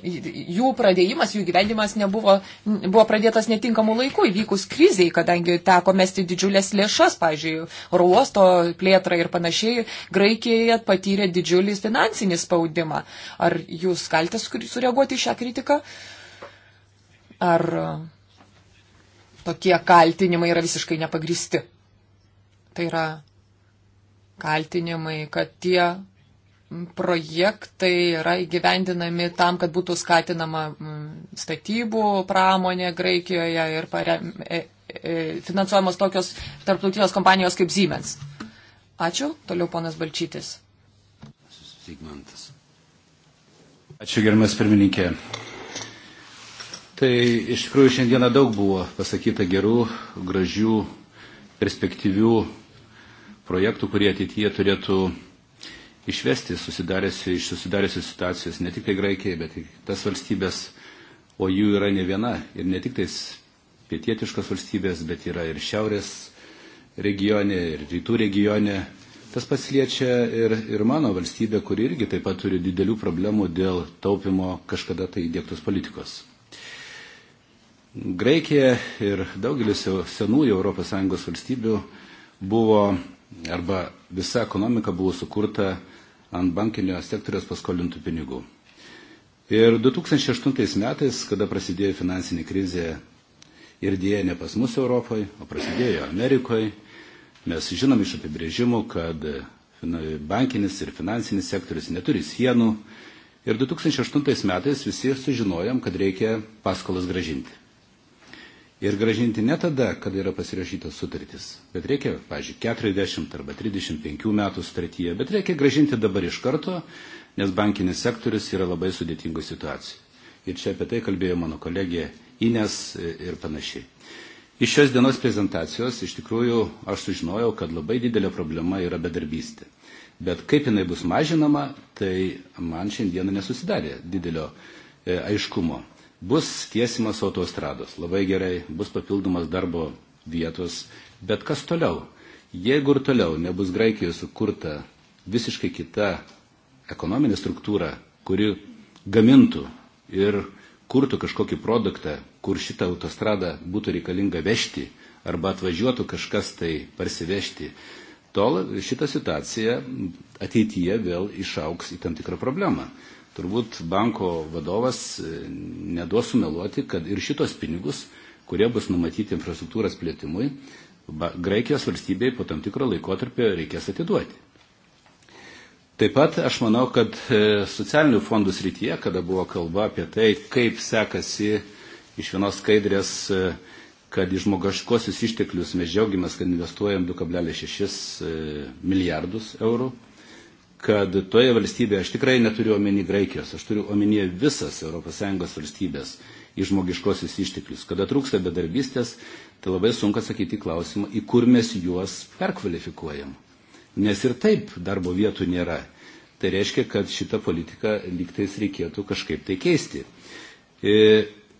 jų pradėjimas, jų gyvenimas nebuvo, buvo pradėtas netinkamų laikų įvykus kriziai, kadangi teko mesti didžiulės lėšas, pavyzdžiui, ruosto plėtrą ir panašiai, Graikijoje patyrė didžiulį finansinį spaudimą. Ar jūs galite sureaguoti į šią kritiką? Ar tokie kaltinimai yra visiškai nepagristi? Tai yra kaltinimai, kad tie projektai yra įgyvendinami tam, kad būtų skatinama mm, statybų pramonė Graikijoje ir parem, e, e, finansuojamos tokios tarptautinės kompanijos kaip Siemens. Ačiū. Toliau ponas Balčytis. Zygmantas. Ačiū, gerbiamas pirmininkė. Tai iš tikrųjų šiandieną daug buvo pasakyta gerų, gražių, perspektyvių projektų, kurie ateityje turėtų išvesti susidariusi, iš susidariusios situacijos ne tik tai Graikijai, bet ir tas valstybės, o jų yra ne viena ir ne tik tais pietietiškos valstybės, bet yra ir šiaurės regione, ir rytų regione. Tas pats liečia ir, ir mano valstybė, kuri irgi taip pat turi didelių problemų dėl taupimo kažkada tai įdėktos politikos. Graikija ir daugelis senųjų ES valstybių buvo arba visa ekonomika buvo sukurta ant bankinio sektoriaus paskolintų pinigų. Ir 2008 metais, kada prasidėjo finansinė krizė ir dėja ne pas mus Europoje, o prasidėjo Amerikoje, mes žinom iš apibrėžimų, kad bankinis ir finansinis sektorius neturi sienų. Ir 2008 metais visi sužinojom, kad reikia paskolas gražinti ir gražinti ne tada, kada yra pasirašytas sutartis, bet reikia, pažiūrėjau, 40 arba 35 metų sutartyje, bet reikia gražinti dabar iš karto, nes bankinis sektorius yra labai sudėtingo situacijų. Ir čia apie tai kalbėjo mano kolegė Ines ir panašiai. Iš šios dienos prezentacijos iš tikrųjų aš sužinojau, kad labai didelė problema yra bedarbystė. Bet kaip jinai bus mažinama, tai man šiandieną nesusidarė didelio e, aiškumo bus tiesimas autostrados, labai gerai, bus papildomas darbo vietos, bet kas toliau? Jeigu ir toliau nebus Graikijoje sukurta visiškai kita ekonominė struktūra, kuri gamintų ir kurtų kažkokį produktą, kur šitą autostradą būtų reikalinga vežti arba atvažiuotų kažkas tai parsivežti, tol šita situacija ateityje vėl išauks į tam tikrą problemą turbūt banko vadovas e, neduos sumeluoti, kad ir šitos pinigus, kurie bus numatyti infrastruktūros plėtimui, Graikijos valstybei po tam tikro laikotarpio reikės atiduoti. Taip pat aš manau, kad e, socialinių fondų srityje, kada buvo kalba apie tai, kaip sekasi iš vienos skaidrės, e, kad į žmogaškosius išteklius mes džiaugiamės, kad investuojam 2,6 milijardus eurų kad toje valstybėje, aš tikrai neturiu omeny Graikijos, aš turiu omenyje visas ES valstybės į žmogiškosius išteklius. Kada trūksta bedarbystės, tai labai sunku atsakyti klausimą, į kur mes juos perkvalifikuojam. Nes ir taip darbo vietų nėra. Tai reiškia, kad šitą politiką lygtais reikėtų kažkaip tai keisti. E,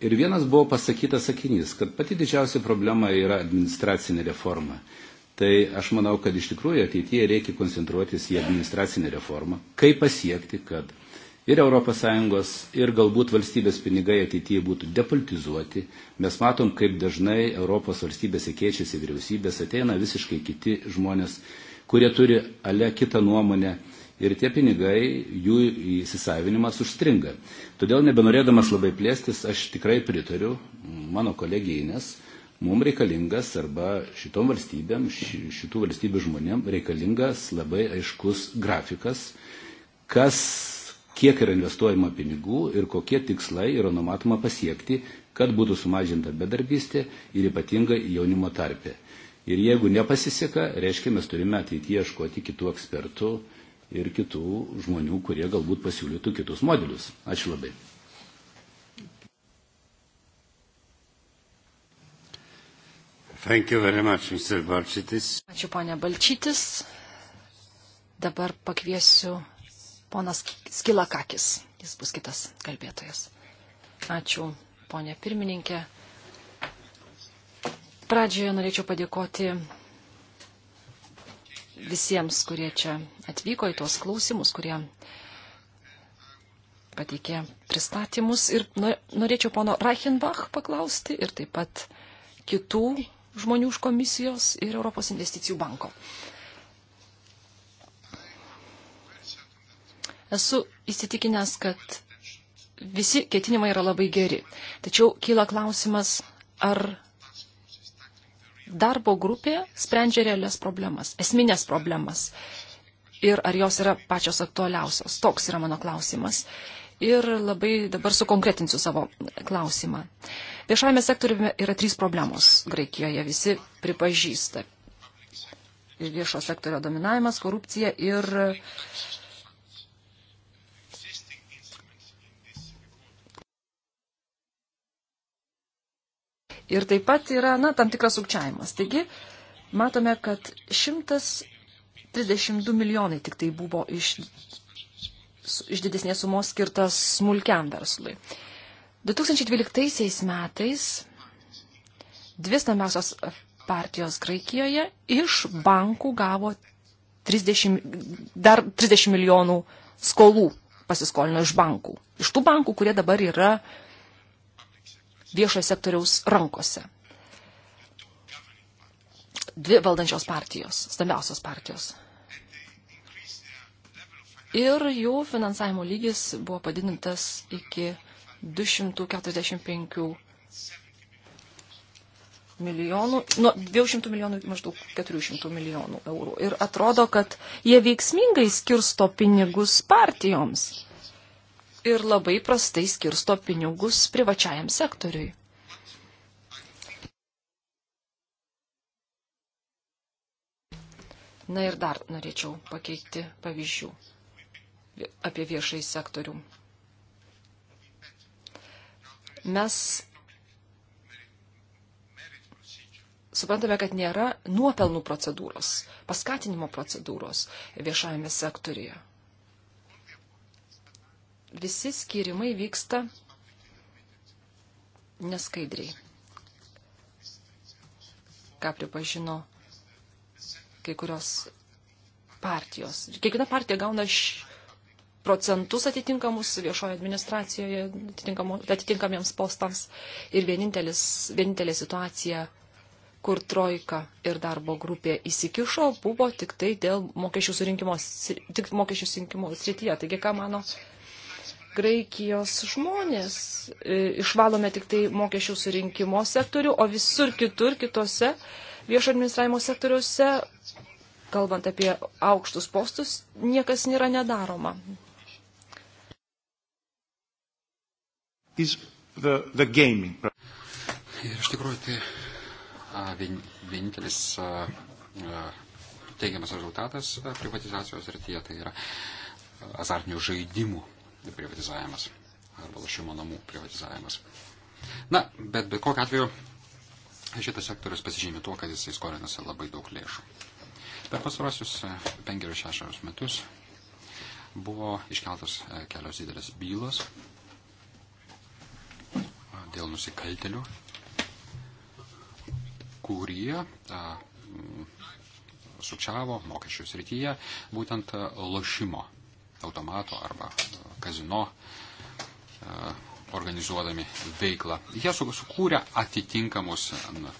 ir vienas buvo pasakytas sakinys, kad pati didžiausia problema yra administracinė reforma. Tai aš manau, kad iš tikrųjų ateityje reikia koncentruotis į administracinę reformą, kaip pasiekti, kad ir ES, ir galbūt valstybės pinigai ateityje būtų depolitizuoti. Mes matom, kaip dažnai Europos valstybėse keičiasi vyriausybės, ateina visiškai kiti žmonės, kurie turi ale kitą nuomonę ir tie pinigai, jų įsisavinimas užstringa. Todėl nebenorėdamas labai plėstis, aš tikrai pritariu mano kolegijai Ines mums reikalingas arba šitom valstybėm, šitų valstybių žmonėm reikalingas labai aiškus grafikas, kas, kiek yra investuojama pinigų ir kokie tikslai yra numatoma pasiekti, kad būtų sumažinta bedarbystė ir ypatingai jaunimo tarpė. Ir jeigu nepasiseka, reiškia, mes turime ateityje ieškoti kitų ekspertų ir kitų žmonių, kurie galbūt pasiūlytų kitus modelius. Ačiū labai. Much, Ačiū, ponė Balčytis. Dabar pakviesiu ponas Skilakakis. Jis bus kitas kalbėtojas. Ačiū, ponė pirmininkė. Pradžioje norėčiau padėkoti visiems, kurie čia atvyko į tuos klausimus, kurie pateikė pristatymus. Ir norėčiau pono Reichenbach paklausti ir taip pat kitų žmonių už komisijos ir Europos investicijų banko. Esu įsitikinęs, kad visi ketinimai yra labai geri. Tačiau kyla klausimas, ar darbo grupė sprendžia realias problemas, esminės problemas ir ar jos yra pačios aktualiausios. Toks yra mano klausimas ir labai dabar sukonkretinsiu savo klausimą. Viešajame sektoriume yra trys problemos Graikijoje, visi pripažįsta. Viešo sektorio dominavimas, korupcija ir Ir taip pat yra, na, tam tikras sukčiavimas. Taigi, matome, kad 132 milijonai tik tai buvo iš iš didesnės sumos skirtas smulkiam verslui. 2012 metais dvi stambiausios partijos Graikijoje iš bankų gavo 30, dar 30 milijonų skolų pasiskolino iš bankų. Iš tų bankų, kurie dabar yra viešojo sektoriaus rankose. Dvi valdančios partijos, stambiausios partijos ir jų finansavimo lygis buvo padidintas iki 245 milijonų, nuo 200 milijonų iki maždaug 400 milijonų eurų. Ir atrodo, kad jie veiksmingai skirsto pinigus partijoms ir labai prastai skirsto pinigus privačiajam sektoriui. Na ir dar norėčiau pakeikti pavyzdžių apie viešai sektorių. Mes suprantame, kad nėra nuopelnų procedūros, paskatinimo procedūros viešajame sektorija. Visi skirimai vyksta neskaidriai. Ką pripažino kai kurios partijos. Kiekviena partija gauna š procentus atitinkamus viešoje administracijoje atitinkamiems postams. Ir vienintelė situacija, kur trojka ir darbo grupė įsikišo, buvo tik tai dėl mokesčių surinkimo, tik mokesčių surinkimo srityje. Taigi, ką mano Graikijos žmonės, e, išvalome tik tai mokesčių surinkimo sektorių, o visur kitur, kitose viešo administravimo sektoriuose kalbant apie aukštus postus, niekas nėra nedaroma. the, the gaming. Ir iš tikrųjų tai a, vien, vienintelis a, a, teigiamas rezultatas a, privatizacijos rytyje tai yra azartinių žaidimų privatizavimas arba lašimo namų privatizavimas. Na, bet bet kokiu atveju šitas sektorius pasižymė tuo, kad jisai skolinasi labai daug lėšų. Per pasarosius penkerius šešerius metus buvo iškeltos kelios didelės bylos dėl nusikaltelių, kurie a, sukčiavo mokesčių srityje būtent lošimo automato arba kazino a, organizuodami veiklą. Jie sukūrė atitinkamus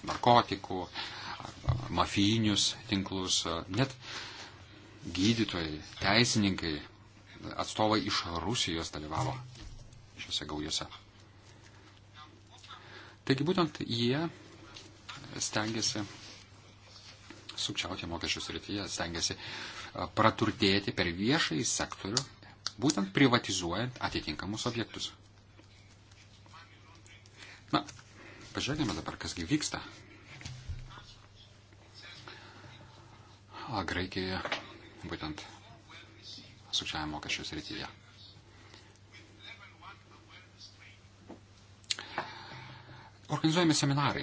narkotikų, mafijinius tinklus, net gydytojai, teisininkai, atstovai iš Rusijos dalyvavo šiuose gaujose. Taigi būtent jie stengiasi sukčiauti mokesčių srityje, stengiasi praturtėti per viešąjį sektorių, būtent privatizuojant atitinkamus objektus. Na, pažiūrėkime dabar, kasgi vyksta. A, Graikijoje būtent sukčiavimo mokesčių srityje. Organizuojami seminarai,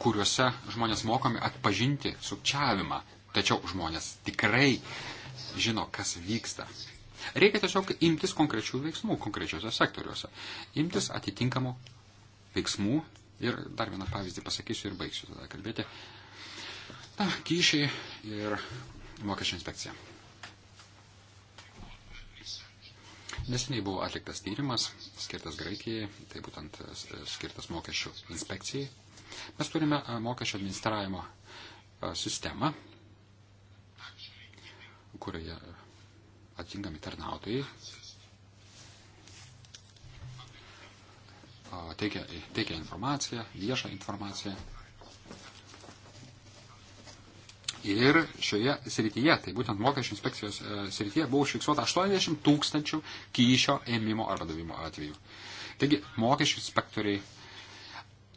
kuriuose žmonės mokomi atpažinti sukčiavimą, tačiau žmonės tikrai žino, kas vyksta. Reikia tiesiog imtis konkrečių veiksmų konkrečiuose sektoriuose, imtis atitinkamų veiksmų ir dar vieną pavyzdį pasakysiu ir baigsiu tada kalbėti. Na, kyšiai ir mokesčio inspekcija. Nesiniai buvo atliktas tyrimas, skirtas Graikijai, tai būtent e, skirtas mokesčių inspekcijai. Mes turime e, mokesčio administravimo e, sistemą, kurioje atitinkami tarnautojai teikia, teikia informaciją, viešą informaciją Ir šioje srityje, tai būtent mokesčių inspekcijos e, srityje, buvo užfiksuota 80 tūkstančių kyšio ėmimo ar davimo atvejų. Taigi, mokesčių inspektoriai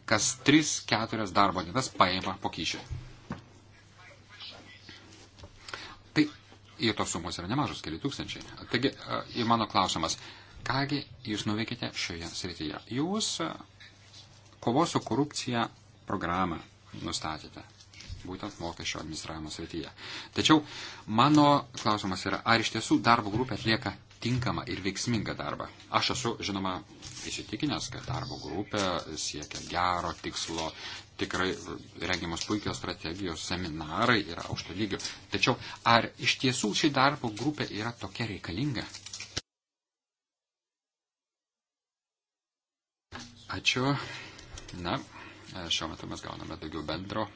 kas 3-4 darbo dienas paima po kyšį. Tai ir tos sumos yra nemažos, keli tūkstančiai. Taigi, į e, mano klausimas, kągi jūs nuveikėte šioje srityje? Jūs e, kovos su korupcija programą nustatėte būtent mokesčio administravimo srityje. Tačiau mano klausimas yra, ar iš tiesų darbo grupė atlieka tinkamą ir veiksmingą darbą. Aš esu, žinoma, įsitikinęs, kad darbo grupė siekia gero tikslo, tikrai rengiamas puikios strategijos, seminarai yra aukšto lygio. Tačiau ar iš tiesų ši darbo grupė yra tokia reikalinga? Ačiū. Na, šiuo metu mes gauname daugiau bendro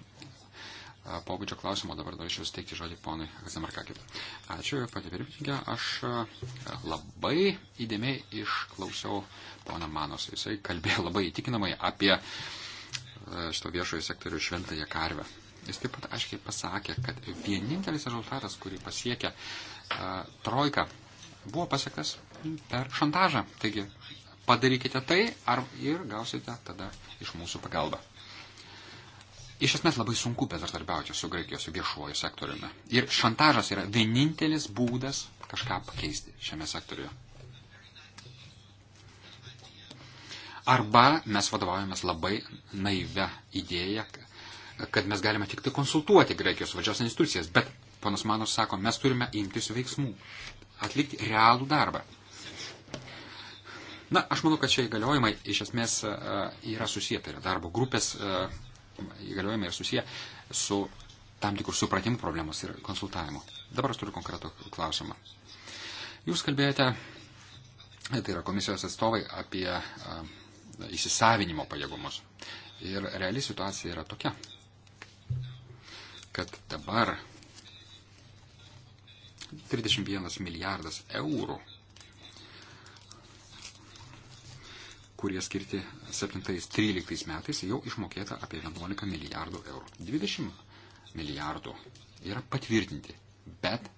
pobūdžio klausimo. Dabar norėčiau steikti žodį ponui Hazamarkakiu. Ačiū, pati pirmininkė. Aš labai įdėmiai išklausiau poną Manos. Jisai kalbėjo labai įtikinamai apie šito viešojo sektorių šventąją karvę. Jis taip pat aiškiai pasakė, kad vienintelis rezultatas, kurį pasiekė trojka, buvo pasiektas per šantažą. Taigi padarykite tai ar ir gausite tada iš mūsų pagalbą iš esmės labai sunku bendradarbiauti su Graikijos su viešuoju sektoriumi. Ir šantažas yra vienintelis būdas kažką pakeisti šiame sektoriuje. Arba mes vadovaujamės labai naivę idėją, kad mes galime tik tai konsultuoti Graikijos valdžios institucijas, bet ponas Manos sako, mes turime imtis veiksmų, atlikti realų darbą. Na, aš manau, kad šie įgaliojimai iš esmės e, yra susiję, tai yra darbo grupės e, įgaliojimai yra susiję su tam tikrų supratimų problemos ir konsultavimu. Dabar aš turiu konkretų klausimą. Jūs kalbėjote, tai yra komisijos atstovai, apie a, įsisavinimo pajėgumus. Ir reali situacija yra tokia, kad dabar 31 milijardas eurų kurie skirti 7-13 metais, jau išmokėta apie 11 milijardų eurų. 20 milijardų yra patvirtinti, bet,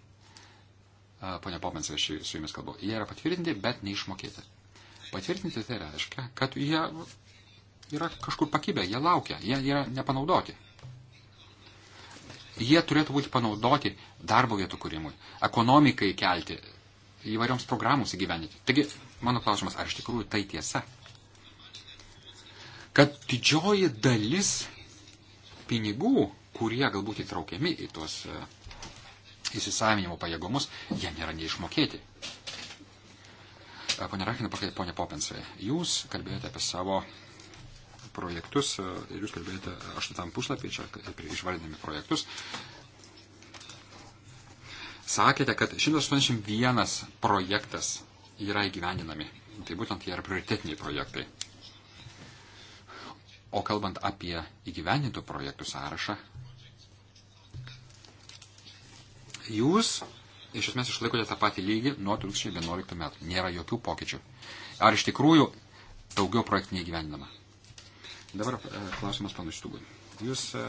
ponia Popens, aš su jumis kalbu, jie yra patvirtinti, bet neišmokėti. Patvirtinti tai reiškia, kad jie yra kažkur pakibę, jie laukia, jie yra nepanaudoti. Jie turėtų būti panaudoti darbo vietų kūrimui, ekonomikai kelti, įvairioms programoms įgyvendinti. Taigi, mano klausimas, ar iš tikrųjų tai tiesa? kad didžioji dalis pinigų, kurie galbūt įtraukiami į tuos e, įsisavinimo pajėgumus, jie nėra neišmokėti. E, pone Rachina, ponė Popensai, jūs kalbėjote apie savo projektus e, ir jūs kalbėjote aštuntam puslapį, čia išvardinami projektus. Sakėte, kad 181 projektas yra įgyvendinami. Tai būtent jie yra prioritetiniai projektai. O kalbant apie įgyvenintų projektų sąrašą, jūs iš esmės išlaikote tą patį lygį nuo 2011 metų. Nėra jokių pokyčių. Ar iš tikrųjų daugiau projektų neįgyvendinama? Dabar e, klausimas panu Štugui. Jūs e,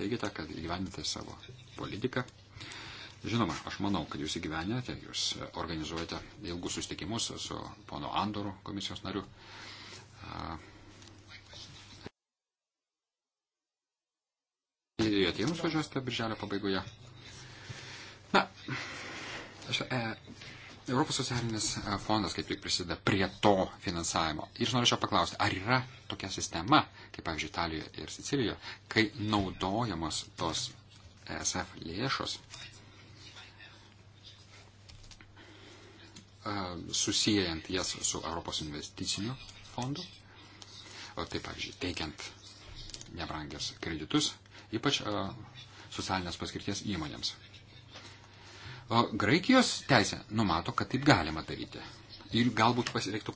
teigiate, kad įgyvendinate savo politiką. Žinoma, aš manau, kad jūs įgyvendinate, jūs organizuojate ilgus susitikimus su pono Andoru komisijos nariu. į Atėnus važiuosite birželio pabaigoje. Na, aš, e, Europos socialinis e, fondas kaip tik prisideda prie to finansavimo. Ir norėčiau paklausti, ar yra tokia sistema, kaip pavyzdžiui Italijoje ir Sicilijoje, kai naudojamos tos ESF lėšos e, susijęjant jas su Europos investiciniu fondu, o taip, pavyzdžiui, teikiant nebrangias kreditus ypač socialinės paskirties įmonėms. Graikijos teisė numato, kad taip galima daryti. Ir galbūt pasi, reiktų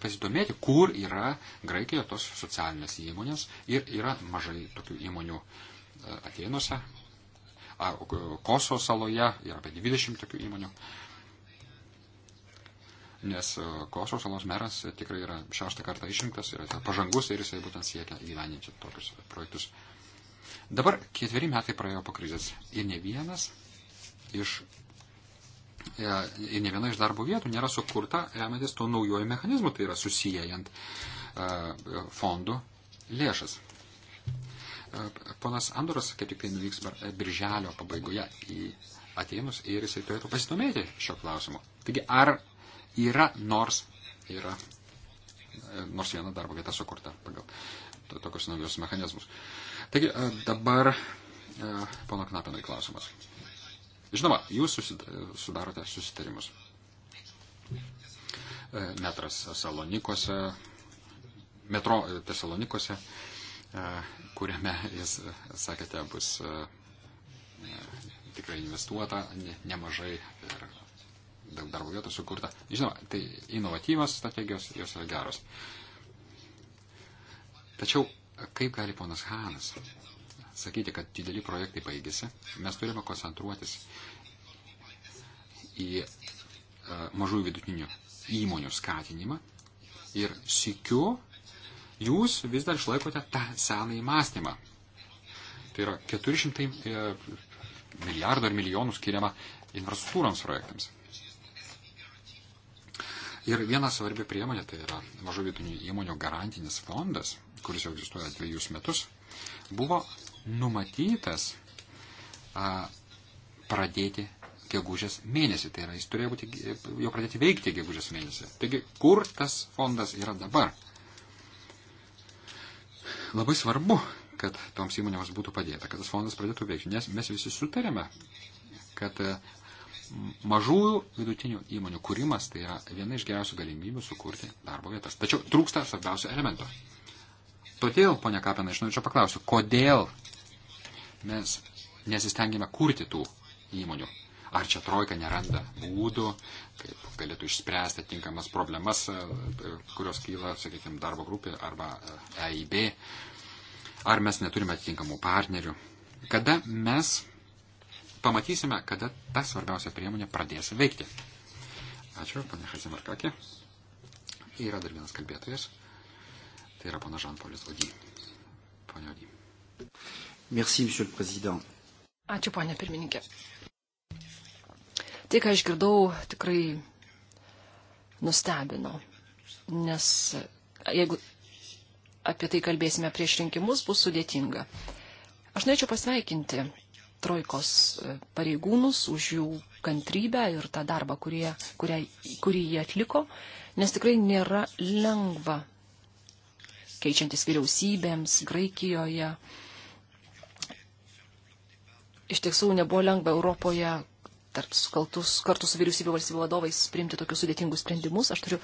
pasidomėti, kur yra Graikijoje tos socialinės įmonės ir yra mažai tokių įmonių Atenuose, Koso saloje yra apie 20 tokių įmonių. Nes Koso salos meras tikrai yra šeštą kartą išrinktas, yra pažangus ir jisai būtent siekia gyveninti tokius projektus. Uh, Dabar ketveri metai praėjo po krizės ir ne vienas iš. E, ir ne viena iš darbo vietų nėra sukurta remiantis tuo naujoju mechanizmu, tai yra susijęjant e, fondų lėšas. E, ponas Andoras kaip tik tai nuvyks birželio pabaigoje į ateinus ir jisai turėtų pasidomėti šio klausimu. Taigi, ar yra nors, yra, nors viena darbo vieta sukurta pagal tokius naujus mechanizmus. Uh, Taigi e, dabar e, pono Knapinai klausimas. Žinoma, jūs e, sudarote susitarimus. Metras Salonikose, metro Tesalonikose, kuriame, jūs sakėte, bus tikrai investuota nemažai ir daug darbo vietų sukurta. Žinoma, tai inovatyvios strategijos, jos yra geros. Tačiau Kaip gali ponas Hanas sakyti, kad dideli projektai baigėsi? Mes turime koncentruotis į e, mažų vidutinių įmonių skatinimą ir sikiu jūs vis dar išlaikote tą senąjį mąstymą. Tai yra 400 e, milijardų ar milijonų skiriama infrastruktūroms projektams. Ir viena svarbi priemonė tai yra mažų vidutinių įmonių garantinis fondas, kuris jau egzistuoja dviejus metus, buvo numatytas a, pradėti gegužės mėnesį. Tai yra, jis turėjo būti, jau pradėti veikti gegužės mėnesį. Taigi, kur tas fondas yra dabar? Labai svarbu, kad toms įmonėms būtų padėta, kad tas fondas pradėtų veikti, nes mes visi sutarėme, kad e, mažųjų vidutinių įmonių kūrimas tai yra viena iš geriausių galimybių sukurti darbo vietas. Tačiau trūksta svarbiausio elemento. Todėl, ponia Kapina, aš norėčiau paklausiu, kodėl mes nesistengėme kurti tų įmonių? Ar čia trojka neranda būdų, kaip galėtų išspręsti tinkamas problemas, e, e, kurios kyla, sakykime, darbo grupė arba EIB? E Ar mes neturime atitinkamų partnerių? Kada mes pamatysime, kada ta svarbiausia priemonė pradės veikti? Ačiū, ponia Hazimarkakė. Yra dar vienas kalbėtojas. Tai yra pana Žanpolis Odį. Pane Odį. Merci, monsieur le président. Ačiū, ponė pirmininkė. Tai, ką išgirdau, tikrai nustebino. Nes jeigu apie tai kalbėsime prieš rinkimus, bus sudėtinga. Aš norėčiau pasveikinti trojkos pareigūnus už jų kantrybę ir tą darbą, kurie, kurie, kurį jie atliko, nes tikrai nėra lengva keičiantis vyriausybėms Graikijoje. Iš tiesų nebuvo lengva Europoje tarp skaltus, kartu su vyriausybių valstybių vadovais priimti tokius sudėtingus sprendimus. Aš turiu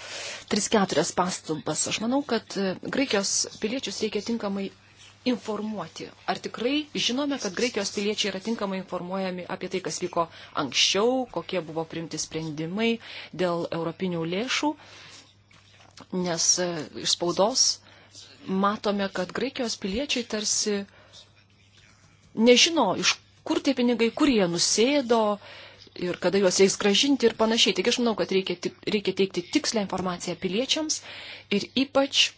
3-4 pastabas. Aš manau, kad e, Graikijos piliečius reikia tinkamai informuoti. Ar tikrai žinome, kad Graikijos piliečiai yra tinkamai informuojami apie tai, kas vyko anksčiau, kokie buvo primti sprendimai dėl europinių lėšų, nes e, iš spaudos matome, kad Graikijos piliečiai tarsi nežino, iš kur tie pinigai, kur jie nusėdo ir kada juos reiks gražinti ir panašiai. Taigi aš manau, kad reikia, reikia teikti tikslę informaciją piliečiams ir ypač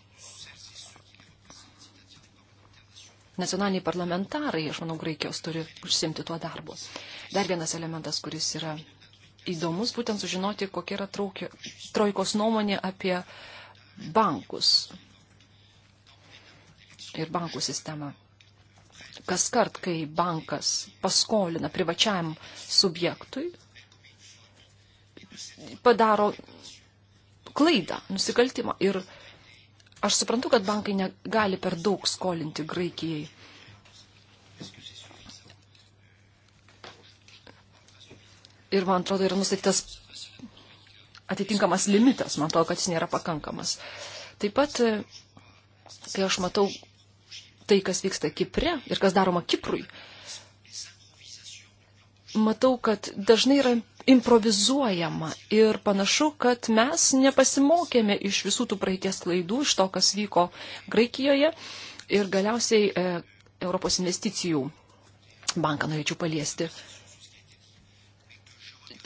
nacionaliniai parlamentarai, aš manau, Graikijos turi užsimti tuo darbu. Dar vienas elementas, kuris yra įdomus, būtent sužinoti, kokia yra traukio, trojkos nuomonė apie bankus ir bankų sistemą. Kas kart, kai bankas paskolina privačiam subjektui, padaro klaidą, nusikaltimą. Ir aš suprantu, kad bankai negali per daug skolinti Graikijai. Ir man atrodo, yra nustatytas atitinkamas limitas, man atrodo, kad jis nėra pakankamas. Taip pat, kai aš matau tai, kas vyksta Kipre ir kas daroma Kiprui, matau, kad dažnai yra improvizuojama ir panašu, kad mes nepasimokėme iš visų tų praeities klaidų, iš to, kas vyko Graikijoje ir galiausiai e, Europos investicijų banką norėčiau paliesti.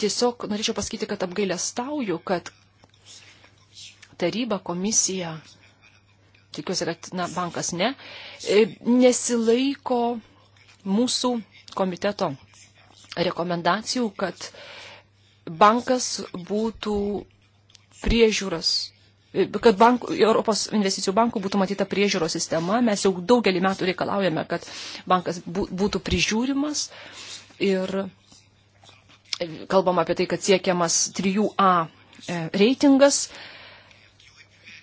Tiesiog norėčiau pasakyti, kad apgailę stauju, kad taryba, komisija tikiuosi, kad na, bankas ne, e, nesilaiko mūsų komiteto rekomendacijų, kad bankas būtų priežiūros, e, kad bankų, Europos investicijų bankų būtų matyta priežiūros sistema. Mes jau daugelį metų reikalaujame, kad bankas būtų prižiūrimas ir kalbam apie tai, kad siekiamas 3A e, reitingas.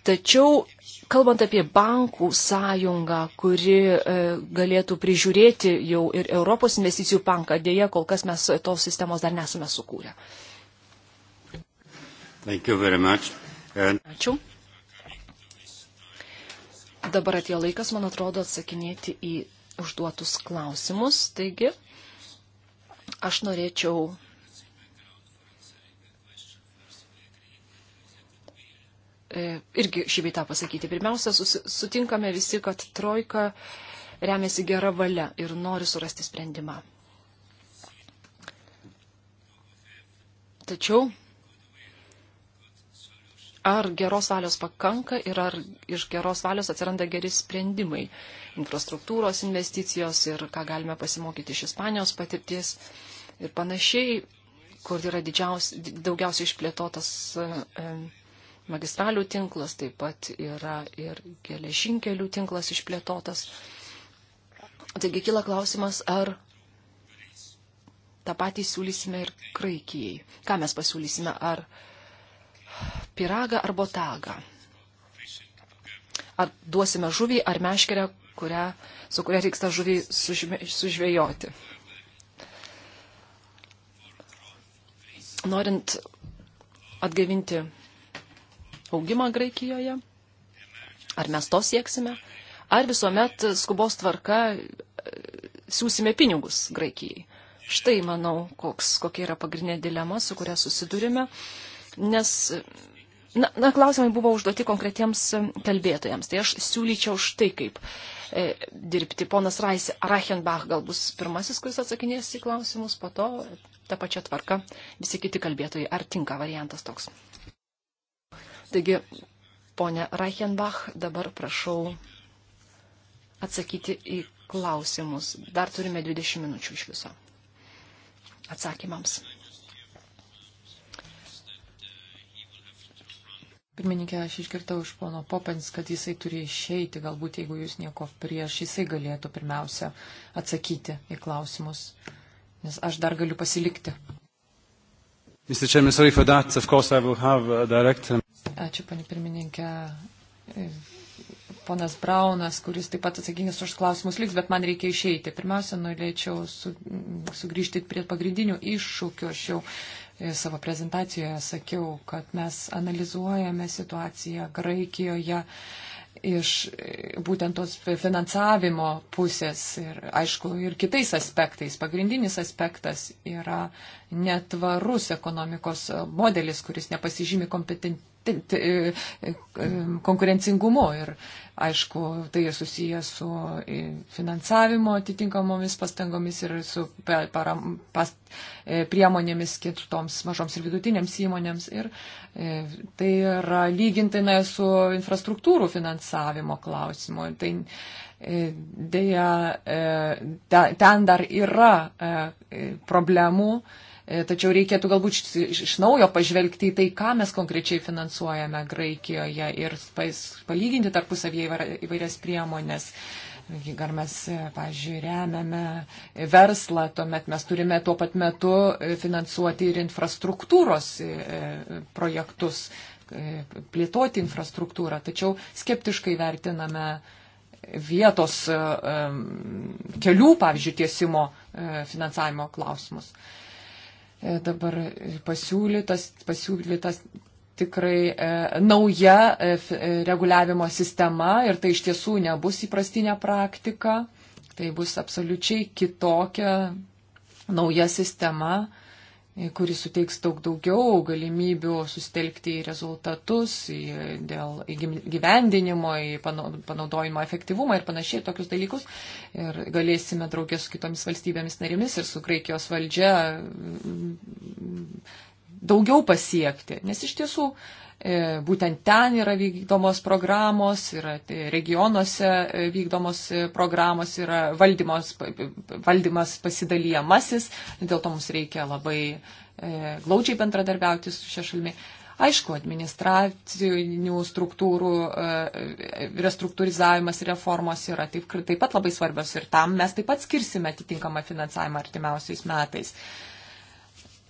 Tačiau Kalbant apie bankų sąjungą, kuri e, galėtų prižiūrėti jau ir Europos investicijų banką, dėja kol kas mes tos sistemos dar nesame sukūrę. And... Ačiū. Dabar atėjo laikas, man atrodo, atsakinėti į užduotus klausimus. Taigi, aš norėčiau E, irgi šį beitą pasakyti. Pirmiausia, sutinkame visi, kad trojka remiasi gera valia ir nori surasti sprendimą. Tačiau ar geros valios pakanka ir ar iš geros valios atsiranda geri sprendimai, infrastruktūros investicijos ir ką galime pasimokyti iš Ispanijos patirties ir panašiai, kur yra didžiaus, daugiausiai išplėtotas e, magistralių tinklas, taip pat yra ir geležinkelių tinklas išplėtotas. Taigi kyla klausimas, ar tą patį siūlysime ir Graikijai. Ką mes pasiūlysime, ar piragą ar botagą? Ar duosime žuvį ar meškerę, kurią, su kuria reiks tą žuvį sužme, sužvėjoti? Norint atgaivinti augimą Graikijoje? Ar mes to sieksime? Ar visuomet skubos tvarka e, siūsime pinigus Graikijai? Štai, manau, koks, kokia yra pagrindinė dilema, su kuria susidurime, nes, e, na, na, klausimai buvo užduoti konkretiems e, kalbėtojams, tai aš siūlyčiau štai kaip e, dirbti. Ponas Rais, Reichenbach gal bus pirmasis, kuris atsakinės į klausimus, po to tą pačią tvarką visi kiti kalbėtojai. Ar tinka variantas toks? Taigi, ponė Reichenbach, dabar prašau atsakyti į klausimus. Dar turime 20 minučių iš viso atsakymams. Pirmininkė, aš išgirdau iš pono Popens, kad jisai turi išeiti, galbūt jeigu jūs nieko prieš, jisai galėtų pirmiausia atsakyti į klausimus, nes aš dar galiu pasilikti. Mr. Chairman, sorry for that. Of course, I will have a direct Ačiū, pani pirmininkė. Ponas Braunas, kuris taip pat atsakingas už klausimus liks, bet man reikia išeiti. Pirmiausia, norėčiau su, sugrįžti prie pagrindinių iššūkių. Aš jau e, savo prezentacijoje sakiau, kad mes analizuojame situaciją Graikijoje iš e, būtent tos finansavimo pusės ir, aišku, ir kitais aspektais. Pagrindinis aspektas yra netvarus ekonomikos modelis, kuris nepasižymi kompetencijų Tai, tai, e, konkurencingumu ir aišku, tai susijęs su e, finansavimo atitinkamomis pastangomis ir su param, pas, e, priemonėmis kitoms mažoms ir vidutinėms įmonėms. Ir tai yra lygintina su infrastruktūrų finansavimo klausimu. Tai, Deja, ten dar yra problemų, E, tačiau reikėtų galbūt iš naujo pažvelgti į tai, ką mes konkrečiai finansuojame Graikijoje ir palyginti tarpusavyje įvairias priemonės. Ar mes, e, pažiūrėjau, remiame verslą, tuomet mes turime tuo pat metu e, finansuoti ir infrastruktūros projektus, plėtoti infrastruktūrą. Tačiau skeptiškai vertiname vietos kelių, pavyzdžiui, tiesimo finansavimo klausimus. E, dabar pasiūlytas, pasiūlytas tikrai e, nauja e, e, reguliavimo sistema ir tai iš tiesų nebus įprastinė praktika, tai bus absoliučiai kitokia nauja sistema. E, E, kuris suteiks daug daugiau galimybių sustelkti į rezultatus, į, dėl į gyvendinimo, į panaudojimo efektyvumą ir panašiai tokius dalykus. Ir galėsime draugės su kitomis valstybėmis narimis ir su Graikijos valdžia daugiau pasiekti. Nes iš tiesų E, būtent ten yra vykdomos programos, yra e, regionuose e, vykdomos programos, yra valdymos, valdymas pasidalyjamasis, dėl to mums reikia labai glaudžiai bendradarbiauti su šia šalimi. Aišku, administracinių struktūrų restruktūrizavimas ir reformos yra taip, taip pat labai svarbios ir tam mes taip pat skirsime atitinkamą finansavimą artimiausiais metais.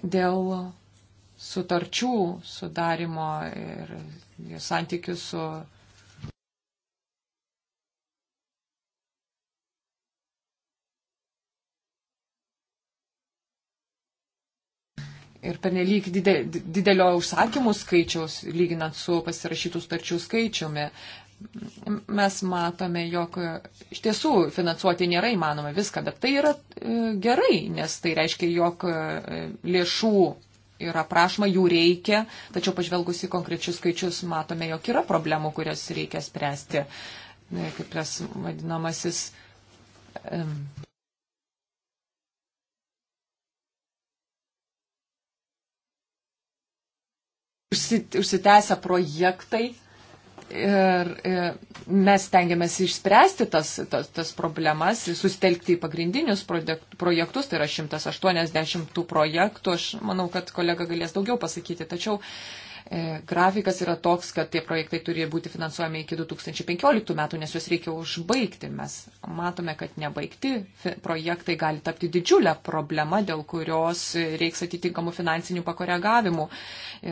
Dėl sutarčių sudarimo ir santykių su. Ir pernelyg didelio užsakymų skaičiaus, lyginant su pasirašytų starčių skaičiumi, mes matome, jog iš tiesų finansuoti nėra įmanoma viską, bet tai yra e, gerai, nes tai reiškia, jog e, lėšų yra prašoma, jų reikia, tačiau pažvelgus į konkrečius skaičius matome, jog yra problemų, kurias reikia spręsti, e, kaip tas vadinamasis. Užsitęsę projektai Ir mes tengiamės išspręsti tas, tas, tas problemas, sustelkti į pagrindinius projektus, tai yra 180 tų projektų, aš manau, kad kolega galės daugiau pasakyti, tačiau E, grafikas yra toks, kad tie projektai turi būti finansuojami iki 2015 metų, nes juos reikia užbaigti. Mes matome, kad nebaigti projektai gali tapti didžiulę problemą, dėl kurios reiks atitinkamų finansinių pakoregavimų.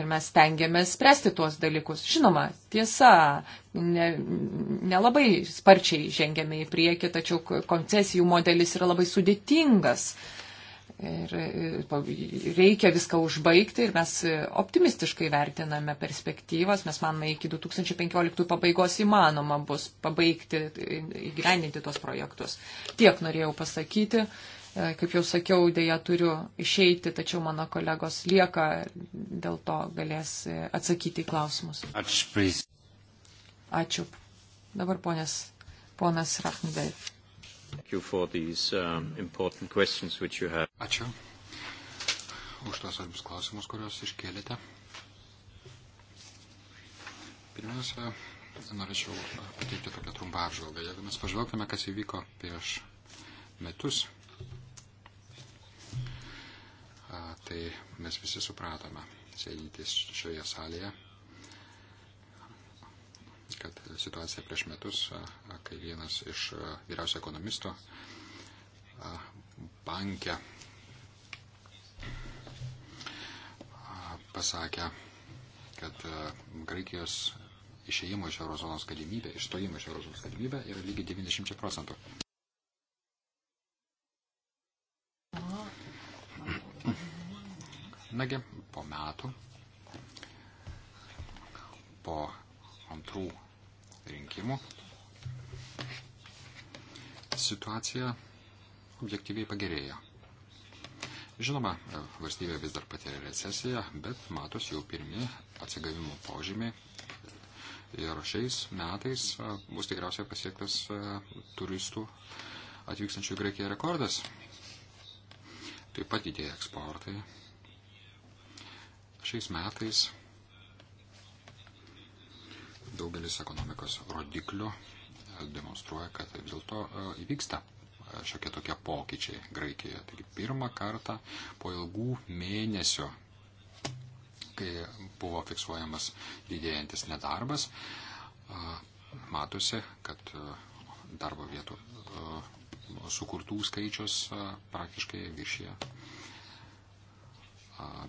Ir mes tengiamės spręsti tuos dalykus. Žinoma, tiesa, nelabai ne, ne sparčiai žengėme į priekį, tačiau koncesijų modelis yra labai sudėtingas. Ir reikia viską užbaigti ir mes optimistiškai vertiname perspektyvas, mes manome iki 2015 pabaigos įmanoma bus pabaigti, įgyvendinti tos projektus. Tiek norėjau pasakyti. E, kaip jau sakiau, dėja turiu išeiti, tačiau mano kolegos lieka, dėl to galės e, atsakyti į klausimus. Ačiū. Ačiū. Dabar ponės, ponas Rachmdėl. Um, Ačiū už tos svarbius klausimus, kuriuos iškėlėte. Pirmiausia, norėčiau uh, pateikti tokią trumpą apžvalgą. Jeigu mes pažvelgtume, kas įvyko prieš metus, uh, tai mes visi supratome, sėdintys šioje salėje, kad situacija prieš metus, kai vienas iš vyriausio ekonomisto banke pasakė, kad Graikijos išėjimo iš eurozonos galimybė, išstojimo iš eurozonos galimybė yra lygiai 90 procentų. Nagi, po metų, po antrų rinkimų. Situacija objektyviai pagerėjo. Žinoma, valstybė vis dar patiria recesiją, bet matos jau pirmie atsigavimo požymiai. Ir šiais metais bus tikriausiai pasiektas turistų atvykstančių į Graikiją rekordas. Taip pat didėja eksportai. Šiais metais daugelis ekonomikos rodiklių e, demonstruoja, kad vis dėlto e, įvyksta e, šiokie tokie pokyčiai Graikijoje. Taigi pirmą kartą po ilgų mėnesio, kai buvo fiksuojamas didėjantis nedarbas, matosi, kad darbo vietų sukurtų skaičius praktiškai viršyje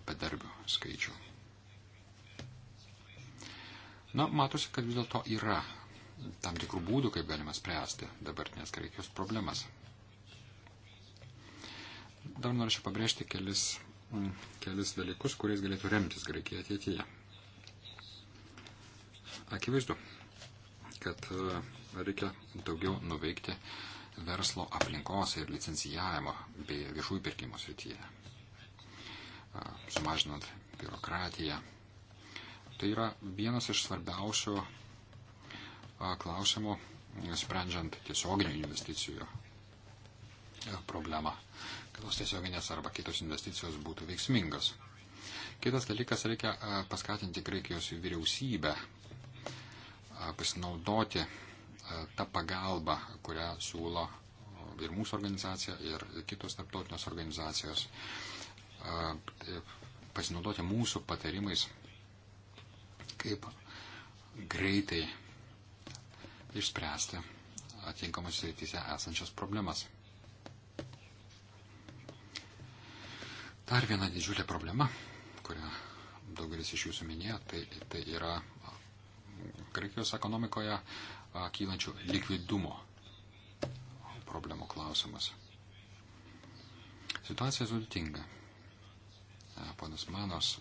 bedarbių skaičių. Na, matosi, kad vis dėlto yra tam tikrų būdų, kaip galima spręsti dabartinės Graikijos problemas. Dar norėčiau pabrėžti kelis, mm, kelis dalykus, kuriais galėtų remtis Graikija ateityje. Akivaizdu, kad e, reikia daugiau nuveikti verslo aplinkos ir licencijavimo bei viešųjų pirkimų srityje, sumažinant biurokratiją Tai yra vienas iš svarbiausių klausimų, sprendžiant tiesioginių investicijų e, problemą, kad tos tiesioginės arba kitos investicijos būtų veiksmingos. Kitas dalykas, reikia paskatinti Graikijos vyriausybę pasinaudoti tą pagalbą, kurią siūlo ir mūsų organizacija, ir kitos tarptautinės organizacijos, e, pasinaudoti mūsų patarimais kaip greitai išspręsti atinkamos srityse esančias problemas. Dar viena didžiulė problema, kurią daugelis iš jūsų minėjo, tai, tai yra Graikijos ekonomikoje kylančių likvidumo problemų klausimas. Situacija sudėtinga. Ponas Manos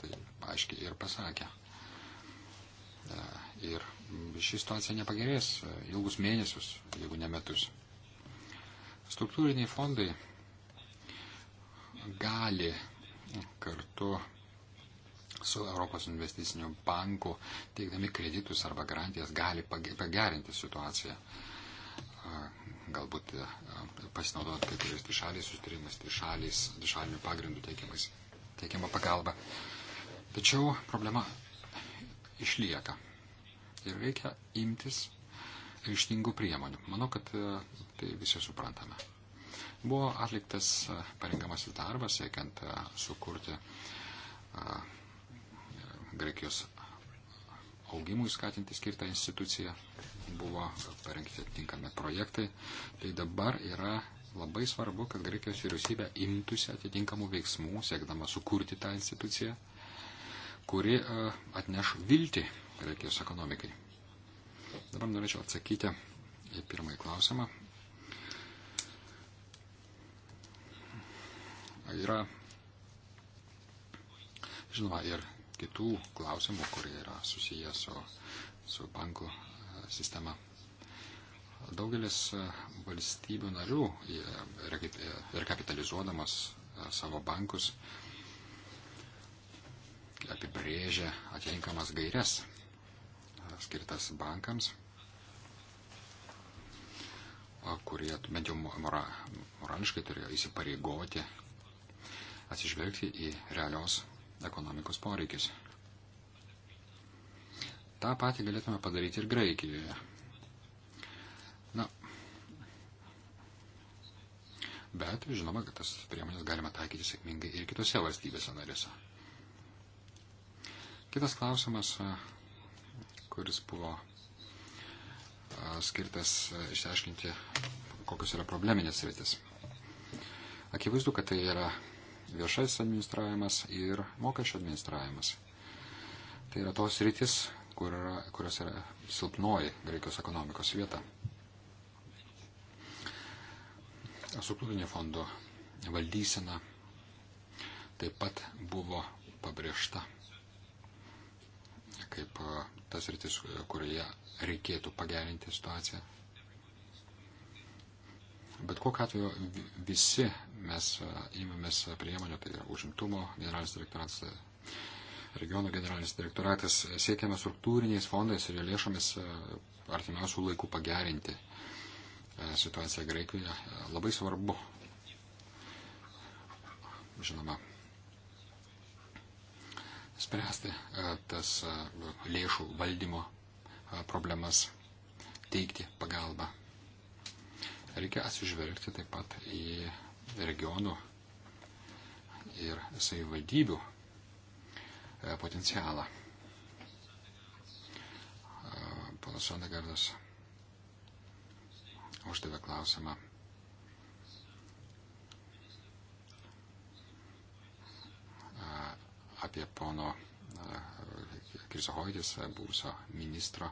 tai aiškiai ir pasakė. Ir ši situacija nepagerės ilgus mėnesius, jeigu ne metus. Struktūriniai fondai gali kartu su Europos investiciniu banku, teikdami kreditus arba garantijas, gali pagerinti situaciją. Galbūt e, pasinaudot kai kuriais trišaliais sustarimais, trišalinių pagrindų teikiama pagalba. Tačiau problema išlieka. Ir reikia imtis ryštingų priemonių. Manau, kad e, tai visi suprantame. Buvo atliktas e, parengamasis darbas, siekiant e, sukurti Graikijos augimui skatinti skirtą instituciją. Buvo parengti tinkami projektai. Tai dabar yra labai svarbu, kad Graikijos vyriausybė imtųsi atitinkamų veiksmų, siekdama sukurti tą instituciją kuri e, atneš viltį Graikijos ekonomikai. Dabar norėčiau atsakyti į pirmąjį klausimą. Yra, žinoma, ir kitų klausimų, kurie yra susiję su, su bankų e, sistema. Daugelis e, valstybių narių ir kapitalizuodamas savo bankus apibrėžia atitinkamas gairias skirtas bankams, kurie bent jau mora, morališkai turėjo įsipareigoti atsižvelgti į realios ekonomikos poreikius. Ta pati galėtume padaryti ir Graikijoje. Na, bet žinoma, kad tas priemonės galima taikyti sėkmingai ir kitose valstybėse narėse. Kitas klausimas, e, kuris buvo e, skirtas e, išsiaiškinti, kokios yra probleminės rytis. Akivaizdu, kad tai yra viešasis administravimas ir mokesčio administravimas. Tai yra tos rytis, kur yra, kurios yra silpnoji Graikijos ekonomikos vieta. Suplūdinio fondo valdysena taip pat buvo pabrėžta kaip tas rytis, kurioje reikėtų pagerinti situaciją. Bet kokiu atveju visi mes įmėmės priemonių, tai yra užimtumo generalinis direktoratas, regiono generalinis direktoratas, siekiame struktūriniais fondais ir lėšomis artimiausių laikų pagerinti situaciją Graikijoje. Labai svarbu, žinoma, spręsti e, tas e, lėšų valdymo e, problemas, teikti pagalbą. Reikia atsižvelgti taip pat į regionų ir savivaldybių potencialą. Panas Sondegardas uždavė klausimą apie pono e, Krisohoidis, e, buvusio ministro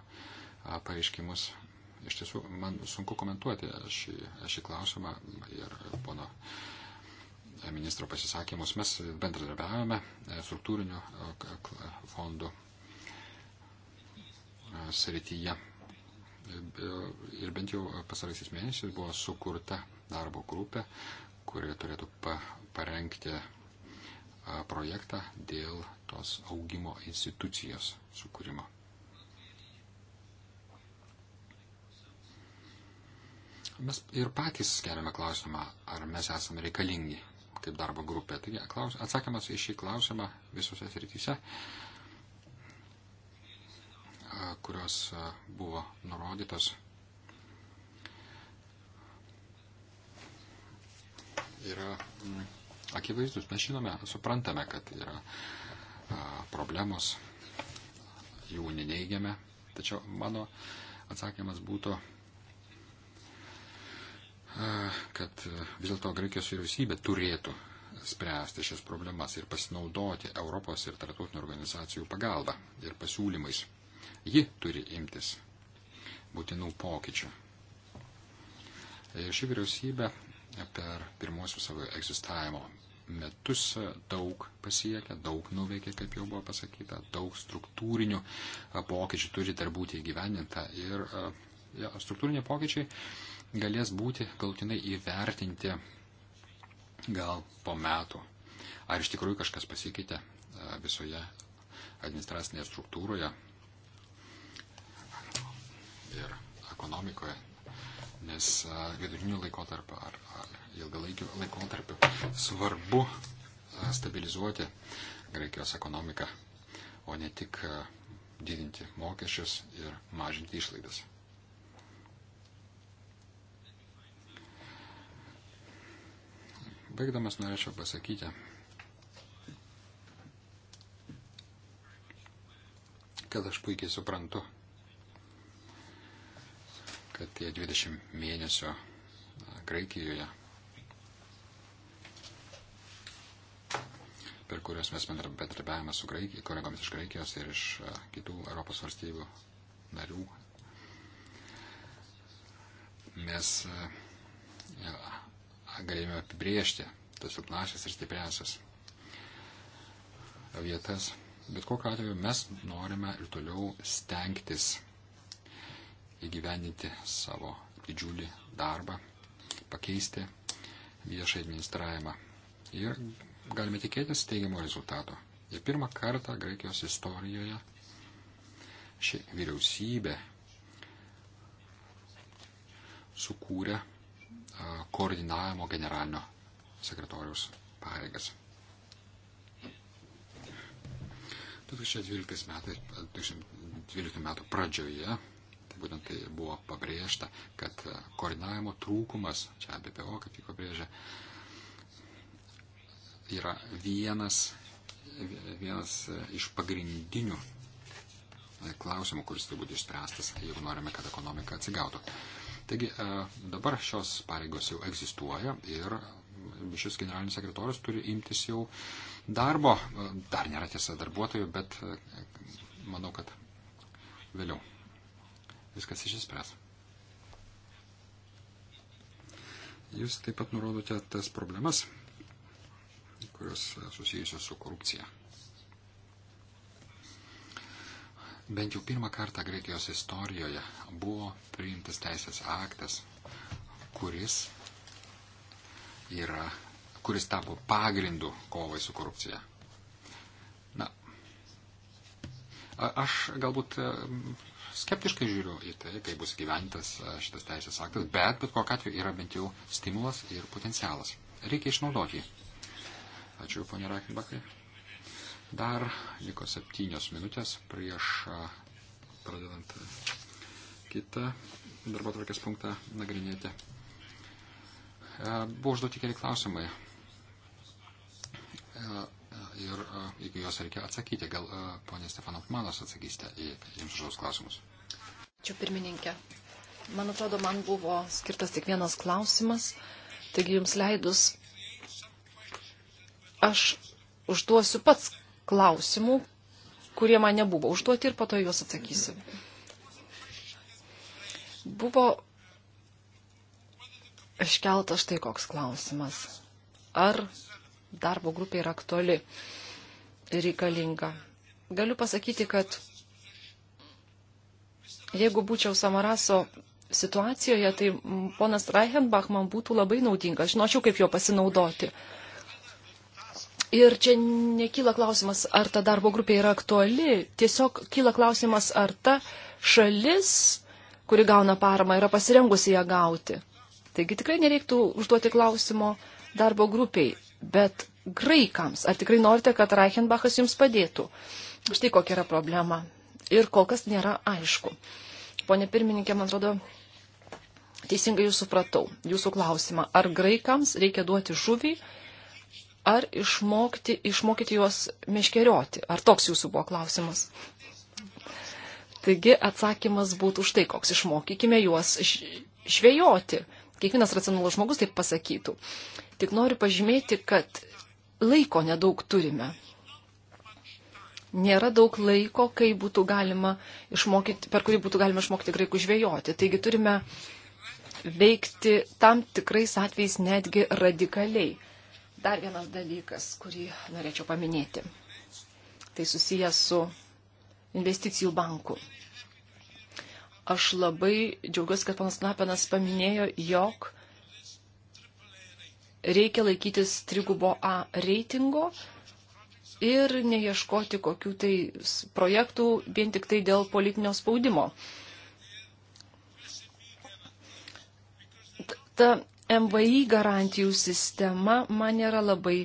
e, pareiškimus. Iš tiesų, man sunku komentuoti šį, šį klausimą ir pono ministro pasisakymus. Mes bendradarbiavame struktūrinių fondų srityje. Ir bent jau pasaraisiais mėnesiais buvo sukurta darbo grupė, kuri turėtų parengti projektą dėl tos augimo institucijos sukūrimo. Mes ir patys keliame klausimą, ar mes esame reikalingi kaip darbo grupė. Taigi atsakymas į šį klausimą visose srityse, kurios buvo nurodytos yra. Mm, akivaizdus. Mes žinome, suprantame, kad yra problemos, jų neneigiame. Tačiau mano atsakymas būtų, kad vis dėlto Graikijos vyriausybė turėtų spręsti šias problemas ir pasinaudoti Europos ir tarptautinių organizacijų pagalba ir pasiūlymais. Ji turi imtis būtinų pokyčių. Ir ši vyriausybė per pirmosius savo egzistavimo metus e, daug pasiekė, daug nuveikė, kaip jau buvo pasakyta, daug struktūrinių e, pokyčių turi dar būti įgyvendinta ir e, ja, struktūriniai pokyčiai galės būti galtinai įvertinti gal po metų. Ar iš tikrųjų kažkas pasikeitė visoje administracinėje struktūroje ir ekonomikoje, nes vidutiniu laikotarpiu ar, ar ilgalaikiu laikotarpiu. Svarbu stabilizuoti Graikijos ekonomiką, o ne tik didinti mokesčius ir mažinti išlaidas. Baigdamas norėčiau pasakyti, kad aš puikiai suprantu, kad tie 20 mėnesio Graikijoje per kuriuos mes bendradarbiavame su Graikijai, kolegomis iš Graikijos ir iš e, kitų Europos valstybių narių. Mes e, galėjome apibriežti tas silpnasias ir stipriasias vietas. Bet kokiu atveju mes norime ir toliau stengtis įgyvendinti savo didžiulį darbą, pakeisti viešą administravimą ir galime tikėtis teigiamo rezultato. Ir pirmą kartą Graikijos istorijoje ši vyriausybė sukūrė koordinavimo generalinio sekretoriaus pareigas. 2012 metais, 2012 metų pradžioje, tai būtent tai buvo pabrėžta, kad koordinavimo trūkumas, čia BPO, kaip tik pabrėžia, uh, Tai yra vienas, vienas iš pagrindinių e, klausimų, kuris turi būti išspręstas, jeigu norime, kad ekonomika atsigautų. Taigi e, dabar šios pareigos jau egzistuoja ir šis generalinis sekretorius turi imtis jau darbo. E, dar nėra tiesa darbuotojų, bet manau, kad vėliau viskas išspręs. Jūs taip pat nurodote tas problemas, kurios susijusios su korupcija. Bent jau pirmą kartą Graikijos istorijoje buvo priimtas teisės aktas, kuris, yra, kuris tapo pagrindu kovai su korupcija. Na, aš galbūt skeptiškai žiūriu į tai, kaip bus gyventas šitas teisės aktas, bet bet kokiu atveju yra bent jau stimulas ir potencialas. Reikia išnaudoti jį. Ačiū, ponė Rachenbachai. Dar liko septynios minutės prieš pradedant kitą darbo tvarkės punktą nagrinėti. E, buvo užduoti keli klausimai. E, e, ir jeigu juos reikia atsakyti, gal ponė Stefanov Manas atsakysite į jums užduos klausimus. Ačiū pirmininkė. Man atrodo, man buvo skirtas tik vienas klausimas. Taigi jums leidus aš užduosiu pats klausimų, kurie man nebuvo užduoti ir po to juos atsakysiu. Buvo iškeltas štai koks klausimas. Ar darbo grupė yra aktuali ir reikalinga? Galiu pasakyti, kad jeigu būčiau Samaraso situacijoje, tai ponas Reichenbach man būtų labai naudingas. Žinočiau, kaip jo pasinaudoti. Ir čia nekyla klausimas, ar ta darbo grupė yra aktuali, tiesiog kyla klausimas, ar ta šalis, kuri gauna paramą, yra pasirengusi ją gauti. Taigi tikrai nereiktų užduoti klausimo darbo grupiai, bet graikams, ar tikrai norite, kad Reichenbachas jums padėtų. Štai kokia yra problema. Ir kol kas nėra aišku. Pone pirmininkė, man atrodo, teisingai jūs supratau jūsų klausimą. Ar graikams reikia duoti žuvį? ar išmokti, išmokyti juos meškerioti? Ar toks jūsų buvo klausimas? Taigi atsakymas būtų štai koks. Išmokykime juos žvejoti. Kiekvienas racionalus žmogus taip pasakytų. Tik noriu pažymėti, kad laiko nedaug turime. Nėra daug laiko, kai būtų galima išmokyti, per kurį būtų galima išmokti graikų žvejoti. Taigi turime veikti tam tikrais atvejais netgi radikaliai. Dar vienas dalykas, kurį norėčiau paminėti. Tai susijęs su investicijų banku. Aš labai džiaugiuosi, kad panas Knapenas paminėjo, jog reikia laikytis trigubo A reitingo ir neieškoti kokių tai projektų vien tik tai dėl politinio spaudimo. Ta MVI garantijų sistema man nėra labai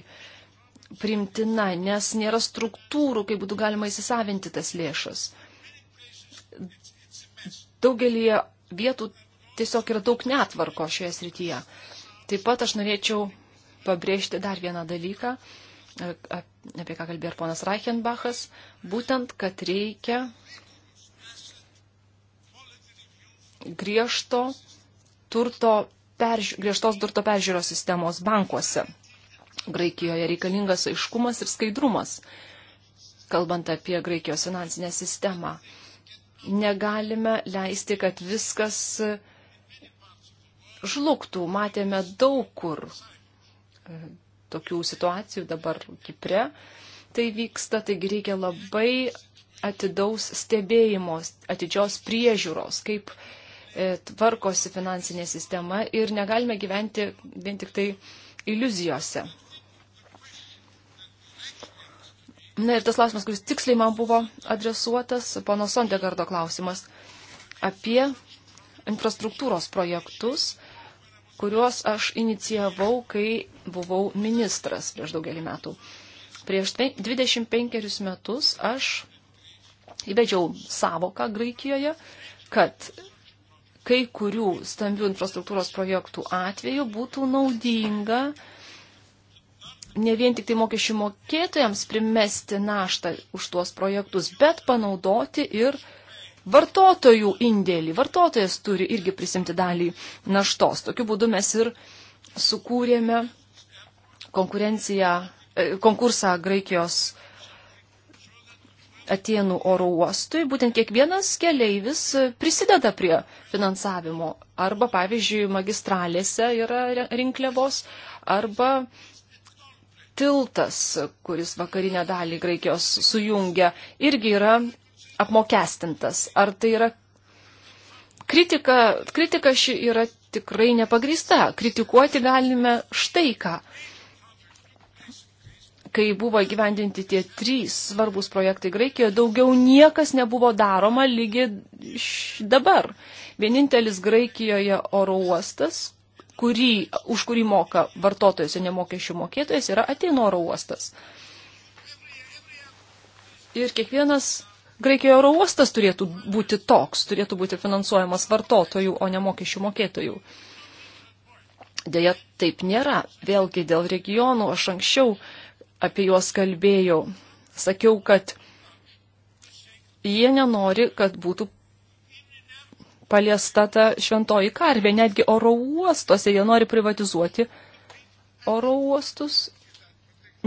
primtina, nes nėra struktūrų, kaip būtų galima įsisavinti tas lėšas. Daugelį vietų tiesiog yra daug netvarko šioje srityje. Taip pat aš norėčiau pabrėžti dar vieną dalyką, e, apie ką kalbėjo ir ponas Reichenbachas, būtent, kad reikia griežto turto perž... griežtos turto peržiūros sistemos bankuose. Graikijoje reikalingas aiškumas ir skaidrumas, kalbant apie Graikijos finansinę sistemą. Negalime leisti, kad viskas žlugtų. Matėme daug kur e, tokių situacijų dabar Kipre. Tai vyksta, taigi reikia labai atidaus stebėjimo, atidžios priežiūros, kaip E, tvarkosi finansinė sistema ir negalime gyventi vien tik tai iliuzijose. Na ir tas klausimas, kuris tiksliai man buvo adresuotas, pono Sondegardo klausimas apie infrastruktūros projektus, kuriuos aš inicijavau, kai buvau ministras prieš daugelį metų. Prieš 25 metus aš įvedžiau savoką Graikijoje, kad kai kurių stambių infrastruktūros projektų atveju būtų naudinga ne vien tik tai mokesčių mokėtojams primesti naštą už tuos projektus, bet panaudoti ir vartotojų indėlį. Vartotojas turi irgi prisimti dalį naštos. Tokiu būdu mes ir sukūrėme konkurenciją, e, konkursą Graikijos Atenų oro uostui, būtent kiekvienas keleivis prisideda prie finansavimo. Arba, pavyzdžiui, magistralėse yra rinkliavos, arba tiltas, kuris vakarinę dalį Graikijos sujungia, irgi yra apmokestintas. Ar tai yra kritika? Kritika ši yra tikrai nepagrįsta. Kritikuoti galime štai ką kai buvo įgyvendinti tie trys svarbus projektai Graikijoje, daugiau niekas nebuvo daroma lygi dabar. Vienintelis Graikijoje oro uostas, kurį, už kurį moka vartotojas ir nemokesčių mokėtojas, yra Ateino oro uostas. Ir kiekvienas Graikijoje oro uostas turėtų būti toks, turėtų būti finansuojamas vartotojų, o nemokesčių mokėtojų. Deja, taip nėra. Vėlgi dėl regionų aš anksčiau uh, apie juos kalbėjau. Sakiau, kad jie nenori, kad būtų paliesta ta šventoji karvė. Netgi oro uostuose jie nori privatizuoti oro uostus.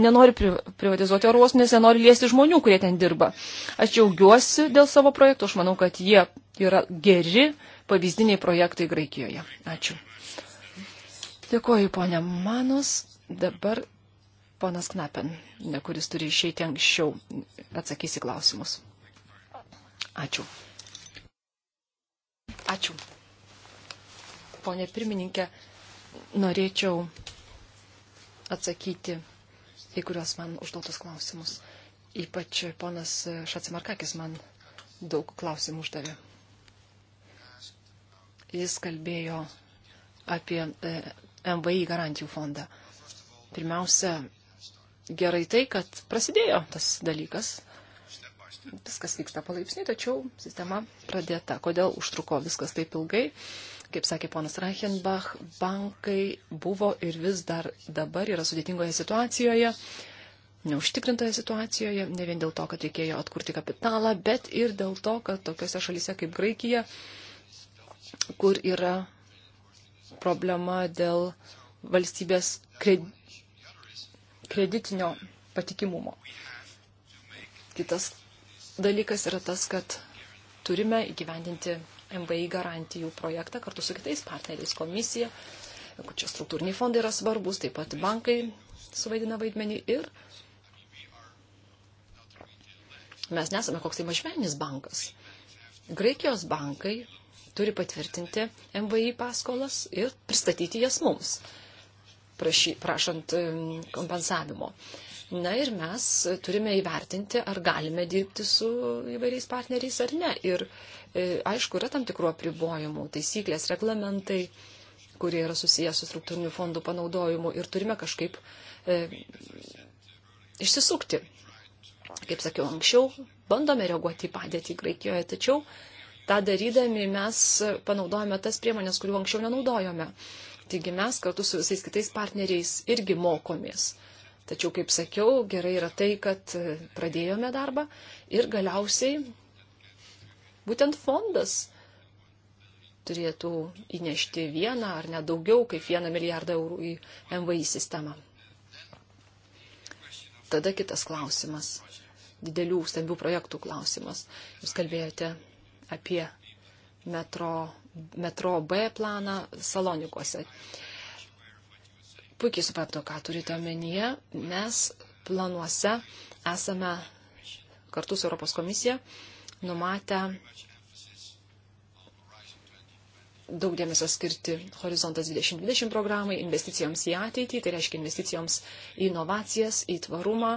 Nenori privatizuoti oro uostų, nes nenori liesti žmonių, kurie ten dirba. Aš džiaugiuosi dėl savo projektų, aš manau, kad jie yra geri pavyzdiniai projektai Graikijoje. Ačiū. Dėkuoju, ponė Manos. Dabar Ponas Knapen, kuris turi išeiti anksčiau, atsakys į klausimus. Ačiū. Ačiū. Pone pirmininkė, norėčiau atsakyti į kuriuos man užduotus klausimus. Ypač ponas Šacimarkakis man daug klausimų uždavė. Jis kalbėjo apie e, MVI garantijų fondą. Pirmiausia, gerai tai, kad prasidėjo tas dalykas. Viskas vyksta palaipsniui, tačiau sistema pradėta. Kodėl užtruko viskas taip ilgai? Kaip sakė ponas Reichenbach, bankai buvo ir vis dar dabar yra sudėtingoje situacijoje, neužtikrintoje situacijoje, ne vien dėl to, kad reikėjo atkurti kapitalą, bet ir dėl to, kad tokiuose šalise kaip Graikija, kur yra problema dėl valstybės kredito kreditinio patikimumo. Kitas dalykas yra tas, kad turime įgyvendinti MVI garantijų projektą kartu su kitais partneriais komisija, kur čia struktūriniai fondai yra svarbus, taip pat bankai suvaidina vaidmenį ir mes nesame koks tai mažmeninis bankas. Graikijos bankai turi patvirtinti MVI paskolas ir pristatyti jas mums prašy, prašant kompensavimo. Na ir mes turime įvertinti, ar galime dirbti su įvairiais partneriais ar ne. Ir e, aišku, yra tam tikrų apribojimų, taisyklės, reglamentai, kurie yra susijęs su struktūrinių fondų panaudojimu ir turime kažkaip e, išsisukti. Kaip sakiau anksčiau, bandome reaguoti į padėtį Graikijoje, tačiau tą darydami mes panaudojame tas priemonės, kurių anksčiau nenaudojome. E, Taigi mes kartu su visais kitais partneriais irgi mokomės. Tačiau, kaip sakiau, gerai yra tai, kad e, pradėjome darbą ir galiausiai būtent fondas turėtų įnešti vieną ar nedaugiau kaip vieną milijardą eurų į MVI sistemą. Tada kitas klausimas. Didelių stambių projektų klausimas. Jūs kalbėjote apie metro, metro B planą Salonikuose. Puikiai supratau, ką turite omenyje. Mes planuose esame kartu su Europos komisija numatę daug dėmesio skirti Horizontas 2020 programai, investicijoms į ateitį, tai reiškia investicijoms į inovacijas, į tvarumą,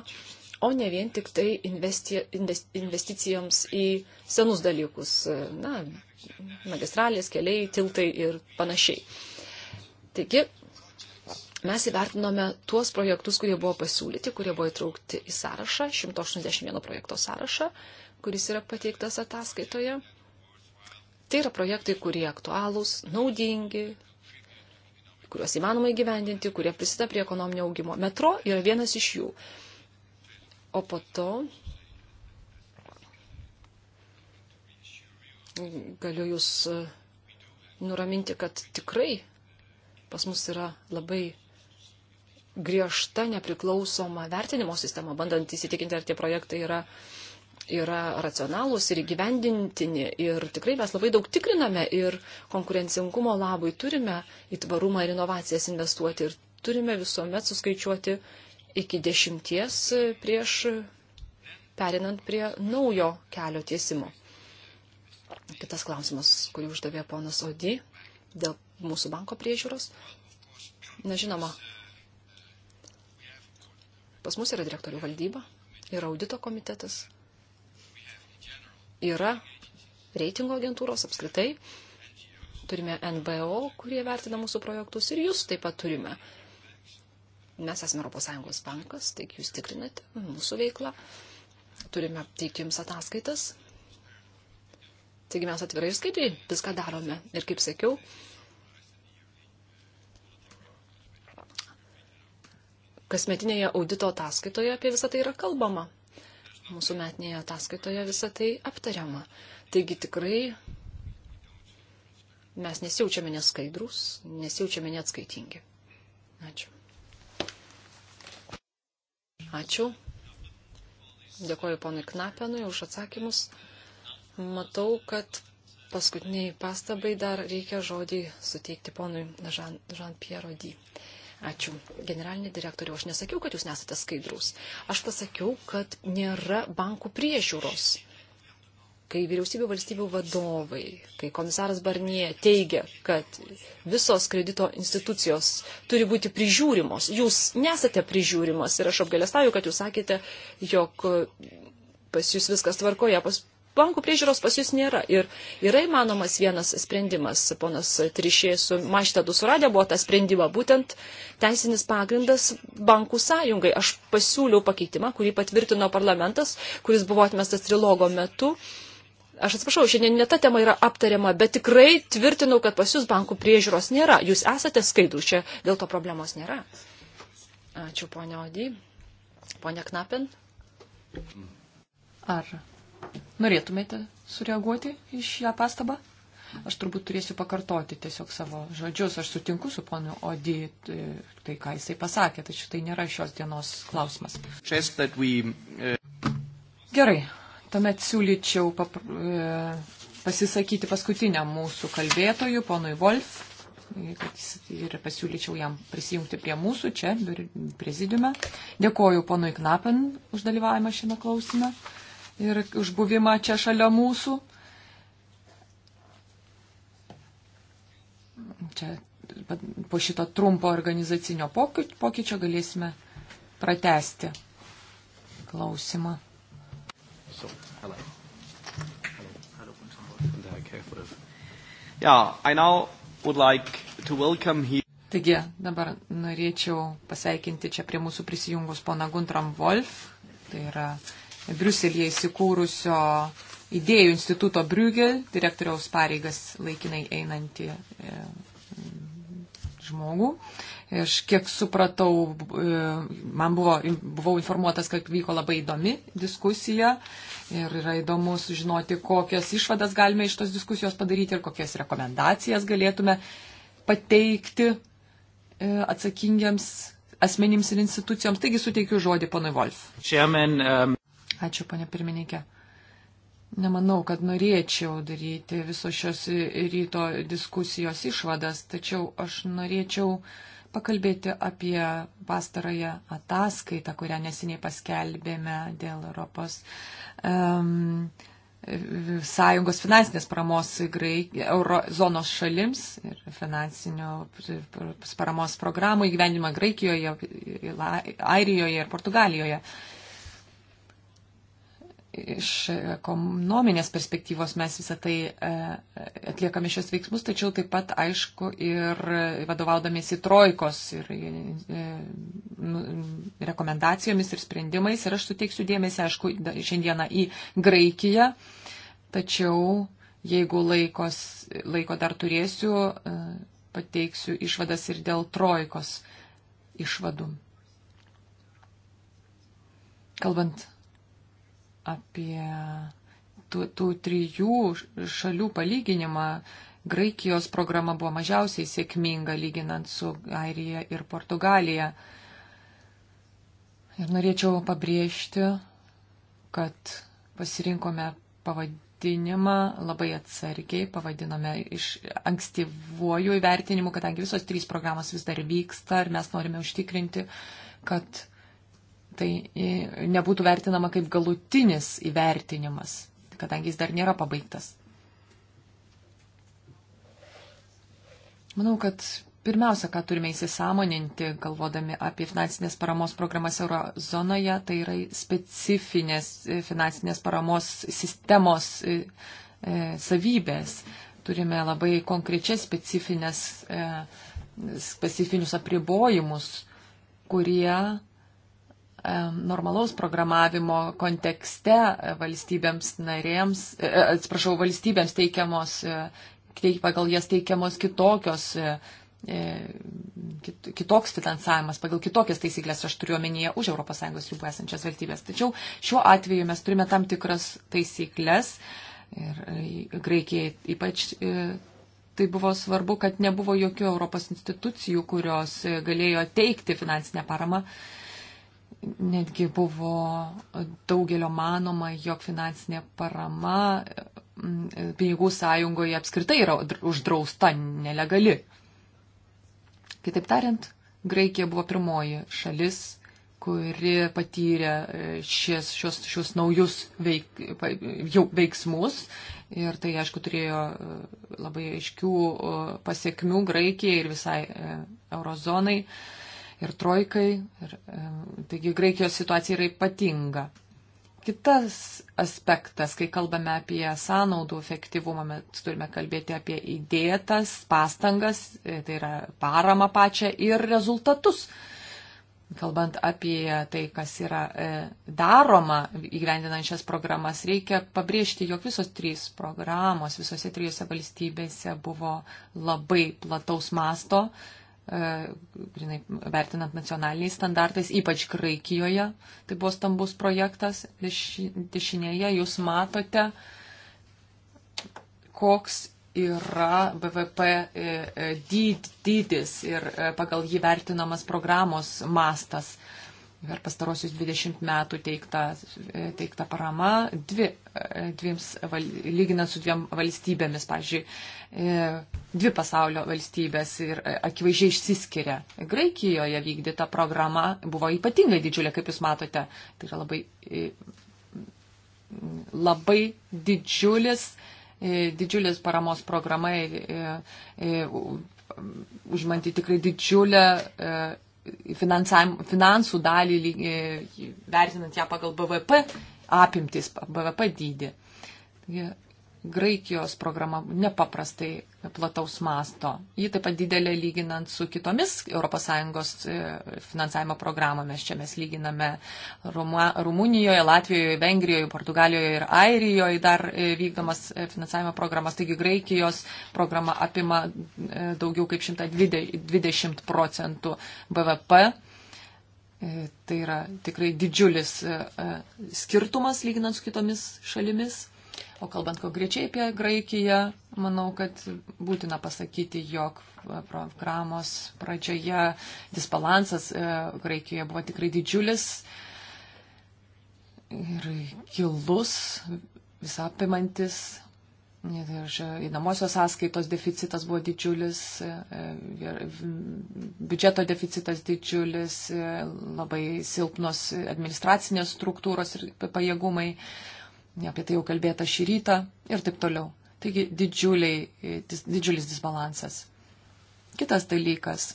o ne vien tik tai investi, invest, investicijoms į senus dalykus, na, magistralės, keliai, tiltai ir panašiai. Taigi, mes įvertinome tuos projektus, kurie buvo pasiūlyti, kurie buvo įtraukti į sąrašą, 181 projekto sąrašą, kuris yra pateiktas ataskaitoje. Tai yra projektai, kurie aktualūs, naudingi, kuriuos įmanoma įgyvendinti, kurie prisideda prie ekonominio augimo. Metro yra vienas iš jų. O po to galiu jūs e, nuraminti, kad tikrai pas mus yra labai griežta nepriklausoma vertinimo sistema, bandant įsitikinti, ar tie projektai yra, yra racionalūs ir įgyvendintini. Ir tikrai mes labai daug tikriname ir konkurencingumo labui turime į tvarumą ir inovacijas investuoti ir turime visuomet suskaičiuoti iki dešimties prieš perinant prie naujo kelio tiesimo. Kitas klausimas, kurį uždavė ponas Odi dėl mūsų banko priežiūros. Na žinoma, pas mus yra direktorių valdyba, yra audito komitetas, yra reitingo agentūros apskritai, turime NBO, kurie vertina mūsų projektus ir jūs taip pat turime. Mes esame ES bankas, taigi jūs tikrinate mūsų veiklą, turime teikti jums ataskaitas. Taigi mes atvirai ir skaidriai viską darome. Ir kaip sakiau, kasmetinėje audito ataskaitoje apie visą tai yra kalbama. Mūsų metinėje ataskaitoje visą tai aptariama. Taigi tikrai mes nesijaučiame neskaidrus, nesijaučiame neatskaitingi. Ačiū. Ačiū. Dėkoju ponui Knapenui už atsakymus. Matau, kad paskutiniai pastabai dar reikia žodį suteikti ponui Jean-Pierre Jean D. Ačiū. Generalinė direktorė, aš nesakiau, kad jūs nesate skaidrus. Aš pasakiau, kad nėra bankų priežiūros kai vyriausybių valstybių vadovai, kai komisaras Barnie teigia, kad visos kredito institucijos turi būti prižiūrimos, jūs nesate prižiūrimas ir aš apgalėstauju, kad jūs sakėte, jog pas jūs viskas tvarkoje, pas bankų priežiūros pas jūs nėra. Ir yra įmanomas vienas sprendimas, ponas Trišė su Maštadu suradė buvo tą sprendimą, būtent teisinis pagrindas bankų sąjungai. Aš pasiūliau pakeitimą, kurį patvirtino parlamentas, kuris buvo atmestas trilogo metu. Uh, Aš atsiprašau, šiandien ne ta tema yra aptariama, bet tikrai tvirtinau, kad pas jūs bankų priežiūros nėra. Jūs esate skaidrus, čia dėl to problemos nėra. Ačiū, ponia Odį. Ponia Knapin. Ar norėtumėte sureaguoti į šią pastabą? Aš turbūt turėsiu pakartoti tiesiog savo žodžius. Aš sutinku su ponu Odi, tai ką jisai pasakė, tačiau tai nėra šios dienos klausimas. Uh, Gerai, Tuomet siūlyčiau pap, e, pasisakyti paskutiniam mūsų kalbėtojui, ponui Wolf, e, kad jis ir pasiūlyčiau jam prisijungti prie mūsų čia, prezidiume. Dėkoju ponui Knapen už dalyvavimą šiame klausime ir už buvimą čia šalia mūsų. Čia po šito trumpo organizacinio pokyčio galėsime pratesti klausimą. Hello. Hello. Hello, Kunsambo. Yeah, I now would like to welcome here. Taigi, dabar norėčiau pasveikinti čia prie mūsų prisijungus pona Guntram Wolf, tai yra Briuselėje įsikūrusio idėjų instituto Briugel, direktoriaus pareigas laikinai einantį e, žmogų. Aš kiek supratau, e, man buvo, buvau informuotas, kad vyko labai įdomi diskusija. E, Ir yra įdomu sužinoti, kokias išvadas galime iš tos diskusijos padaryti ir kokias rekomendacijas galėtume pateikti e, atsakingiams asmenims ir institucijoms. Taigi suteikiu žodį ponui Wolf. Chairman, um... Ačiū, ponė pirmininkė. Nemanau, kad norėčiau daryti visos šios ryto diskusijos išvadas, tačiau aš norėčiau uh, pakalbėti apie pastarąją ataskaitą, kurią nesiniai paskelbėme dėl Europos um, sąjungos finansinės paramos eurozonos šalims ir finansinio paramos programų įgyvendimą Graikijoje, Airijoje ir Portugalijoje. Uh, iš ekonominės perspektyvos mes visą tai e, atliekame šios veiksmus, tačiau taip pat aišku ir vadovaudamėsi trojkos ir e, e, nu, rekomendacijomis ir sprendimais. Ir aš suteiksiu dėmesį, aišku, šiandieną į Graikiją, tačiau jeigu laikos, laiko dar turėsiu, pateiksiu išvadas ir dėl trojkos išvadų. Kalbant apie tų, tų trijų šalių palyginimą. Graikijos programa buvo mažiausiai sėkminga lyginant su Airija ir Portugalija. Ir norėčiau pabrėžti, kad pasirinkome pavadinimą labai atsargiai, pavadinome iš ankstyvuoju įvertinimu, kadangi visos trys programos vis dar vyksta ir mes norime užtikrinti, kad tai e, nebūtų vertinama kaip galutinis įvertinimas, kadangi jis dar nėra pabaigtas. Manau, kad pirmiausia, ką turime įsisamoninti, galvodami apie finansinės paramos programas eurozonoje, tai yra specifinės e, finansinės paramos sistemos e, e, savybės. Turime labai konkrečias specifines, e, specifinius apribojimus, kurie normalaus programavimo kontekste e, valstybėms narėms, e, e, atsiprašau, valstybėms teikiamos, pagal jas teikiamos kitokios, kitoks finansavimas, pagal kitokias taisyklės, aš turiu omenyje už ES ribų esančias valstybės. Tačiau šiuo atveju mes turime tam tikras taisyklės ir Graikijai ypač tai buvo svarbu, kad nebuvo jokių Europos institucijų, kurios galėjo teikti finansinę paramą Netgi buvo daugelio manoma, jog finansinė parama pinigų sąjungoje apskritai yra uždrausta nelegali. Kitaip tariant, Graikija buvo pirmoji šalis, kuri patyrė e, šis, šios, šios naujus veik, veiksmus ir tai, aišku, turėjo e, labai aiškių e, pasiekmių Graikijai ir visai eurozonai. E, ir trojkai. Ir, e, taigi Graikijos situacija yra ypatinga. Kitas aspektas, kai kalbame apie sąnaudų efektyvumą, mes turime kalbėti apie įdėtas pastangas, e, tai yra paramą pačią ir rezultatus. Kalbant apie tai, kas yra e, daroma įgyvendinant šias programas, reikia pabrėžti, jog visos trys programos visose trijose valstybėse buvo labai plataus masto E, grinai vertinant nacionaliniais standartais, ypač Graikijoje, tai buvo stambus projektas, dešinėje jūs matote, koks yra BVP e, e, dydis ir pagal jį vertinamas programos mastas per pastarosius 20 metų teikta, e, teikta parama dvi, e, dviems, val, lyginant su dviem valstybėmis, pažiūrėjau, e, dvi pasaulio valstybės ir akivaizdžiai išsiskiria. Graikijoje vykdyta programa buvo ypatingai didžiulė, kaip jūs matote. Tai yra labai, labai didžiulis, didžiulis paramos programa ir, ir, ir užmanti tikrai didžiulę finansų dalį, e, vertinant ją pagal BVP apimtis, BVP dydį. Taigi, Graikijos programa nepaprastai plataus masto. Ji taip pat didelė lyginant su kitomis ES e, finansavimo programomis. Čia mes lyginame Ruma, Rumunijoje, Latvijoje, Vengrijoje, Portugalijoje ir Airijoje dar e, vykdomas e, finansavimo programas. Taigi Graikijos programa apima daugiau kaip 120 procentų BVP. Tai yra tikrai didžiulis skirtumas lyginant su kitomis šalimis. O kalbant konkrečiai apie Graikiją, manau, kad būtina pasakyti, jog programos pradžioje disbalansas e, Graikijoje buvo tikrai didžiulis ir gilus, visapimantis. Ir įnamosios sąskaitos deficitas buvo didžiulis, e, biudžeto deficitas didžiulis, e, labai silpnos administracinės struktūros ir pajėgumai apie tai jau kalbėta šį rytą ir taip toliau. Taigi didžiuliai, didžiulis disbalansas. Kitas dalykas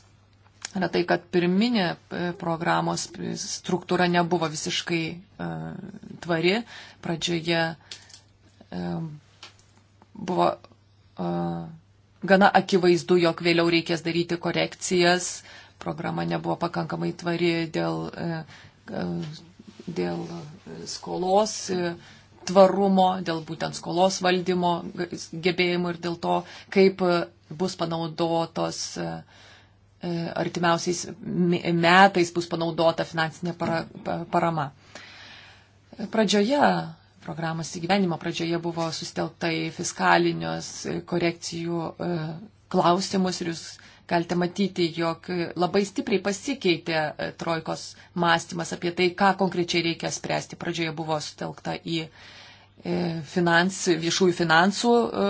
yra tai, kad pirminė e, programos struktūra nebuvo visiškai uh, tvari. Pradžioje uh, buvo uh, gana akivaizdu, jog vėliau reikės daryti korekcijas. Programa nebuvo pakankamai tvari dėl, uh, dėl skolos. Uh, tvarumo, dėl būtent skolos valdymo gebėjimų ir dėl to, kaip e, bus panaudotos e, e, artimiausiais metais bus panaudota finansinė para, parama. Pradžioje, programos įgyvenimo pradžioje buvo sustelkta į fiskalinius korekcijų klausimus ir jūs galite matyti, jog labai stipriai pasikeitė trojkos mąstymas apie tai, ką konkrečiai reikia spręsti. Pradžioje buvo sutelkta į uh, E, finans, viešųjų finansų e,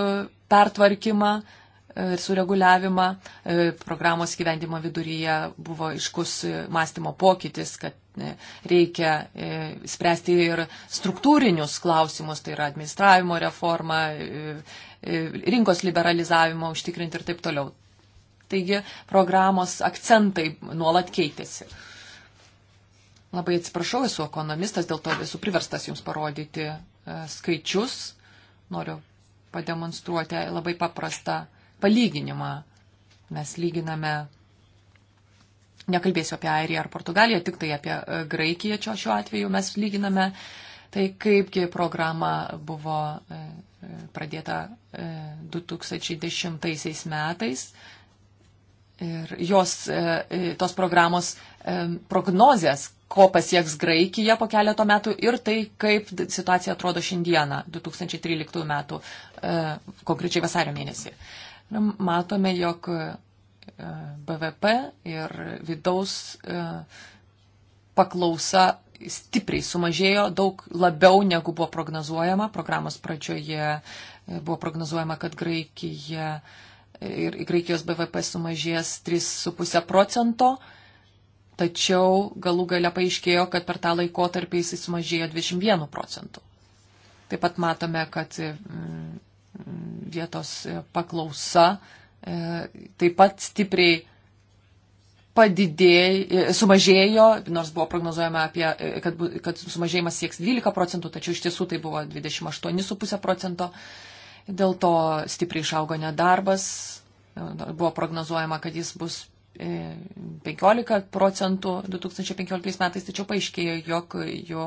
pertvarkymą e, ir sureguliavimą. Programos gyvendimo viduryje buvo iškus mąstymo pokytis, kad reikia spręsti ir struktūrinius klausimus, tai yra administravimo reforma, rinkos liberalizavimo užtikrinti ir taip toliau. Taigi programos akcentai nuolat keitėsi. Labai atsiprašau, esu ekonomistas, dėl to esu priverstas jums parodyti E, skaičius, noriu pademonstruoti labai paprastą palyginimą. Mes lyginame, nekalbėsiu apie Airiją ar Portugaliją, tik tai apie e, Graikiją čia šiuo atveju, mes lyginame tai, kaipgi programa buvo e, pradėta 2010 metais. Ir jos, tos programos prognozijas, ko pasieks Graikija po keleto metų ir tai, kaip situacija atrodo šiandieną, 2013 metų, e, konkrečiai vasario mėnesį. Matome, jog e, BVP ir vidaus e, paklausa stipriai sumažėjo, daug labiau negu buvo prognozuojama. Programos pradžioje buvo prognozuojama, kad Graikija ir Graikijos BVP sumažės 3,5 procento tačiau galų gale paaiškėjo, kad per tą laikotarpį jis sumažėjo 21 procentų. Taip pat matome, kad mm, vietos paklausa e, taip pat stipriai padidėjo, e, sumažėjo, nors buvo prognozuojama, apie, e, kad, kad sumažėjimas sieks 12 procentų, tačiau iš tiesų tai buvo 28,5 procento. Dėl to stipriai išaugo nedarbas, buvo prognozuojama, kad jis bus 15 procentų 2015 metais, tačiau paaiškėjo, jog jo,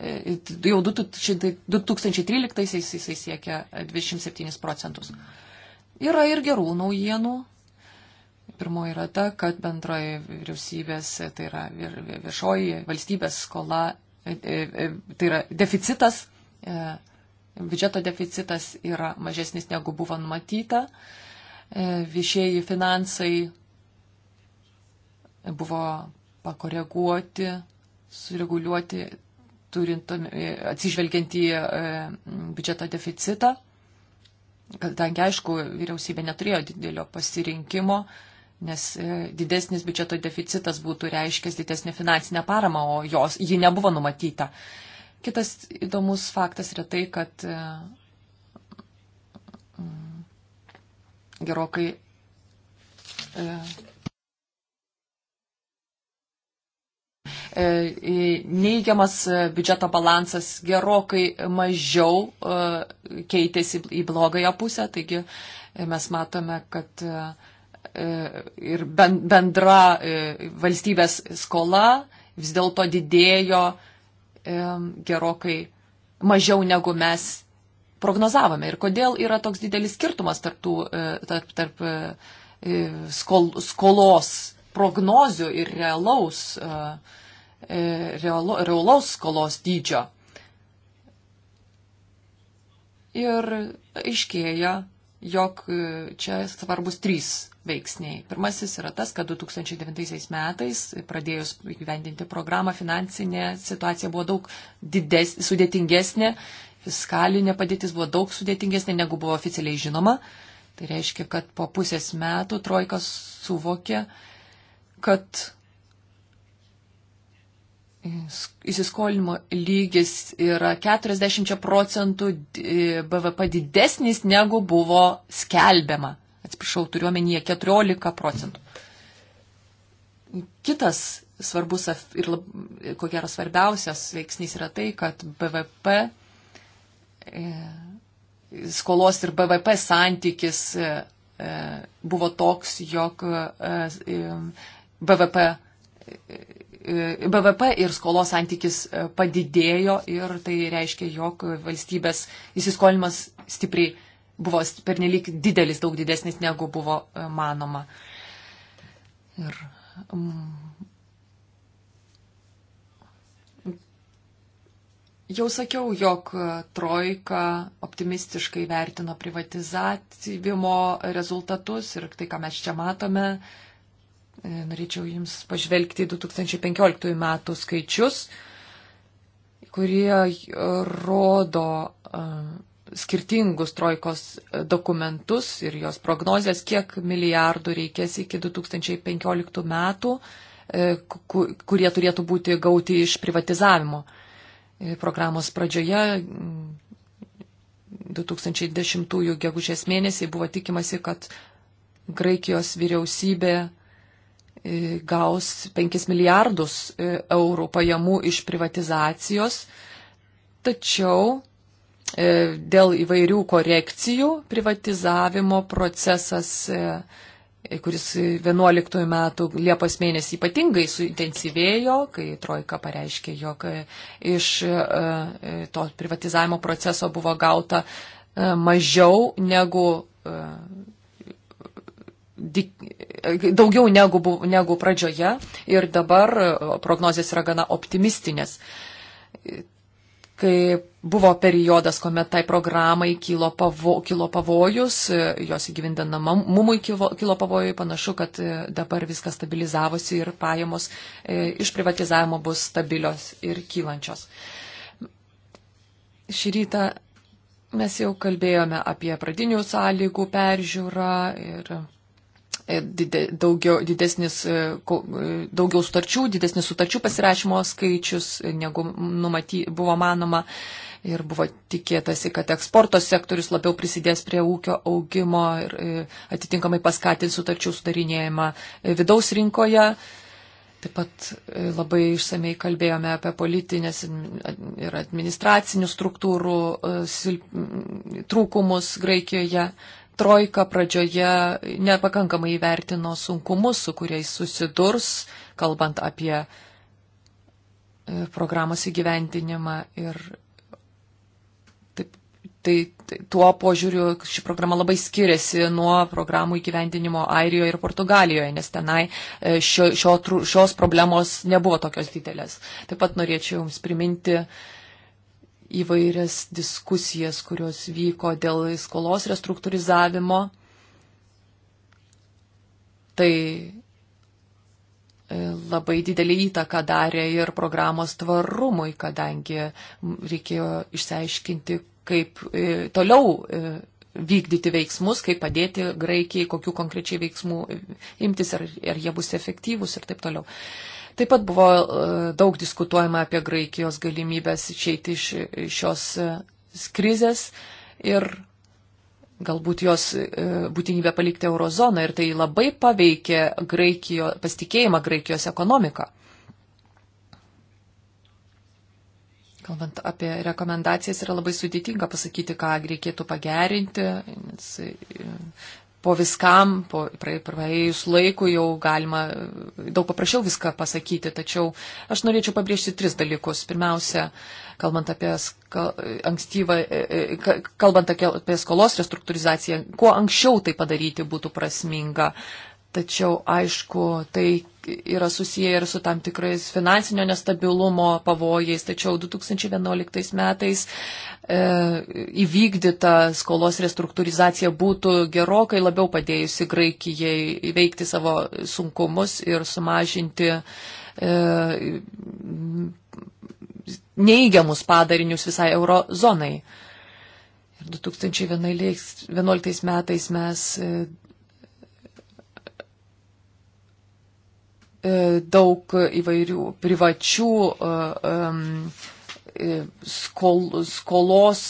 e, jau 2013 jisai siekia 27 procentus. Yra ir gerų naujienų. Pirmoji yra ta, kad bendroji vyriausybės, tai yra viešoji valstybės skola, e, e, tai yra deficitas, biudžeto deficitas yra mažesnis negu buvo numatyta. Viešieji finansai buvo pakoreguoti, sureguliuoti, turint, atsižvelgiant į e, biudžeto deficitą, kadangi, aišku, vyriausybė neturėjo didelio pasirinkimo, nes e, didesnis biudžeto deficitas būtų reiškęs didesnę finansinę paramą, o jos, ji nebuvo numatyta. Kitas įdomus faktas yra tai, kad e, gerokai E, neigiamas e, biudžeto balansas gerokai mažiau e, keitėsi į blogąją pusę, taigi mes matome, kad ir bendra valstybės skola vis dėlto didėjo gerokai mažiau negu mes prognozavome. Ir kodėl yra toks didelis skirtumas tarp, tų, tarp, tarp skol, skolos prognozių ir realaus, e, e, realo, realaus skolos dydžio. Ir aiškėja, jog e, čia svarbus trys veiksniai. Pirmasis yra tas, kad 2009 metais, pradėjus įgyvendinti programą, finansinė situacija buvo daug dides, sudėtingesnė, fiskalinė padėtis buvo daug sudėtingesnė, negu buvo oficialiai žinoma. Tai reiškia, kad po pusės metų trojkas suvokė, kad įsiskolinimo lygis yra 40 procentų e, BVP didesnis negu buvo skelbiama. Atsiprašau, turiuomenyje 14 procentų. Kitas svarbus ir ko gero svarbiausias veiksnys yra tai, kad BVP, e, skolos ir BVP santykis e, buvo toks, jog BVP, e, BVP ir skolos santykis e, padidėjo ir tai reiškia, jog valstybės įsiskolimas stipriai buvo pernelyg didelis, daug didesnis negu buvo e, manoma. Ir, mm, jau sakiau, jog Trojka optimistiškai vertino privatizavimo rezultatus ir tai, ką mes čia matome, E, norėčiau Jums pažvelgti 2015 metų skaičius, kurie e, rodo e, skirtingus trojkos dokumentus ir jos prognozijas, kiek milijardų reikės iki 2015 metų, kurie turėtų būti gauti iš privatizavimo. Programos pradžioje 2010 mm, gegužės mėnesį buvo tikimasi, kad Graikijos vyriausybė E, gaus 5 milijardus e, eurų pajamų iš privatizacijos, tačiau e, dėl įvairių korekcijų privatizavimo procesas, kuris 11 metų Liepos mėnesį ypatingai suintensyvėjo, kai Trojka pareiškė, jog iš to privatizavimo proceso buvo gauta mažiau negu daugiau negu, negu pradžioje ir dabar e, prognozijas yra gana optimistinės. Kai buvo periodas, kuomet tai programai kilo, pavo, kilo pavojus, e, jos įgyvindinamumui kilo, kilo pavojui, panašu, kad e, dabar viskas stabilizavosi ir pajamos iš privatizavimo bus stabilios ir kylančios. Šį rytą mes jau kalbėjome apie pradinių sąlygų peržiūrą ir E, dide, daugiau, didesnis, e, e, daugiau sutarčių, didesnis sutarčių pasirašymo skaičius, negu numaty, buvo manoma. Ir buvo tikėtasi, kad eksporto sektorius labiau prisidės prie ūkio augimo ir atitinkamai paskatins sutarčių sudarinėjimą vidaus rinkoje. Taip pat labai išsamei kalbėjome apie politinės ir administracinių struktūrų trūkumus Graikijoje trojka pradžioje nepakankamai įvertino sunkumus, su kuriais susidurs, kalbant apie e, programos įgyvendinimą ir taip, tai, tai tuo požiūriu ši programa labai skiriasi nuo programų įgyvendinimo Airijoje ir Portugalijoje, nes tenai e, šio, šio, šios problemos nebuvo tokios didelės. Taip pat norėčiau Jums priminti, uh, įvairias diskusijas, kurios vyko dėl skolos restruktūrizavimo. Tai e, labai didelį įtaką darė ir programos tvarumui, kadangi reikėjo išsiaiškinti, kaip e, toliau e, vykdyti veiksmus, kaip padėti Graikijai, kokių konkrečiai veiksmų imtis, ar, ar jie bus efektyvūs ir taip toliau. Taip pat buvo e, daug diskutuojama apie Graikijos galimybės išeiti iš šios e, krizės ir galbūt jos e, būtinybę palikti eurozoną ir tai labai paveikė Graikijo, pasitikėjimą Graikijos ekonomiką. Kalbant apie rekomendacijas, yra labai sudėtinga pasakyti, ką reikėtų pagerinti, nes po viskam, po praėjus laiku jau galima daug paprasčiau viską pasakyti, tačiau aš norėčiau pabrėžti tris dalykus. Pirmiausia, kalbant apie ankstyvą, e, e, kalbant apie skolos restruktūrizaciją, kuo anksčiau tai padaryti būtų prasminga. Tačiau, aišku, tai yra susiję ir su tam tikrais finansinio nestabilumo pavojais, tačiau 2011 metais e, įvykdyta skolos restruktūrizacija būtų gerokai labiau padėjusi Graikijai įveikti savo sunkumus ir sumažinti e, neįgiamus padarinius visai eurozonai. 2011 metais mes e, E, daug įvairių privačių e, e, skol, skolos,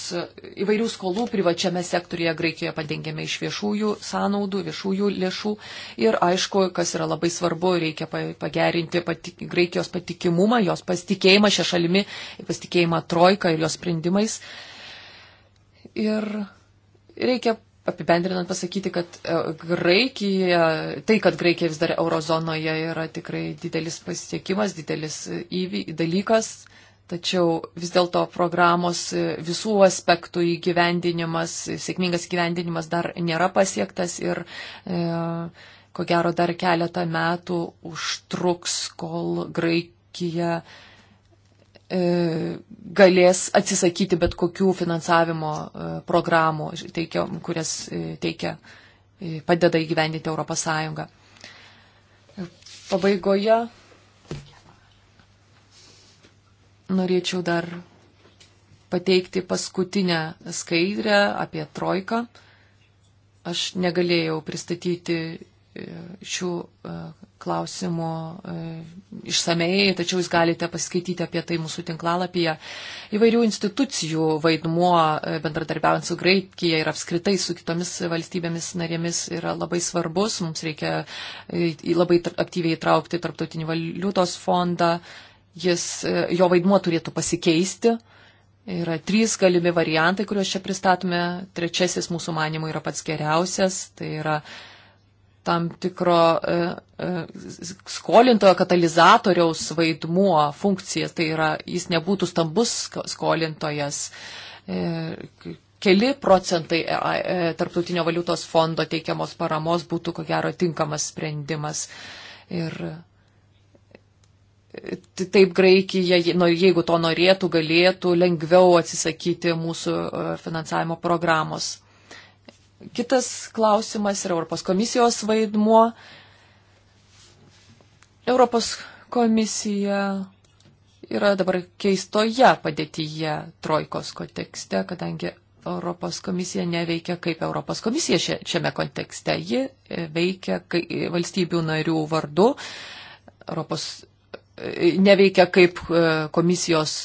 įvairių skolų privačiame sektorija Graikijoje padengiame iš viešųjų sąnaudų, viešųjų lėšų. Ir aišku, kas yra labai svarbu, reikia pagerinti pati, Graikijos patikimumą, jos pasitikėjimą šią šalimi, pasitikėjimą trojką ir jos sprendimais. Ir reikia apibendrinant pasakyti, kad e, Graikija, tai, kad Graikija vis dar eurozonoje yra tikrai didelis pasiekimas, didelis e, įvy, dalykas, tačiau vis dėlto programos e, visų aspektų įgyvendinimas, sėkmingas įgyvendinimas dar nėra pasiektas ir e, ko gero dar keletą metų užtruks, kol Graikija. E, E, galės atsisakyti bet kokių finansavimo e, programų, teikia, kurias e, teikia, padeda įgyvendinti ES. Pabaigoje norėčiau dar pateikti paskutinę skaidrę apie trojką. Aš negalėjau pristatyti šių klausimo e, išsamei, tačiau jūs galite paskaityti apie tai mūsų tinklalapyje. Įvairių institucijų vaidmuo e, bendradarbiaujant su Graikija ir apskritai su kitomis valstybėmis narėmis yra labai svarbus. Mums reikia e, labai aktyviai įtraukti Tarptautinį valiutos fondą. Jis, e, jo vaidmuo turėtų pasikeisti. Yra trys galimi variantai, kuriuos čia pristatome. Trečiasis mūsų manimo yra pats geriausias. Tai yra e, tam tikro e, e, skolintojo katalizatoriaus vaidmuo, funkcija, tai yra jis nebūtų stambus skolintojas. E, keli procentai Tarptautinio valiutos fondo teikiamos paramos būtų ko gero tinkamas sprendimas. Ir taip Graikija, jeigu to norėtų, galėtų lengviau atsisakyti mūsų finansavimo programos. Kitas klausimas yra Europos komisijos vaidmuo. Europos komisija yra dabar keistoje padėtyje trojkos kontekste, kadangi Europos komisija neveikia kaip Europos komisija šiame kontekste. Ji e, veikia e, valstybių narių vardu, Europos, e, neveikia kaip komisijos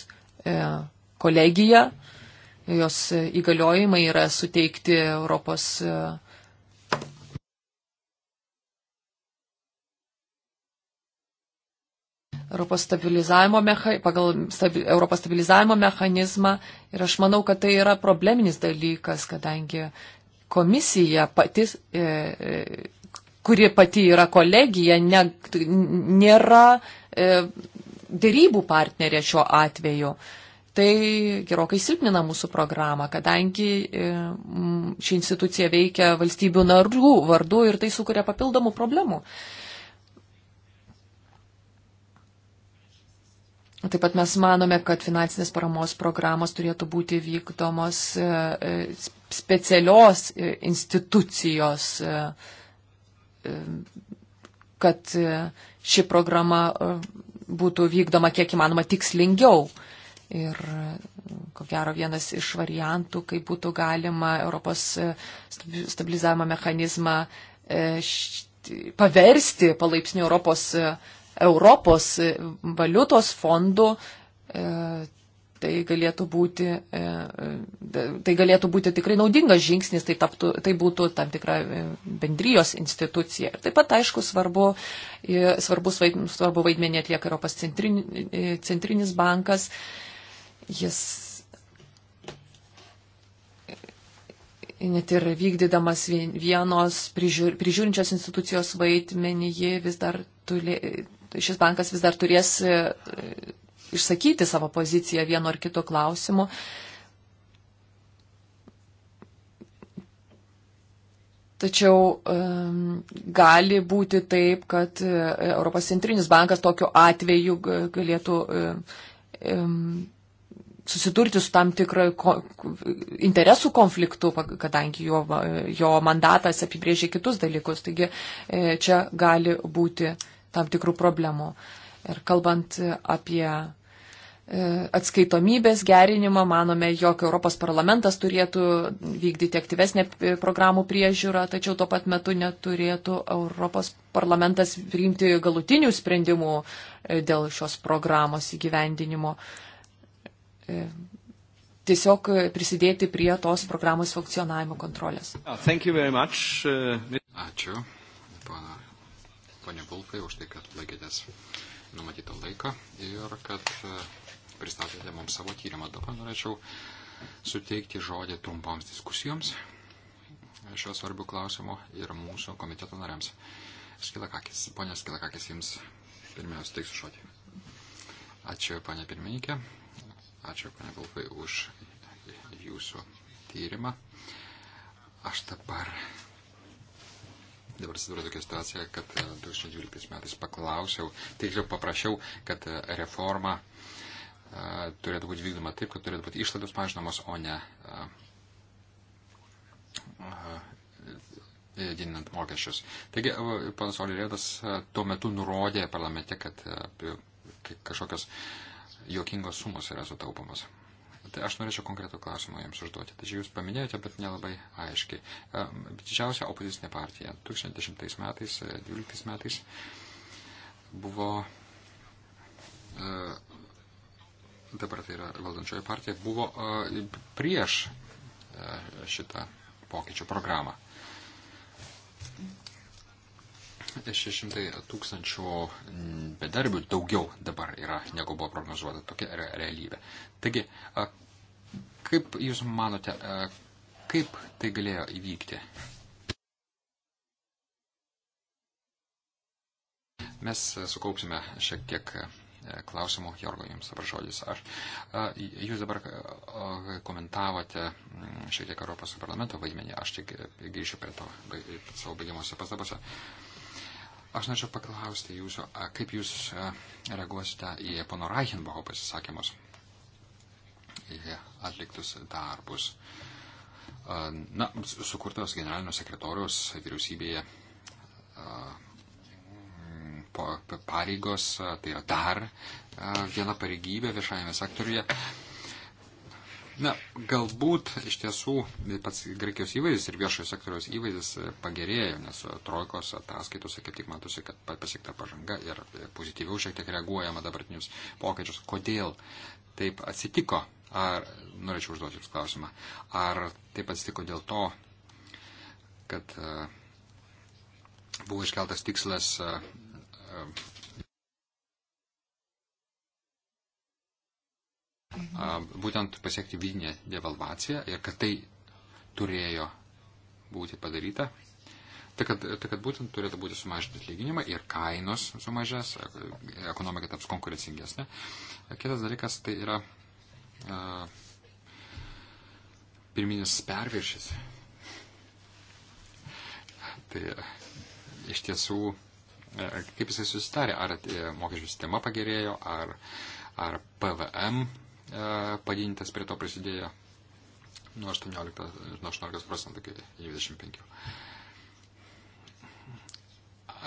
kolegija, jos įgaliojimai yra suteikti Europos. E, Europos stabilizavimo, mecha, pagal stabi, Europos stabilizavimo mechanizmą ir aš manau, kad tai yra probleminis dalykas, kadangi komisija pati, e, e kuri pati yra kolegija, ne, nėra e, dėrybų partnerė šiuo atveju. E, tai gerokai silpnina mūsų programą, kadangi e, ši institucija veikia valstybių narų vardu ir tai sukuria papildomų problemų. Taip pat mes manome, kad finansinės paramos programos turėtų būti vykdomos e, e, specialios institucijos, kad ši programa būtų vykdoma kiek įmanoma tikslingiau. Ir ko gero vienas iš variantų, kaip būtų galima Europos stabilizavimo mechanizmą e, paversti palaipsniui Europos, e, Europos e, valiutos fondų, tai galėtų būti, tai galėtų būti tikrai naudingas žingsnis, tai, taptų, tai būtų tam tikra bendrijos institucija. Ir taip pat, aišku, svarbu, svarbus, svarbu vaidmenį atlieka Europos centrinis, centrinis bankas. Jis net ir vykdydamas vienos prižiūr, prižiūrinčios institucijos vaidmenį, vis dar tuli, šis bankas vis dar turės e, išsakyti savo poziciją vienu ar kitu klausimu. Tačiau um, gali būti taip, kad e, Europos centrinis bankas tokiu atveju galėtų um, susidurti su tam tikra ko, interesų konfliktu, kadangi jo, jo mandatas apibrėžia kitus dalykus. Taigi e, čia gali būti tam tikrų problemų. Ir kalbant apie e, atskaitomybės gerinimą, manome, jog Europos parlamentas turėtų vykdyti aktyvesnę programų priežiūrą, tačiau tuo pat metu neturėtų Europos parlamentas priimti galutinių sprendimų e, dėl šios programos įgyvendinimo. Uh, E, tiesiog prisidėti prie tos programos funkcionavimo kontrolės. Oh, uh, Ačiū, pana, pana Bulkai, už tai, kad laikėtės numatytą laiką ir kad e, pristatėte mums savo tyrimą. Dabar norėčiau suteikti žodį trumpoms diskusijoms šio svarbių klausimų ir mūsų komiteto nariams. Skilakakis, ponė Skilakakis, jums pirmiausia teiksiu žodį. Ačiū, ponė pirmininkė. Ačiū, pane Vulfai, už jūsų tyrimą. Aš dabar. Dabar atsidūrė tokia situacija, kad 2012 e, metais paklausiau, tiksliau paprašiau, kad e, reforma a, e, turėtų būti vykdoma taip, kad turėtų būti išlaidos mažinamos, o ne a, a, didinant mokesčius. Taigi, panas Olirėdas tuo metu nurodė parlamente, kad kažkokios a, jokingos sumos yra sutaupomos. Tai aš norėčiau konkretų klausimą jums užduoti. Tačiau jūs paminėjote, bet nelabai aiškiai. Didžiausia opozicinė partija 2010 metais, 2012 e, metais buvo, e, dabar tai yra valdančioji partija, buvo e, prieš šitą pokyčių programą. 600 tūkstančių bedarbių daugiau dabar yra, negu buvo prognozuota. Tokia yra realybė. Taigi, kaip Jūs manote, kaip tai galėjo įvykti? Mes sukaupsime šiek tiek klausimų, Jorgo, jums dabar žodis. Aš, jūs dabar komentavote šiek tiek Europos parlamento vaidmenį, aš tik grįšiu prie to prie savo baigiamuose pastabose. Aš norėčiau paklausti jūsų, kaip jūs reaguosite į pono Reichenbacho pasisakymus, į atliktus darbus. Na, sukurtas generalinio sekretoriaus vyriausybėje pareigos, tai yra dar viena pareigybė viešajame sektoriuje Na, galbūt iš tiesų pats Graikijos įvaizdis ir viešojo sektoriaus įvaizdis e, pagerėjo, nes e, trojkos ataskaitose kaip tik matosi, kad pasiekta pažanga ir e, pozityviau šiek tiek reaguojama dabartinius pokyčius. Kodėl taip atsitiko? Ar, norėčiau užduoti Jums klausimą, ar taip atsitiko dėl to, kad buvo iškeltas tikslas Mhm. būtent pasiekti vidinę devalvaciją ir kad tai turėjo būti padaryta. Tai kad, tai kad būtent turėtų būti sumažinti atlyginimai ir kainos sumažės, ekonomika taps konkurencingesnė. Kitas dalykas tai yra a, pirminis perviršis. Tai iš tiesų, kaip jisai susitarė, ar mokesčių sistema pagerėjo, ar, ar PVM E, padidintas prie to prisidėjo nuo 18, nuo 18 procentų iki 25.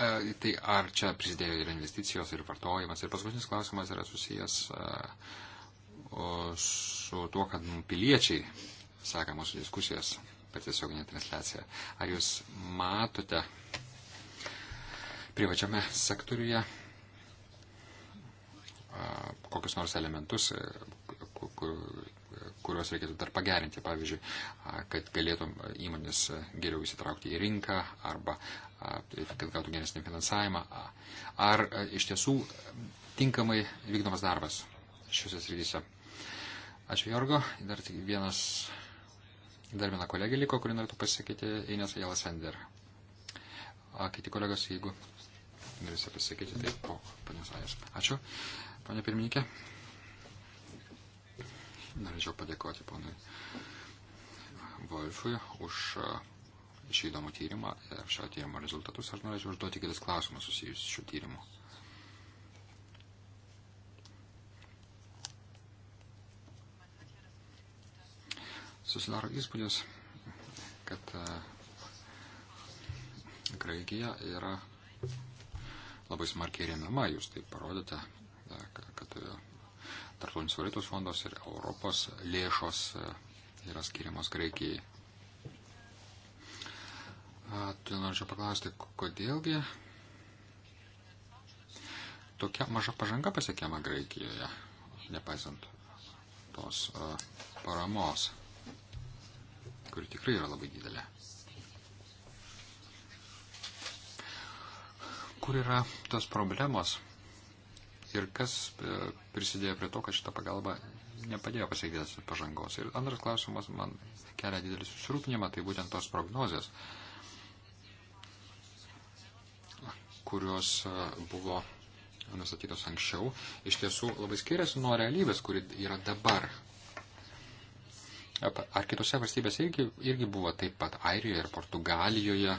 E, tai ar čia prisidėjo ir investicijos, ir vartojimas. Ir paskutinis klausimas yra susijęs e, su tuo, kad piliečiai seka mūsų diskusijas per tiesioginę transliaciją. Ar jūs matote privačiame sektoriuje kokius nors elementus, kur, kuriuos reikėtų dar pagerinti, pavyzdžiui, kad galėtum įmonės geriau įsitraukti į rinką arba kad gautų geresnį finansavimą. Ar iš tiesų tinkamai vykdomas darbas šiuose srityse? Ačiū Jorgo. Dar tik vienas, dar viena kolegė liko, kurį norėtų pasakyti, Inės Jelasender. Kiti kolegos, jeigu norėsite pasakyti, taip, po panios Ajas. Ačiū, panė pirmininkė. Norėčiau padėkoti ponui Wolfui už e, šį įdomų tyrimą ir e, šio tyrimo rezultatus. Aš norėčiau užduoti kelis klausimus susijusius šių tyrimų. Susidaro įspūdis, kad e, Graikija yra labai smarkiai remiama, jūs tai parodėte, kad Tartulinis valiutos fondos ir Europos lėšos e, yra skiriamos Graikijai. Tai norėčiau paklausti, kodėlgi tokia maža pažanga pasiekiama Graikijoje, nepaisant tos e, paramos, kuri tikrai yra labai didelė. Kur yra tos problemos? ir kas e, prisidėjo prie to, kad šita pagalba nepadėjo pasiekti didesnės pažangos. Ir antras klausimas man kelia didelį susirūpinimą, tai būtent tos prognozijas, kurios e, buvo nustatytos anksčiau, iš tiesų labai skiriasi nuo realybės, kuri yra dabar. Ar kitose valstybėse irgi, irgi buvo taip pat Airijoje ir Portugalijoje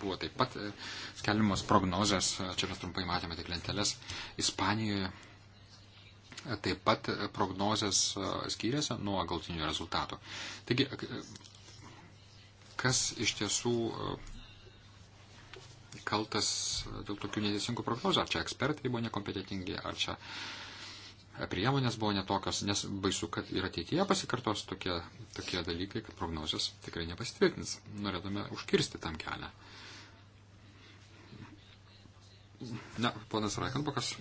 buvo taip pat e, skelbimos prognozės, čia mes trumpai matėme tik lentelės, Ispanijoje e, taip pat e, prognozės skyrėsi nuo galtinių rezultatų. Taigi, kas iš tiesų kaltas dėl tokių neteisingų prognozių, ar čia ekspertai buvo nekompetitingi, ar čia uh, priemonės buvo netokios, nes baisu, kad ir ateityje pasikartos tokie, tokie dalykai, kad prognozijos tikrai nepasitvirtins. Norėtume užkirsti tam kelią. Na, ponas Raikanbakas,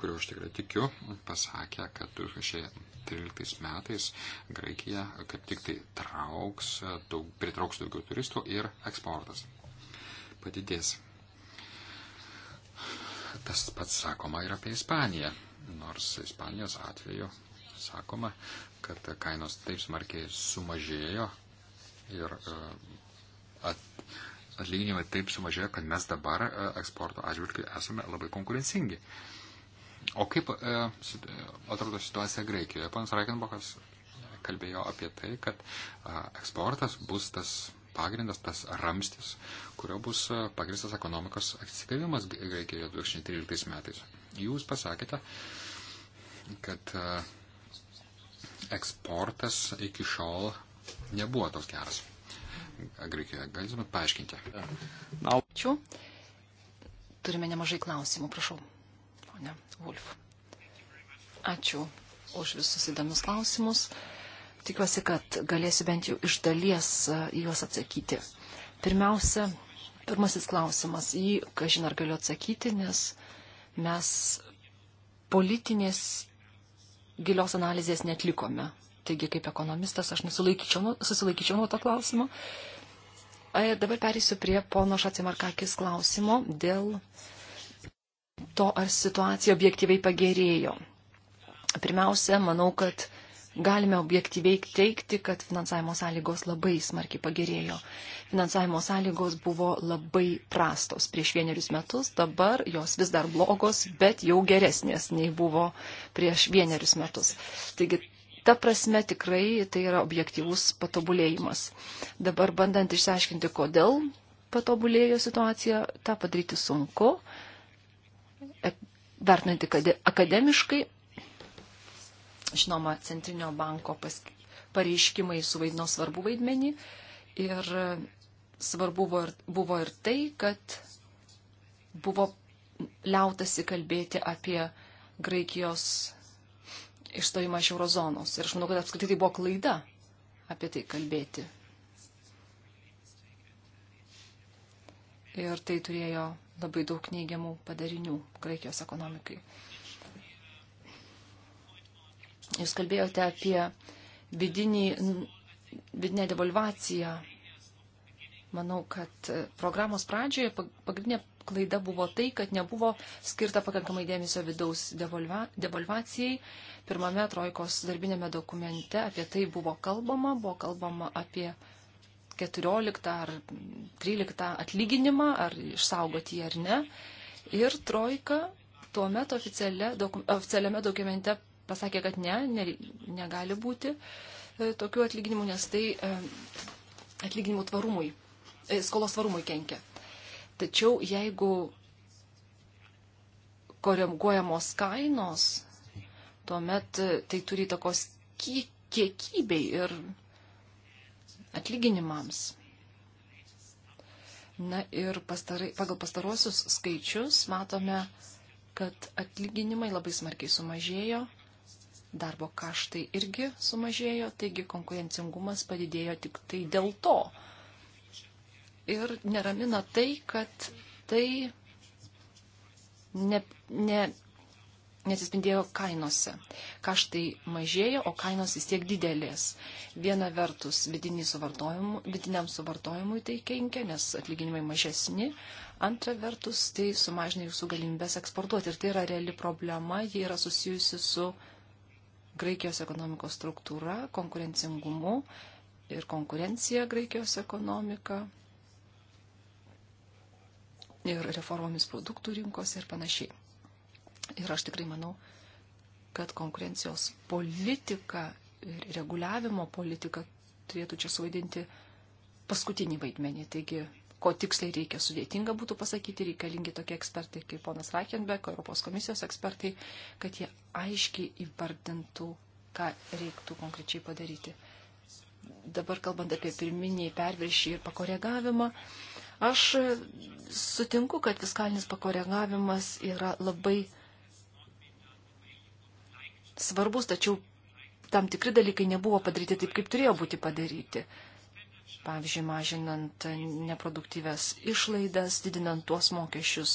kuriuo aš tikrai tikiu, pasakė, kad 2013 metais Graikija kaip tik tai trauks, daug, pritrauks daugiau turistų ir eksportas padidės. Tas pats sakoma ir apie Ispaniją nors Ispanijos atveju sakoma, kad kainos taip smarkiai sumažėjo ir e, atlyginimai taip sumažėjo, kad mes dabar e, eksporto atžvilgiu esame labai konkurencingi. O kaip e, atrodo situacija Graikijoje? Panas Reikenbachas kalbėjo apie tai, kad eksportas bus tas pagrindas, tas ramstis, kurio bus pagristas ekonomikos atsigavimas Graikijoje 2013 metais. Jūs pasakėte, kad e, eksportas iki šiol nebuvo toks geras. Graikijoje galėtumėt paaiškinti. Ačiū. Turime nemažai klausimų, prašau. O ne, Wolf. Ačiū už visus įdomius klausimus. Tikiuosi, kad galėsiu bent jau iš dalies e, juos atsakyti. Pirmiausia, pirmasis klausimas, jį, kažin ar galiu atsakyti, nes mes politinės gilios analizės netlikome. Taigi, kaip ekonomistas, aš nuo, susilaikyčiau nuo to klausimo. E, dabar perėsiu prie pono Šacimarkakis klausimo dėl to, ar situacija objektyviai pagerėjo. Pirmiausia, manau, kad galime objektyviai teikti, kad finansavimo sąlygos labai smarkiai pagerėjo. Finansavimo sąlygos buvo labai prastos prieš vienerius metus, dabar jos vis dar blogos, bet jau geresnės nei buvo prieš vienerius metus. Taigi, ta prasme tikrai tai yra objektyvus patobulėjimas. Dabar bandant išsiaiškinti, kodėl patobulėjo situacija, tą padaryti sunku e, vertinant akademiškai, Žinoma, Centrinio banko pareiškimai suvaidino svarbu vaidmenį ir svarbu buvo ir, buvo ir tai, kad buvo liautasi kalbėti apie Graikijos išstojimą iš eurozonos. Ir aš manau, kad apskritai tai buvo klaida apie tai kalbėti. Ir tai turėjo labai daug neigiamų padarinių Graikijos ekonomikai. Jūs kalbėjote apie vidinį, vidinę devalvaciją. Manau, kad programos pradžioje pagrindinė klaida buvo tai, kad nebuvo skirta pakankamai dėmesio vidaus devalva, devalvacijai. Pirmame trojkos darbinėme dokumente apie tai buvo kalbama, buvo kalbama apie 14 ar 13 atlyginimą, ar išsaugoti jį ar ne. Ir trojka tuo metu oficialia, doku, oficialiame dokumente pasakė, kad ne, ne negali būti e, tokių atlyginimų, nes tai e, atlyginimų tvarumui, e, skolos tvarumui kenkia. Tačiau jeigu koreguojamos kainos, tuomet tai turi takos kiekybei ir atlyginimams. Na ir pastarai, pagal pastarosius skaičius matome, kad atlyginimai labai smarkiai sumažėjo darbo kaštai irgi sumažėjo, taigi konkurencingumas padidėjo tik tai dėl to. Ir neramina tai, kad tai ne, ne, nesispindėjo kainose. Kaštai mažėjo, o kainos vis tiek didelės. Viena vertus suvartojimu, vidiniam suvartojimui tai kenkia, nes atlyginimai mažesni. Antra vertus tai sumažina jūsų galimybės eksportuoti. Ir tai yra reali problema, ji yra susijusi su Graikijos ekonomikos struktūra, konkurencingumu ir konkurencija Graikijos ekonomika ir reformomis produktų rinkos ir panašiai. Ir aš tikrai manau, kad konkurencijos politika ir reguliavimo politika turėtų čia suvaidinti paskutinį vaidmenį. Taigi ko tiksliai reikia. Sudėtinga būtų pasakyti, reikalingi tokie ekspertai kaip ponas Reichenbeck, Europos komisijos ekspertai, kad jie aiškiai įvardintų, ką reiktų konkrečiai padaryti. Dabar kalbant apie pirminį perviršį ir pakoregavimą, aš sutinku, kad fiskalinis pakoregavimas yra labai svarbus, tačiau tam tikri dalykai nebuvo padaryti taip, kaip turėjo būti padaryti pavyzdžiui, mažinant neproduktyves išlaidas, didinant tuos mokesčius,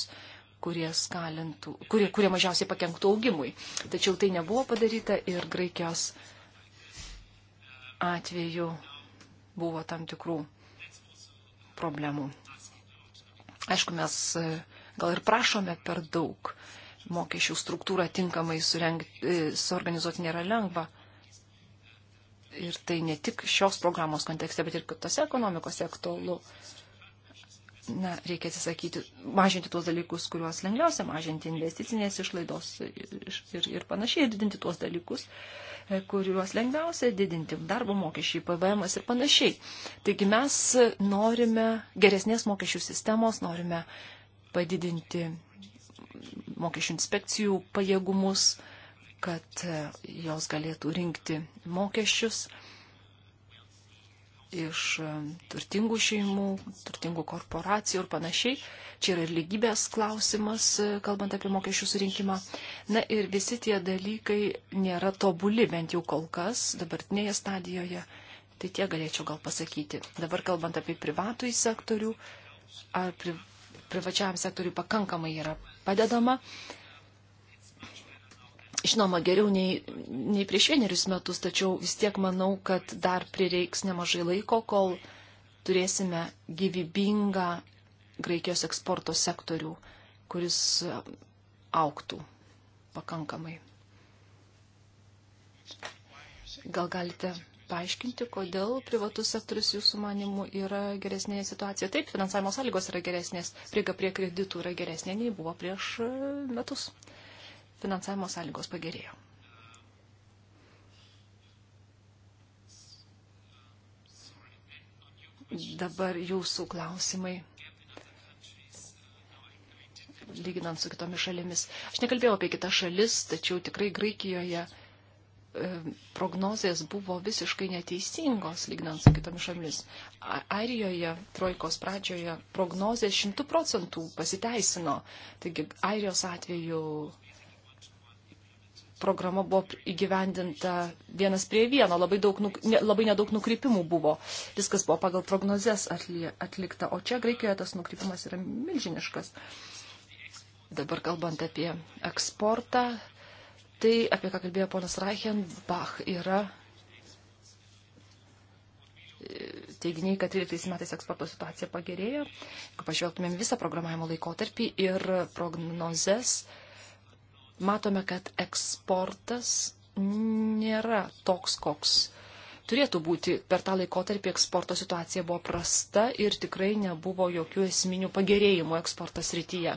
kurie, skalintų, kurie, kurie mažiausiai pakenktų augimui. Tačiau tai nebuvo padaryta ir Graikijos atveju buvo tam tikrų problemų. Aišku, mes e, gal ir prašome per daug. Mokesčių struktūrą tinkamai sureng, e, suorganizuoti nėra lengva. Ir tai ne tik šios programos kontekste, bet ir kitose ekonomikose aktualu. Na, reikia atsisakyti, mažinti tuos dalykus, kuriuos lengviausia mažinti, investicinės išlaidos ir, ir, ir panašiai, ir didinti tuos dalykus, e, kuriuos lengviausia didinti, darbo mokesčiai, PVM ir panašiai. Taigi mes norime geresnės mokesčių sistemos, norime padidinti mokesčių inspekcijų pajėgumus, uh, kad jos galėtų rinkti mokesčius iš turtingų šeimų, turtingų korporacijų ir panašiai. Čia yra ir lygybės klausimas, kalbant apie mokesčių surinkimą. Na ir visi tie dalykai nėra tobuli, bent jau kol kas, dabartinėje stadijoje. Tai tie galėčiau gal pasakyti. Dabar kalbant apie privatų į sektorių, ar pri, privačiam sektoriu pakankamai yra padedama. Uh, žinoma, geriau nei, nei prieš vienerius metus, tačiau vis tiek manau, kad dar prireiks nemažai laiko, kol turėsime gyvybingą Graikijos eksporto sektorių, kuris auktų pakankamai. Gal galite paaiškinti, kodėl privatus sektorius jūsų manimų yra geresnėje situacijoje? Taip, finansavimo sąlygos yra geresnės, prieiga prie kreditų yra geresnė nei buvo prieš e, metus finansavimo sąlygos pagerėjo. Dabar jūsų klausimai, lyginant su kitomis šalimis. Aš nekalbėjau apie kitas šalis, tačiau tikrai Graikijoje e, prognozijas buvo visiškai neteisingos, lygnant su kitomis šalimis. Airijoje, trojkos pradžioje, prognozijas šimtų procentų pasiteisino. Taigi, Airijos atveju programa buvo įgyvendinta vienas prie vieno, labai, daug, ne, labai nedaug nukrypimų buvo. Viskas buvo pagal prognozes atlikta, o čia Graikijoje tas nukrypimas yra milžiniškas. Dabar kalbant apie eksportą, tai apie ką kalbėjo ponas Reichenbach yra e, teiginiai, kad 13 metais eksporto situacija pagerėjo. Jeigu pažvelgtumėm visą programavimo laikotarpį ir prognozes, matome, kad eksportas nėra toks, koks turėtų būti. Per tą laikotarpį eksporto situacija buvo prasta ir tikrai nebuvo jokių esminių pagerėjimų eksportas rytyje.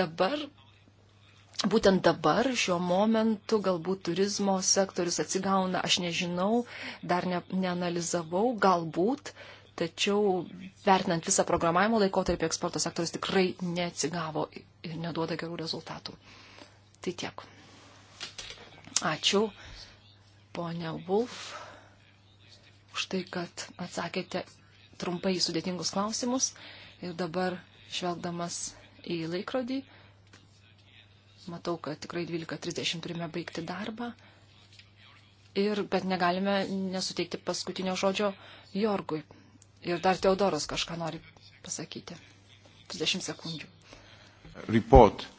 Dabar, būtent dabar, šiuo momentu, galbūt turizmo sektorius atsigauna, aš nežinau, dar ne, neanalizavau, galbūt, tačiau vertinant visą programavimo laikotarpį eksporto sektorius tikrai neatsigavo ir neduoda gerų rezultatų. Tai tiek. Ačiū, ponia Wolf, už tai, kad atsakėte trumpai sudėtingus klausimus. Ir dabar, žvelgdamas į laikrodį, matau, kad tikrai 12.30 turime baigti darbą. Ir, bet negalime nesuteikti paskutinio žodžio Jorgui. Ir dar Teodoras kažką nori pasakyti. 30 sekundžių. Report.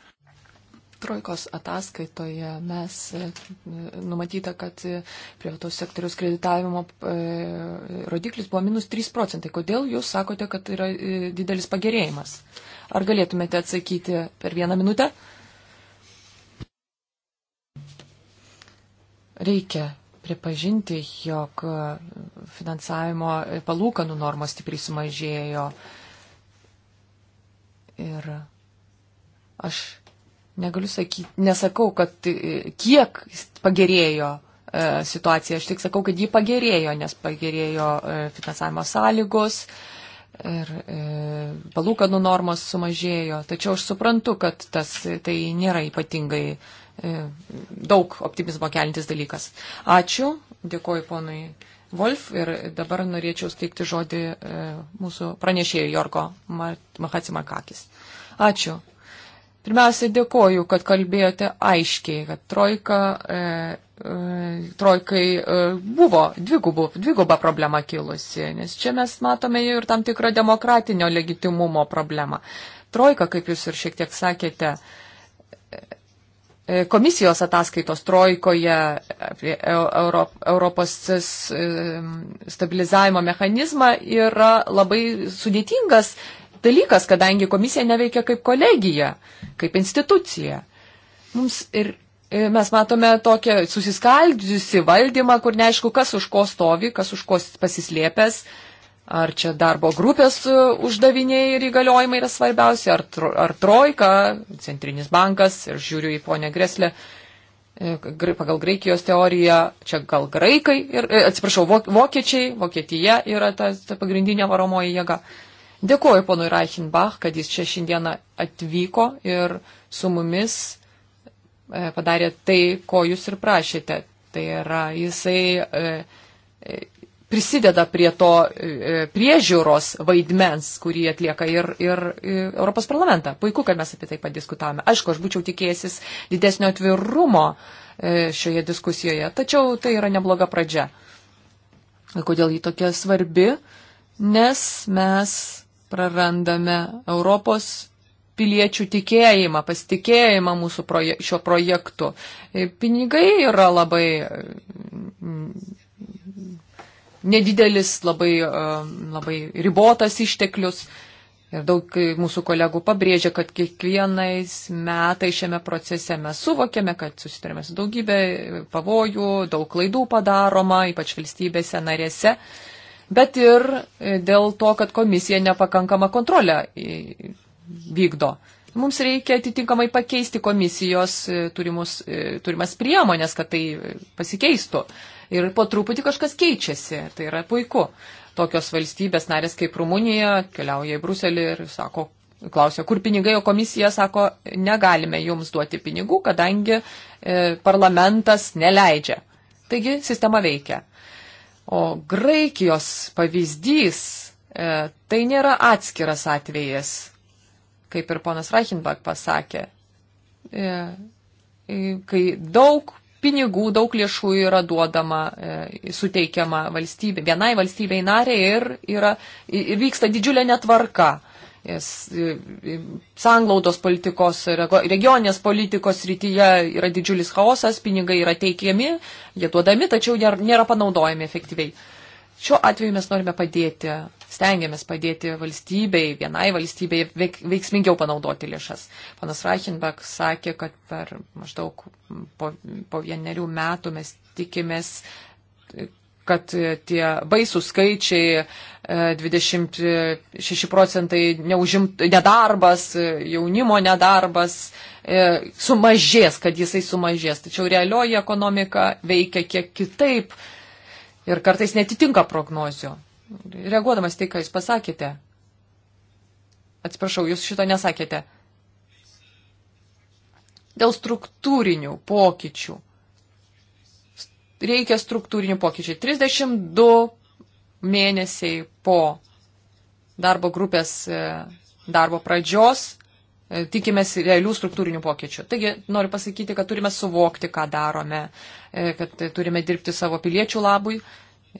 Trojkos ataskaitoje mes e, numatyta, kad privataus sektoriaus kreditavimo e, rodiklis buvo minus 3 procentai. Kodėl jūs sakote, kad yra e, didelis pagerėjimas? Ar galėtumėte atsakyti per vieną minutę? Reikia pripažinti, jog finansavimo palūkanų normos stipriai sumažėjo. Ir aš negaliu sakyti, nesakau, kad e, kiek pagerėjo e, situacija, aš tik sakau, kad ji pagerėjo, nes pagerėjo e, finansavimo sąlygos ir palūkanų normos sumažėjo. Tačiau aš suprantu, kad tas tai nėra ypatingai daug optimizmo kelintis dalykas. Ačiū, dėkoju ponui Wolf ir dabar norėčiau steikti žodį mūsų pranešėjui Jorko Mahatsimakakis. Ačiū. Pirmiausia, dėkoju, kad kalbėjote aiškiai, kad trojka, e, e, trojkai e, buvo dvigubų, dviguba problema kilusi, nes čia mes matome ir tam tikrą demokratinio legitimumo problemą. Trojka, kaip jūs ir šiek tiek sakėte, e, komisijos ataskaitos trojkoje apie Europos e, stabilizavimo mechanizmą yra labai sudėtingas dalykas, kadangi komisija neveikia kaip kolegija, kaip institucija. Mums ir e, mes matome tokią susiskaldžiusi valdymą, kur neaišku, kas už ko stovi, kas už ko pasislėpęs. Ar čia darbo grupės e, uždaviniai ir įgaliojimai yra svarbiausi, ar, tro, ar trojka, centrinis bankas, ir žiūriu į ponę Greslę, e, pagal Graikijos teoriją, čia gal graikai, ir, atsiprašau, vokiečiai, Vokietija yra ta, ta pagrindinė varomoji jėga. Dėkuoju ponui Reichenbach, kad jis čia šiandieną atvyko ir su mumis e, padarė tai, ko jūs ir prašėte. Tai yra, jisai e, e, prisideda prie to priežiūros vaidmens, kurį atlieka ir, ir Europos parlamentą. Puiku, kad mes apie tai padiskutavome. Aišku, aš būčiau tikėjęsis didesnio atvirumo šioje diskusijoje, tačiau tai yra nebloga pradžia. Kodėl ji tokia svarbi? Nes mes prarandame Europos piliečių tikėjimą, pasitikėjimą mūsų proje, šio projektu. E, pinigai yra labai mm, nedidelis, labai, e, labai ribotas išteklius. Ir daug mūsų kolegų pabrėžia, kad kiekvienais metais šiame procese mes suvokėme, kad susitarėme su daugybė pavojų, daug klaidų padaroma, ypač valstybėse narėse. Uh, bet ir dėl to, kad komisija nepakankamą kontrolę vykdo. Mums reikia atitinkamai pakeisti komisijos e, turimus, e, turimas priemonės, kad tai pasikeistų. Ir po truputį kažkas keičiasi. Tai yra puiku. Tokios valstybės narės kaip Rumunija keliauja į Bruselį ir sako, klausia, kur pinigai, o komisija sako, negalime jums duoti pinigų, kadangi e, parlamentas neleidžia. Taigi sistema veikia. O Graikijos pavyzdys e, tai nėra atskiras atvejis, kaip ir ponas Reichenbach pasakė. E, e kai daug pinigų, daug lėšų yra duodama, e, suteikiama valstybė, vienai valstybei narė ir, yra, ir vyksta didžiulė netvarka. E, E, e, sanglaudos politikos, regioninės politikos rytyje yra didžiulis chaosas, pinigai yra teikiami, jie duodami, tačiau nėra panaudojami efektyviai. Šiuo atveju mes norime padėti, stengiamės padėti valstybei, vienai valstybei veik, veiksmingiau panaudoti lėšas. Panas Reichenbach sakė, kad per maždaug po, po vienerių metų mes tikimės kad tie baisų skaičiai 26 e, procentai neužimt, nedarbas, e, jaunimo nedarbas e, sumažės, kad jisai sumažės. Tačiau realioji ekonomika veikia kiek kitaip ir kartais netitinka prognozių. Reaguodamas tai, ką jūs pasakėte. Atsiprašau, jūs šito nesakėte. Dėl struktūrinių pokyčių reikia struktūrinių pokyčių. 32 mėnesiai po darbo grupės e, darbo pradžios e, tikimės realių struktūrinių pokyčių. Taigi noriu pasakyti, kad turime suvokti, ką darome, e, kad turime dirbti savo piliečių labui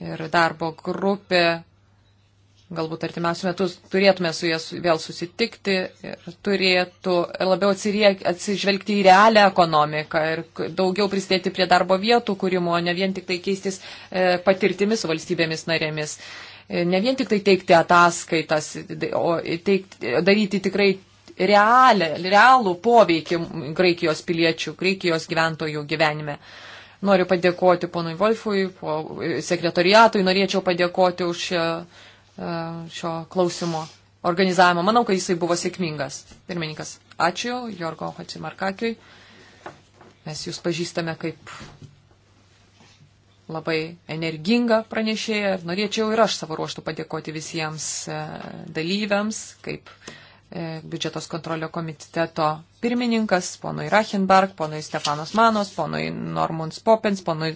ir darbo grupė galbūt artimiausių metų turėtume su jais vėl susitikti ir turėtų labiau atsiriek, atsižvelgti į realią ekonomiką ir daugiau prisidėti prie darbo vietų kūrimo, ne vien tik tai keistis e, patirtimis su valstybėmis narėmis, e, ne vien tik tai teikti ataskaitas, o teikti, daryti tikrai realią, realų poveikį Graikijos piliečių, Graikijos gyventojų gyvenime. Noriu padėkoti ponui Wolfui, po sekretariatui, norėčiau padėkoti už. E, E, šio klausimo organizavimo. Manau, kad jisai buvo sėkmingas. Pirmininkas, ačiū Jorgo Hatsimarkakiui. Mes jūs pažįstame kaip labai energingą pranešėją ir norėčiau ir aš savo ruoštų padėkoti visiems e, dalyviams, kaip e, biudžetos kontrolio komiteto pirmininkas, ponui Rachenberg, ponui Stefanos Manos, ponui Normons Popens, ponui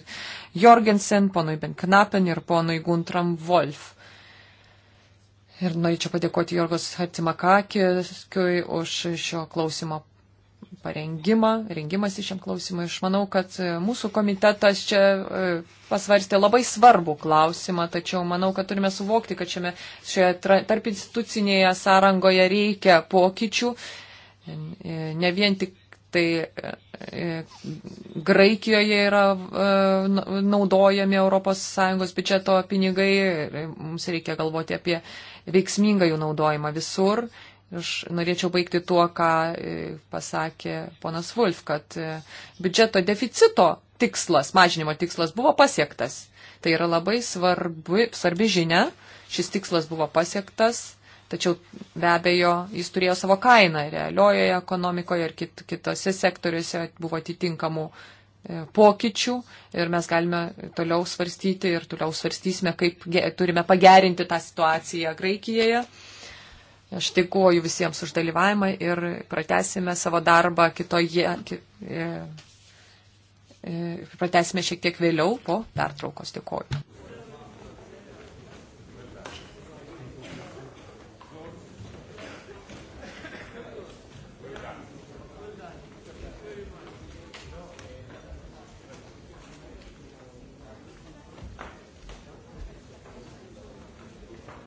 Jorgensen, ponui Benknapen ir ponui Guntram Wolf. Ir norėčiau padėkoti Jorgos Hatimakakiskui už šio klausimo parengimą, rengimas į šiam klausimui. Aš manau, kad mūsų komitetas čia e, pasvarstė labai svarbų klausimą, tačiau manau, kad turime suvokti, kad šiame, šioje tarp institucinėje sąrangoje reikia pokyčių. Ne vien tik Tai e, e, Graikijoje yra e, naudojami ES biudžeto pinigai, mums reikia galvoti apie veiksmingą jų naudojimą visur. Aš norėčiau baigti tuo, ką pasakė ponas Vulf, kad biudžeto deficito tikslas, mažinimo tikslas buvo pasiektas. Tai yra labai svarbi, svarbi žinia, šis tikslas buvo pasiektas Tačiau be abejo, jis turėjo savo kainą realiojoje ekonomikoje ir kit, kitose sektoriuose buvo atitinkamų e, pokyčių ir mes galime toliau svarstyti ir toliau svarstysime, kaip turime pagerinti tą situaciją Graikijoje. Aš dėkuoju visiems už dalyvavimą ir pratesime savo darbą kitoje, kit, e, e, pratesime šiek tiek vėliau po pertraukos. Dėkuoju.